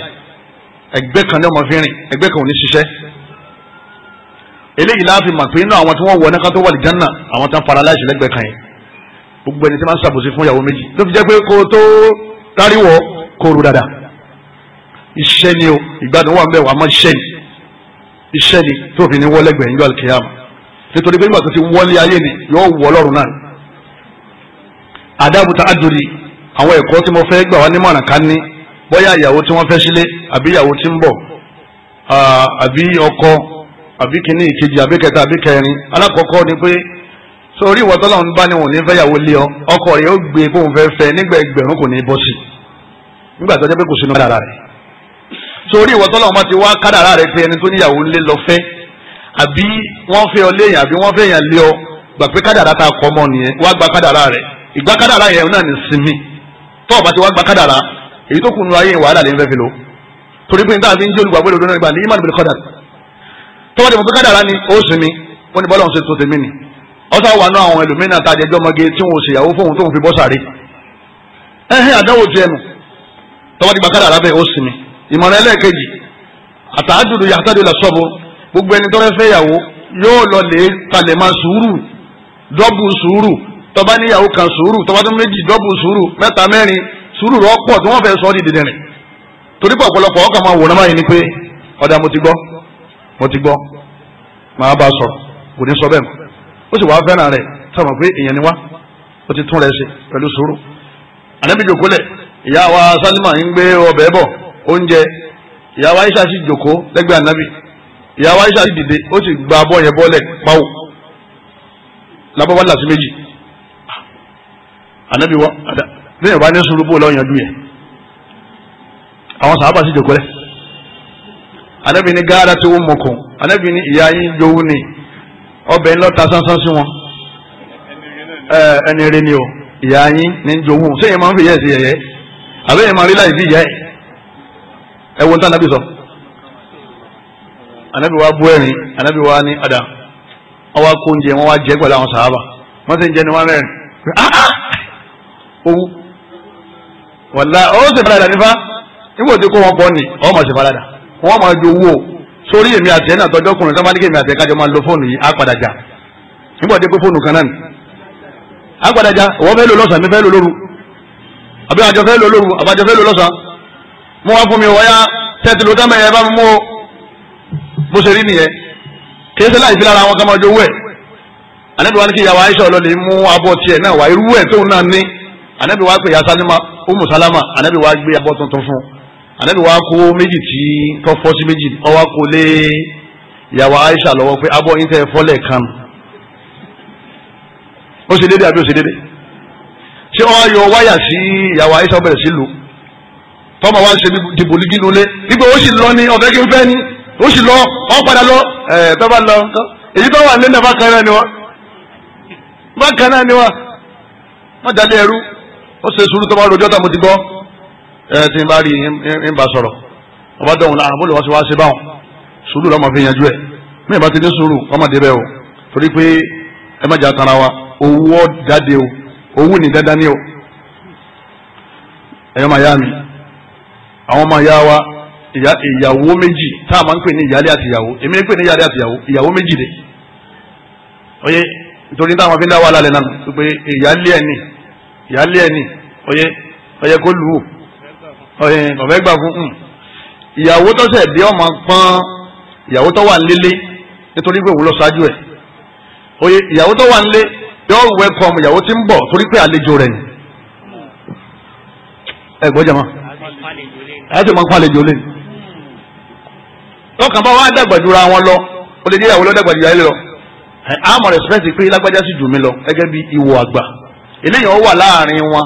ẹgbẹ́ kan ní ọmọ fi rìn ẹgbẹ́ kan ò ní ṣiṣẹ́ eléyìí láàfin mà pé inú àwọn tí wọ́n wọ ẹnìkan tó wà lìjánà àwọn tí wọ́n paralyze lẹ́gbẹ̀ẹ́ kan yẹn gbogbo ẹni tí wọ́n ṣàbòsí fún ìyàwó méjì tó fi jẹ́ pé kó tó táríwọ̀ kó ru dáadáa iṣẹ́ ni o ìgbádùn wà ń bẹ̀ wà á mọ iṣẹ́ ni iṣẹ́ ni tó fi ní wọ́lẹ́gbẹ̀ẹ́ níjọ́ àlùkìyàmù nítorí pé nígbà tó ti wọlé ayé ni yóò wọ ọlọ́run náà àdáàbòtà àdùrí àwọn ẹ̀kọ́ tí mo fẹ́ gbà wá nímọ̀ràn ká ní bóyá ìyàwó tí wọ́n fẹ́ sílé àbí ìyàwó tí ń ọkọ àbí kìíní ìkejì àbí kẹta àbí kẹrin alákọ̀ọ́kọ́ ni pé sórí ìwọ tọ́lọ́run ń bá ní òun ọ ọkọ rẹ̀ ó gbé bóun fẹ́ fẹ́ nígbà ẹgbẹ̀rún kò ní bọ́ sí nígbà tó jẹ́ pé kò sínú kádàrà sórí ìwọ ti wá kádàrà pé ẹni àbí wọ́n fẹ́ ọ léyìn àbí wọ́n fẹ́ yàn lé ọ gbà pé kádàrá ta kọ́ mọ́ nìyẹn wá gba kádàrá rẹ̀ ìgbà kádàrá yẹn náà ní sinmi tó ọba ti wá gba kádàrá èyí tó kùnú ayé wàhálà lè ń fẹ́ fi lò torí pé nítaàfin jẹ́ olùgbàgbé lòdùn náà ní imáàlú bẹ̀rẹ̀ kọ́dà tó wà dé mọ̀ pé kádàrá ni ó sinmi ó ní bọ́lá òun ṣe tó tèmi ni ọ̀sá wà náà àwọn ẹlòmínà tá a jẹjọ́ ọmọge tí wọn ò ṣèyàwó fóun tóun fi bọ́ sáré ẹ̀hìn àdánwò tiẹ̀ nù tó wà dé gba kádàrá gbogbo ẹni tọ́rẹ́ fẹ́ yàwó yóò lọ lè talẹ̀ ma sùúrù dọ́bù sùúrù tọ́ba níyàwó kan sùúrù tọ́ba tó méjì dọ́bù sùúrù mẹ́ta mẹ́rin sùúrù rọ pọ̀ tí wọ́n fẹ́ sọ ọ́ torí pọ̀ ọ̀pọ̀lọpọ̀ máa ni pé ọ̀dà mo ti gbọ́ mo ti gbọ́ màá bá sọ kò sọ bẹ́ẹ̀ ó sì wa ń gbé ọbẹ̀ bọ̀ oúnjẹ ìyàwó aisha ti dìde ó sì gba abọ́ yẹn bọ́lẹ̀ pawó labọ́ wà lásì méjì anabi wa lẹ́yìn wa ní sùúrù bó lọ́yàn dùn yẹn àwọn sàábà sì jòkó rẹ̀ anabi ní gáàdà tí ó mọ̀kàn anabi ní ìyá yín jowú ni ọbẹ̀ ńlọ ta sánsán sí wọn ẹni rẹ ni o ìyá yín ní jowú sẹ́yìn máa ń fi yẹ́ sí yẹ̀yẹ́ àbẹ́yẹ̀ máa rí láì sí yẹ́ ẹ̀wọ̀n tá anabi sọ anabi wa bú ẹ̀rín anabi wa ní ọ̀dà ọwọ́ kó oúnjẹ wọn wá jẹ́ pẹ̀lú àwọn sàhábà wọ́n sì ń jẹ́ ni wọ́n rẹ̀ owó wàlá ó sì faradà nífa nígbà tí kò wọ́n bọ́ ni ọ̀ máa sì faradà wọ́n máa ju owó sórí èmi àti ẹ̀ náà tọ́jọ́ kùnrin sábà ní kí èmi àti ẹ̀ kájọ máa lo fóònù yìí á padà jà nígbà tí kò fóònù kan náà ni á padà jà wọ́n fẹ́ lò lọ́sàn mi fẹ́ lò lóru àbí àjọ fẹ́ lò lóru àbájọ fẹ́ lò lọ́sàn mo wá fún mi wáyà tẹ́tì ló dámẹ́yẹ bá mi mú o bó ṣe rí nìyẹn kì í ṣe láì fi lára wọn ká máa jowó ẹ̀ ànábì wa ní kí ìyàwó aisha ọlọ́lẹ̀ mú abọ́ tiẹ̀ náà wá irú ẹ̀ tóun náà ní ànábì wa pè ya sálímà umu sálámà ànábì wa gbé abọ́ tuntun fún ànábì wa kó méjì tí tó fọ́ sí méjì ọwọ́ kó lé ìyàwó aisha lọ́wọ́ pé abọ́ yín tẹ́ fọ́lẹ̀ kan ó ṣe déédéé àbí ó ṣe déédéé ṣé wọ́n yọ wáyà sí ìyàwó aisha ó sí lù tọ́mọ wa ń ṣe dìbò lígínú lé gbígbé ó sì lọ ní ọ̀fẹ́ kí n fẹ́ ní ó sì lọ wọ́n padà lọ ẹ̀ tó bá lọ èyí tó wà nínú bákan náà ni wọ́n bákan náà ni wọ́n wọ́n jalè ẹrú ó ṣe sùúrù tó bá rojọ́ tá mo ti gbọ́ ẹ ti bá rí ń bá sọ̀rọ̀ wọ́n dọ̀hún láàbò ah, lè wá sí wá sí báwọn sùúrù lọ́mọ fi yanjú ẹ̀ mí ìbá ti ní sùúrù ọmọ débẹ̀ o torí pé ẹ má jà tara wa owó jáde o owó ní dandan ni o ẹ̀yọ́ máa yá mi àwọn máa yá wa ìyàwó méjì tá a máa ń pè ní ìyálé àti ìyàwó èmi ń pè ní ìyálé àti ìyàwó ìyàwó méjì dé oye nítorí táwọn fi ń dá wàhálà lẹ náà pé ìyálé ẹni ìyálé ẹni oye oye kó lù ú oye ọ̀fẹ́ gbà fún un hmm. ìyàwó tó sẹ̀ dé ọmọ pọ́n ìyàwó tó wà nílé nítorí pé òun lọ ṣáájú ẹ̀ oye ìyàwó tó wà nílé yóò wẹ́kọ̀mù ìyàwó tí ń bọ̀ torí pé àlejò rẹ̀ ni ẹ gbọ́dọ̀ mọ́ ẹ ọkàn bá wa dàgbà wọn lọ ó lè jẹ́ ìyàwó lọ́dàgbà jura yẹn lọ àmọ̀ respect pé lágbájá sì jù mí lọ gẹ́gẹ́ bí ìwọ àgbà eléyìí ó wà láàrin wọn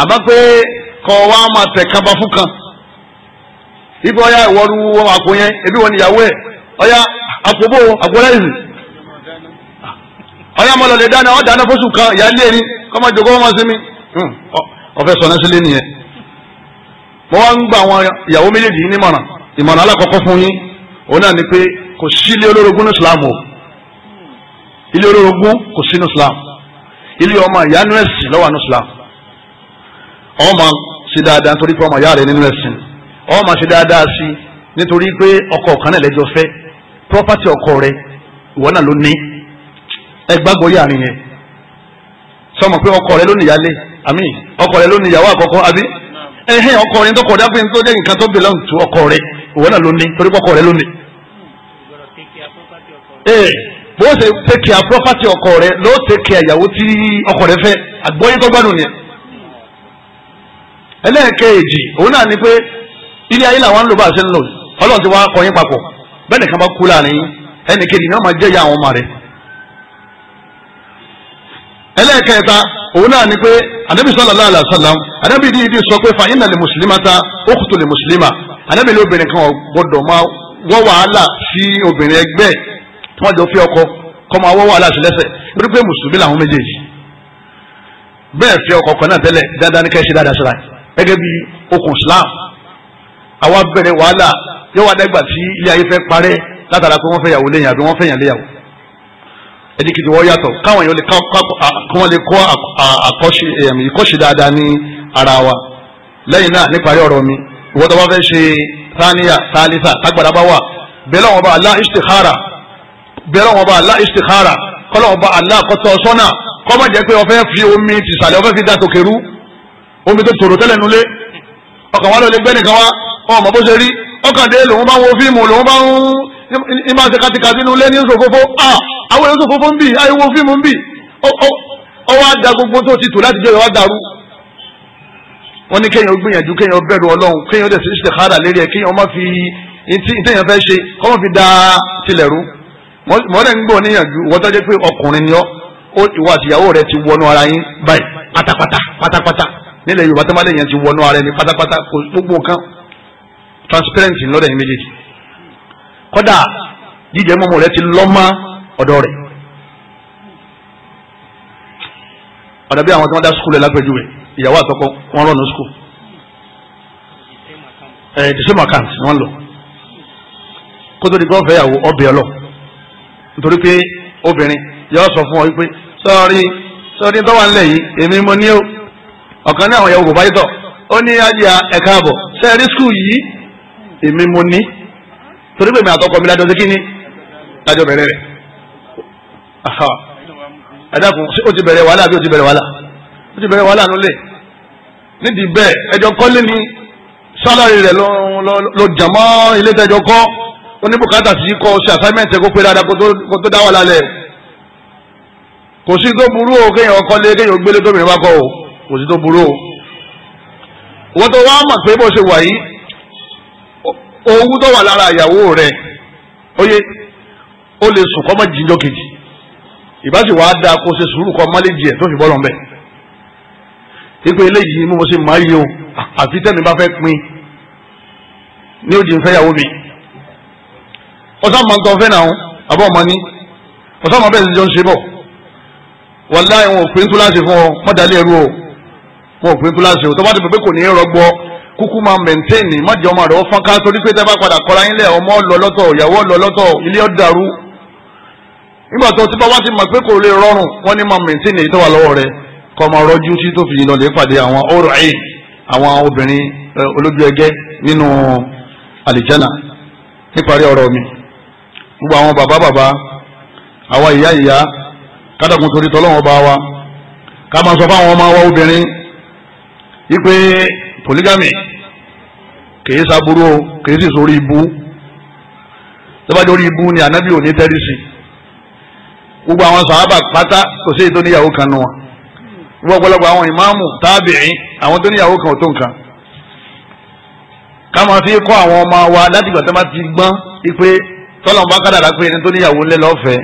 àmọ́ pé kọ́ wa máa tẹ̀ kaba fún kan ibi ọya ìwọ́ru wọn àpò yẹn ebi wọn ìyàwó ẹ̀ ọya àpòbó àgbọ̀láìsì ọya mọ̀ lọ́lẹ̀ dáná ọ̀ dáná fóṣù kan ìyáálé jòkó wọn sílé nìyẹn mo wá ń gba àwọn ìyàwó òun náà ni pé kò sí ilé olórogún ní islam o ilé olórogún kò sí ní islam ilé ọmọ ìyá nínú ẹ̀sìn lọ́wọ́ ní islam ọmọ máa ṣe dáadáa nítorí pé ọmọ ìyá rẹ nínú ẹ̀sìn ọmọ máa ṣe dáadáa sí nítorí pé ọkọ ọ̀kan náà lẹ́jọ́ fẹ́ property ọkọ rẹ ìwọ náà ló ní ẹ gbàgbọ́ yà nìyẹn sọmọ pé ọkọ rẹ ló níyàlé àmì ọkọ rẹ ló níyàwó àkọ́kọ́ àbí ẹ̀hìn ọkọ rẹ tó kọ̀ dábìrin tó dé nǹkan tó belong to ọkọ rẹ òun náà ló ní torí pọ́kọ rẹ ló ní. ee eh, bó ṣe take care property ọkọ rẹ ló take care ìyàwó tí ọkọ rẹ fẹ́ àgbọ́yé tó gbádùn yẹn. ẹlẹ́ẹ̀kejì òun náà ni pé ilé ayé làwọn ń lò bá a ṣe ń lò ọlọ́run ti wá kọyín papọ̀ bẹ́ẹ̀ nìkan bá kú láàrin ẹnìkejì ni wọ́n máa jẹ́ ìyá àwọn ọmọ rẹ̀. ẹlẹ́ẹ̀kẹta òun náà ni pé anabi sallallahu alaihi wasallam anabi di di sọ pé fa inna lil muslimata ukhtu lil muslima anabi ní obìnrin kan gbọ́dọ̀ máa wọ́ wàhálà sí obìnrin ẹgbẹ́ tí wọ́n jọ fi ọkọ kọ́ máa wọ́ wàhálà sí lẹ́sẹ̀ nítorí pé mùsùlùmí làwọn méjèèjì bẹ́ẹ̀ fi ọkọ kan náà tẹ́lẹ̀ dáadáa ní kẹ́sì dáadáa síra gẹ́gẹ́ bí okùn islam àwa bẹ̀rẹ̀ wàhálà yóò wá dẹ́gbà tí ilé ayé fẹ́ parẹ́ látara pé wọ́n fẹ́ yàwó léyìn àbí wọ́n fẹ́ yàn léyàwó ẹni kejì wọ́n yàtọ̀ káwọn èèyàn lè kọ́ wọn lè kọ́ ìkọ́ṣe dáadáa ní ara wa lẹ́yìn náà níparí ọ̀rọ̀ mi ìwọ́n tó bá fẹ́ ṣe sáníyà sáálísà tágbàdá bá wà bẹ́ẹ̀ lọ́wọ́ bá Allah istikhara bẹ́ẹ̀ lọ́wọ́ bá Allah istikhara kọ́lọ́wọ́ bá Allah kọ́tọ́ sọ́nà kọ́mọ̀ jẹ́ pé ọ̀fẹ́ fi omi ti sàlẹ̀ ọ̀fẹ́ fi da tòkè omi tó tòrò tẹ́lẹ̀ nulé ọkàn wa ló lè gbẹ́nìkan wa ọmọ bó ṣe rí ọkàn dé lòun bá ń wo fíìmù lòun bá ń ìmọ̀ àti kàtìkàtì inú ilé ní nsòfófó à àwọn èèyàn nsòfófó ń bì àìwò fíìmù ń bì ọwọ́ àdá gbogbo tó ti tò láti jẹ́ ìwà dàrú. wọ́n ní kéèyàn gbìyànjú kéèyàn bẹ̀rù ọlọ́run kéèyàn dẹ̀ sí istikhara lérí ẹ̀ kéèyàn má fi ìtẹ̀yàn fẹ́ ṣe kọ́ má fi da tilẹ̀ rú. mọ́lẹ̀ ń gbọ́ níyànjú wọ́n tọ́jú pé ọkùnrin ni ọ́ ìwọ àtìyàwó rẹ̀ ti wọnú ara kọ́dà jíjẹ mọ́mọ́ rẹ ti lọ́mọ ọ̀dọ́ rẹ̀ ọ̀dà bí àwọn tí wọ́n dá sukùlù lápẹ̀jùwẹ̀ ìyàwó àtọkọ wọn rọ̀ ní sukùlù ẹ̀ eh, december account ni wọ́n lọ kótó di gbọ́fẹ́ yàwó ọbẹ̀ ọlọ nítorí pé obìnrin yọ sọ fún ọ wípé sọ́ọ́rí sọ́ọ́rí tó wà nílẹ̀ yìí èmi mo ní o ọ̀kan ní àwọn ìyàwó bàbá yìí tọ̀ ó ní ajá ẹ̀ka àbọ̀ sẹ́ẹ̀rí skul yìí èmi mo ní torí pé mi àtọkọ mi lájọ sí kíní lájọ bẹ̀rẹ̀ rẹ̀ ẹ̀dàkùn ó ti bẹ̀rẹ̀ wàhálà àbí ó ti bẹ̀rẹ̀ wàhálà ó ti bẹ̀rẹ̀ wàhálà nulẹ̀ nídìí bẹ́ẹ̀ ẹjọ́ kọ́lé ni sálárì rẹ̀ lọ jàmọ́ ilé tẹ́jọ́ kọ́ ó ní bùkátà sí kọ́ ṣe àsáímẹ́ǹtì kó pé dáadáa kó tó dá wà lálẹ́ kò sí tó burú o kéèyàn kọ́lé kéèyàn gbélé tóbi rẹ̀ bá kọ́ o kò sí tó burú o wọ́n tó wá mọ̀ pé bó ṣe wà yìí owó tó wà lára ìyàwó rẹ oye ó lè sùn kọ́ mọ́ jíjọ́ kejì ìbáṣe wàá dáa kó ṣe sùúrù kọ́ mọ́lẹ́ jìẹ̀ tó fi bọ́ lọ́nbẹ̀ ipe eléyìí mo ṣe máa yí o àfi tẹ́mi bá fẹ́ pin ní òdì ìfẹ́yàwó mi ọ̀sán máa ń tọ́ fẹ́ náà àbọ̀ ọmọ ní ọ̀sán máa bẹ̀rẹ̀ sí ń ṣe bọ̀ wàláì wọn ò túláṣì fún ọ mọ́dàlẹ́ ẹrú o wọn túláṣì o tó kúkú máa mẹ̀ntẹ́ẹ̀nì má jẹ́ ọmọ rẹ̀ ó fọ́nká torí pé tẹ́ bá padà kọ́ra yín lẹ̀ ọmọ lọ lọ́tọ̀ ìyàwó lọ lọ́tọ̀ ilé ó dàrú nígbà tó ti bá wá ti mọ̀ pé kò lè rọrùn wọ́n ní máa mẹ̀ntẹ́ẹ̀nì èyí tó wà lọ́wọ́ rẹ̀ kọ́ máa rọ́jú tí tó fi yín lọ́lẹ̀ pàdé àwọn ọ̀rọ̀ àwọn obìnrin olójú ẹgẹ́ nínú àlìjánà níparí ọ̀rọ̀ mi gbogbo àwọn wa ká máa sọ polygamy kèé sábúrò kèé sì sórí ibú tọ́bájórí ibú ni ànábì ò ní tẹ́rí sí gbogbo àwọn sàhábà pátá kò sí èyí tó níyàwó kan nù wọn gbogbo ọ̀pọ̀lọpọ̀ àwọn ìmáàmù tábìrín àwọn tó níyàwó kan ò tó nǹkan ká fi kọ́ àwọn ọmọ wa láti ìgbà tó bá ti gbọ́n ipe tọ́lọ̀ bá kádàrá pé ẹni tó níyàwó ńlẹ́ lọ́fẹ̀ẹ́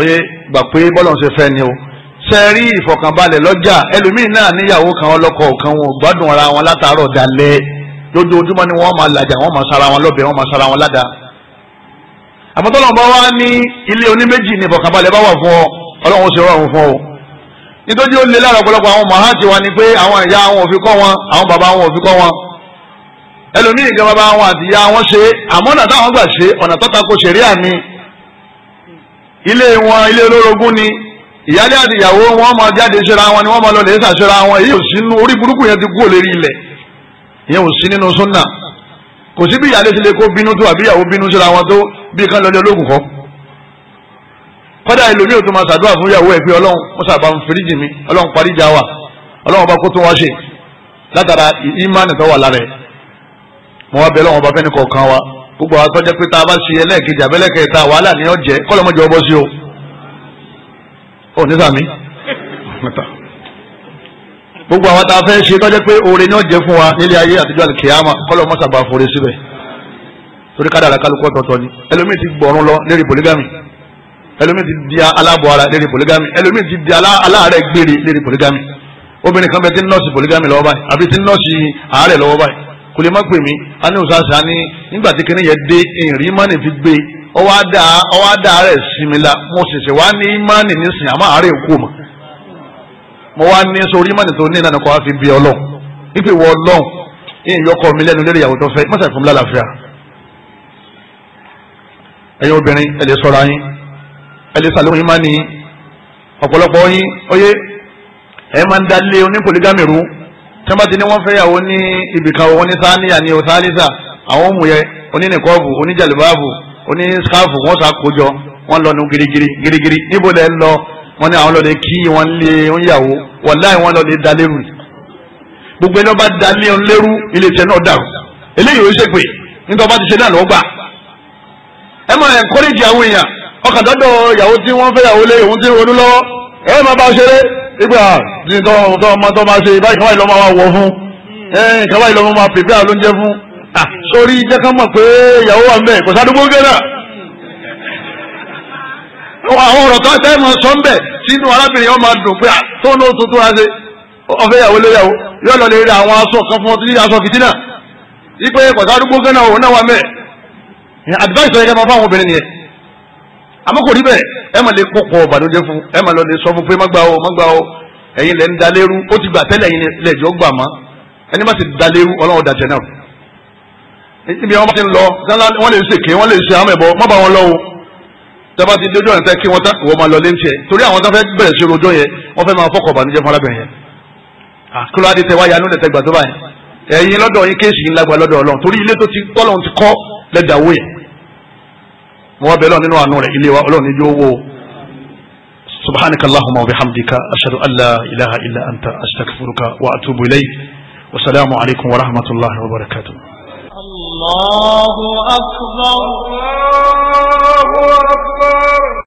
oyè gbà pé bọ́lọ̀ ń ṣe fẹ́ ni o ṣe rí ìfọ̀kànbalẹ̀ lọ́jà ẹlòmíín náà níyàwó kan ọlọ́kọ̀ wọn gbádùn ara wọn látàárọ̀ dalẹ́ lójoojúmọ́ ni wọ́n máa làjà wọ́n máa sara wọn lọ́bẹ̀ wọ́n máa sara wọn ládàá. àmọ́tọ́lọ́ bá wá ní ilé oníméjì ní ìfọ̀kànbalẹ̀ bá wà fún ọ ọlọ́run ṣe rọrùn fún ọ. nítorí ó lé lára ọ̀pọ̀lọpọ̀ àwọn màhájì wa ni pé àwọn ìyá àwọn òfin kọ́ wọn àwọn bàbá àwọn òfin kọ́ wọn. ẹlòmíì gan bàbá àwọn àti ìyá wọn ṣe àmọ́ ọ̀nà táwọn gbà ṣe ọ̀nà tọ́ta kò ṣeré àní. ilé ilé ìyẹn ò sí nínú súnà kò sí bí ìyáálé ti lè kó bínú tó àbí ìyàwó bínú síra wọn tó bí kán lọlé ológun kọ kódà ẹlòmíì tó máa ṣàdúrà fún ìyàwó ẹ pé ọlọ́run ó sábà ń fìríjì mi ọlọ́run parí ìjà wa ọlọ́run ọba kó tó wá ṣe látara ìmánì tó wà lára ẹ mo wá bẹ ọlọ́run ọba fẹ́ni kọ̀ọ̀kan wa gbogbo àwọn tọ́jọ́ pé tá a bá ṣe ẹlẹ́ẹ̀kejì àbẹ́lẹ́kẹta wàhálà ni ó jẹ́ kọ́lọ́mọ́jọ́ ọbọ̀ sí o ò ní sàmì gbogbo àwọn tá a fẹ́ ṣe tọ́jẹ́ pé oore ni ó jẹ́ fún wa nílé ayé àtijọ́ àlùkìyàmà kọ́lọ́ mọ́sàbà forí síbẹ̀ torí kádàrá kálukú ọ̀tọ̀ọ̀tọ̀ ni ẹlòmíì ti gbọ̀rún lọ lérí polygamy ẹlòmíì ti di aláàbọ̀ ara lérí polygamy ẹlòmíì ti di aláàárẹ̀ gbére lérí polygamy obìnrin kan bẹ ti nọ́ọ̀sì polygamy lọ́wọ́ báyìí àbí ti nọ́ọ̀sì àárẹ̀ lọ́wọ́ báyìí kò lè má pè mí a ní òṣàṣà a ní nígbà tí kinní yẹn dé ìrìn mọ́nì fi gbé ọwọ́ àdá rẹ̀ sinmi la mo ṣẹ̀ṣẹ̀ wá ní mọ́nì nísìnyí àmọ́ àárẹ̀ kú mọ́ mo wá ní sórí mọ́ni tó ní ìlànà kó wá fi bí ọlọ́run ipe wọ ọlọ́run yíyan yọkọ mi lẹ́nu lórí ìyàwó tó fẹ́ mọ́sàkì fún mi lálàáfíà ẹ̀yin obìnrin ẹ lè sọ̀rọ̀ ayín ẹ lè sàlóhun yín máa ní ọ̀pọ̀lọpọ̀ yín oyé ẹ máa ń da lé onípolígámì rú tí wọ́n bá ti ní wọ́n fẹ́ yàwó ní ibìkan wọn ní sáníyà ní ọ̀sálísà àwọn òmùyẹ onínìkọ́ọ̀bù oníjàlùbáàbù oníṣkáàfù wọ́n sàkójọ wọ́n lọ nu girigiri girigiri níbo lẹ́ ń lọ wọ́n ní àwọn lọ́ọ́ lè kí wọ́n lé wọ́n yàwó wàláì wọ́n lọ́ọ́ lè da lérú gbogbo ẹni wọ́n da lé wọn lérú iléeṣẹ́ náà dàrú eléyìí ò ṣe pé nígbà wọ́n bá ti ṣe náà lọ́ọ́ gbà ẹ máa encourage àwọn èèyàn ọkàn dọ́dọ̀ ìyàwó tí wọ́n fẹ́ yàwó lé òun ti ronú lọ́wọ́ ẹ máa bá a ṣeré ìgbà ah, ní tọ́ ọmọ tó máa ṣe báyìí káwáyé lọ́mọ wa wọ̀ fún káwáyé lọ́mọ máa pèpè àlóúnjẹ fún ah, sórí jẹ́ ká mọ̀ pé ìyàwó wa ń kò sádùgbò gẹ́gẹ́ náà àwọn ọ̀rọ̀ tó ẹ mọ sọ ń bẹ̀ sínú arábìnrin ọmọ dùn pé ah, tó ní oṣù tó ra ṣe ọfẹ́ yàwó lóyàwó yóò lọ lè rí àwọn aṣọ kan fún ọtí ní aṣọ fìtínà ipe pàtó arúgbó gánà òun náà wà mẹ́ advice ọ̀yẹ́ká máa fáwọn obìnrin nìyẹn àmọ́ kò rí bẹ́ẹ̀ ẹ mà lè kópọ̀ ọ̀bàdúndé fún ẹ mà lọ lè sọ fún pé má gbà o má gbà o ẹ̀yin lẹ́ ń da lérú ó ti gbà tẹ́lẹ̀ ẹ̀yin lẹ́jọ́ gbà má ẹni má ti da lérú ọlọ́run dàjẹ́ náà níbi wọn bá ti ń lọ wọ́n lè ṣèké wọ́n lè ṣe àmọ́ ẹ̀bọ má bá wọn lọ o tẹ́lá ti dojú ọ̀nà tẹ́ kí wọ́n tán wọ́n máa lọ lé tiẹ̀ torí àwọn tó fẹ́ bẹ̀rẹ̀ sí rojọ́ yẹn wọ́n fẹ́ máa fọkọ̀ bànújẹ́ fún alábẹ̀rẹ̀ yẹn ah. kílódé adé wá yanú lẹ́tẹ̀ gbà báyìí ẹ̀yin lọ́dọ̀ yín kéèsì yín lágbà lọ́dọ̀ ọlọ́run torí ilé tó ti tọ́lọ́run ti kọ́ lẹ́dàwó yẹn mo wá bẹ̀ nínú àánú rẹ̀ ilé wa ọlọ́run níjó wó subhanaka اخ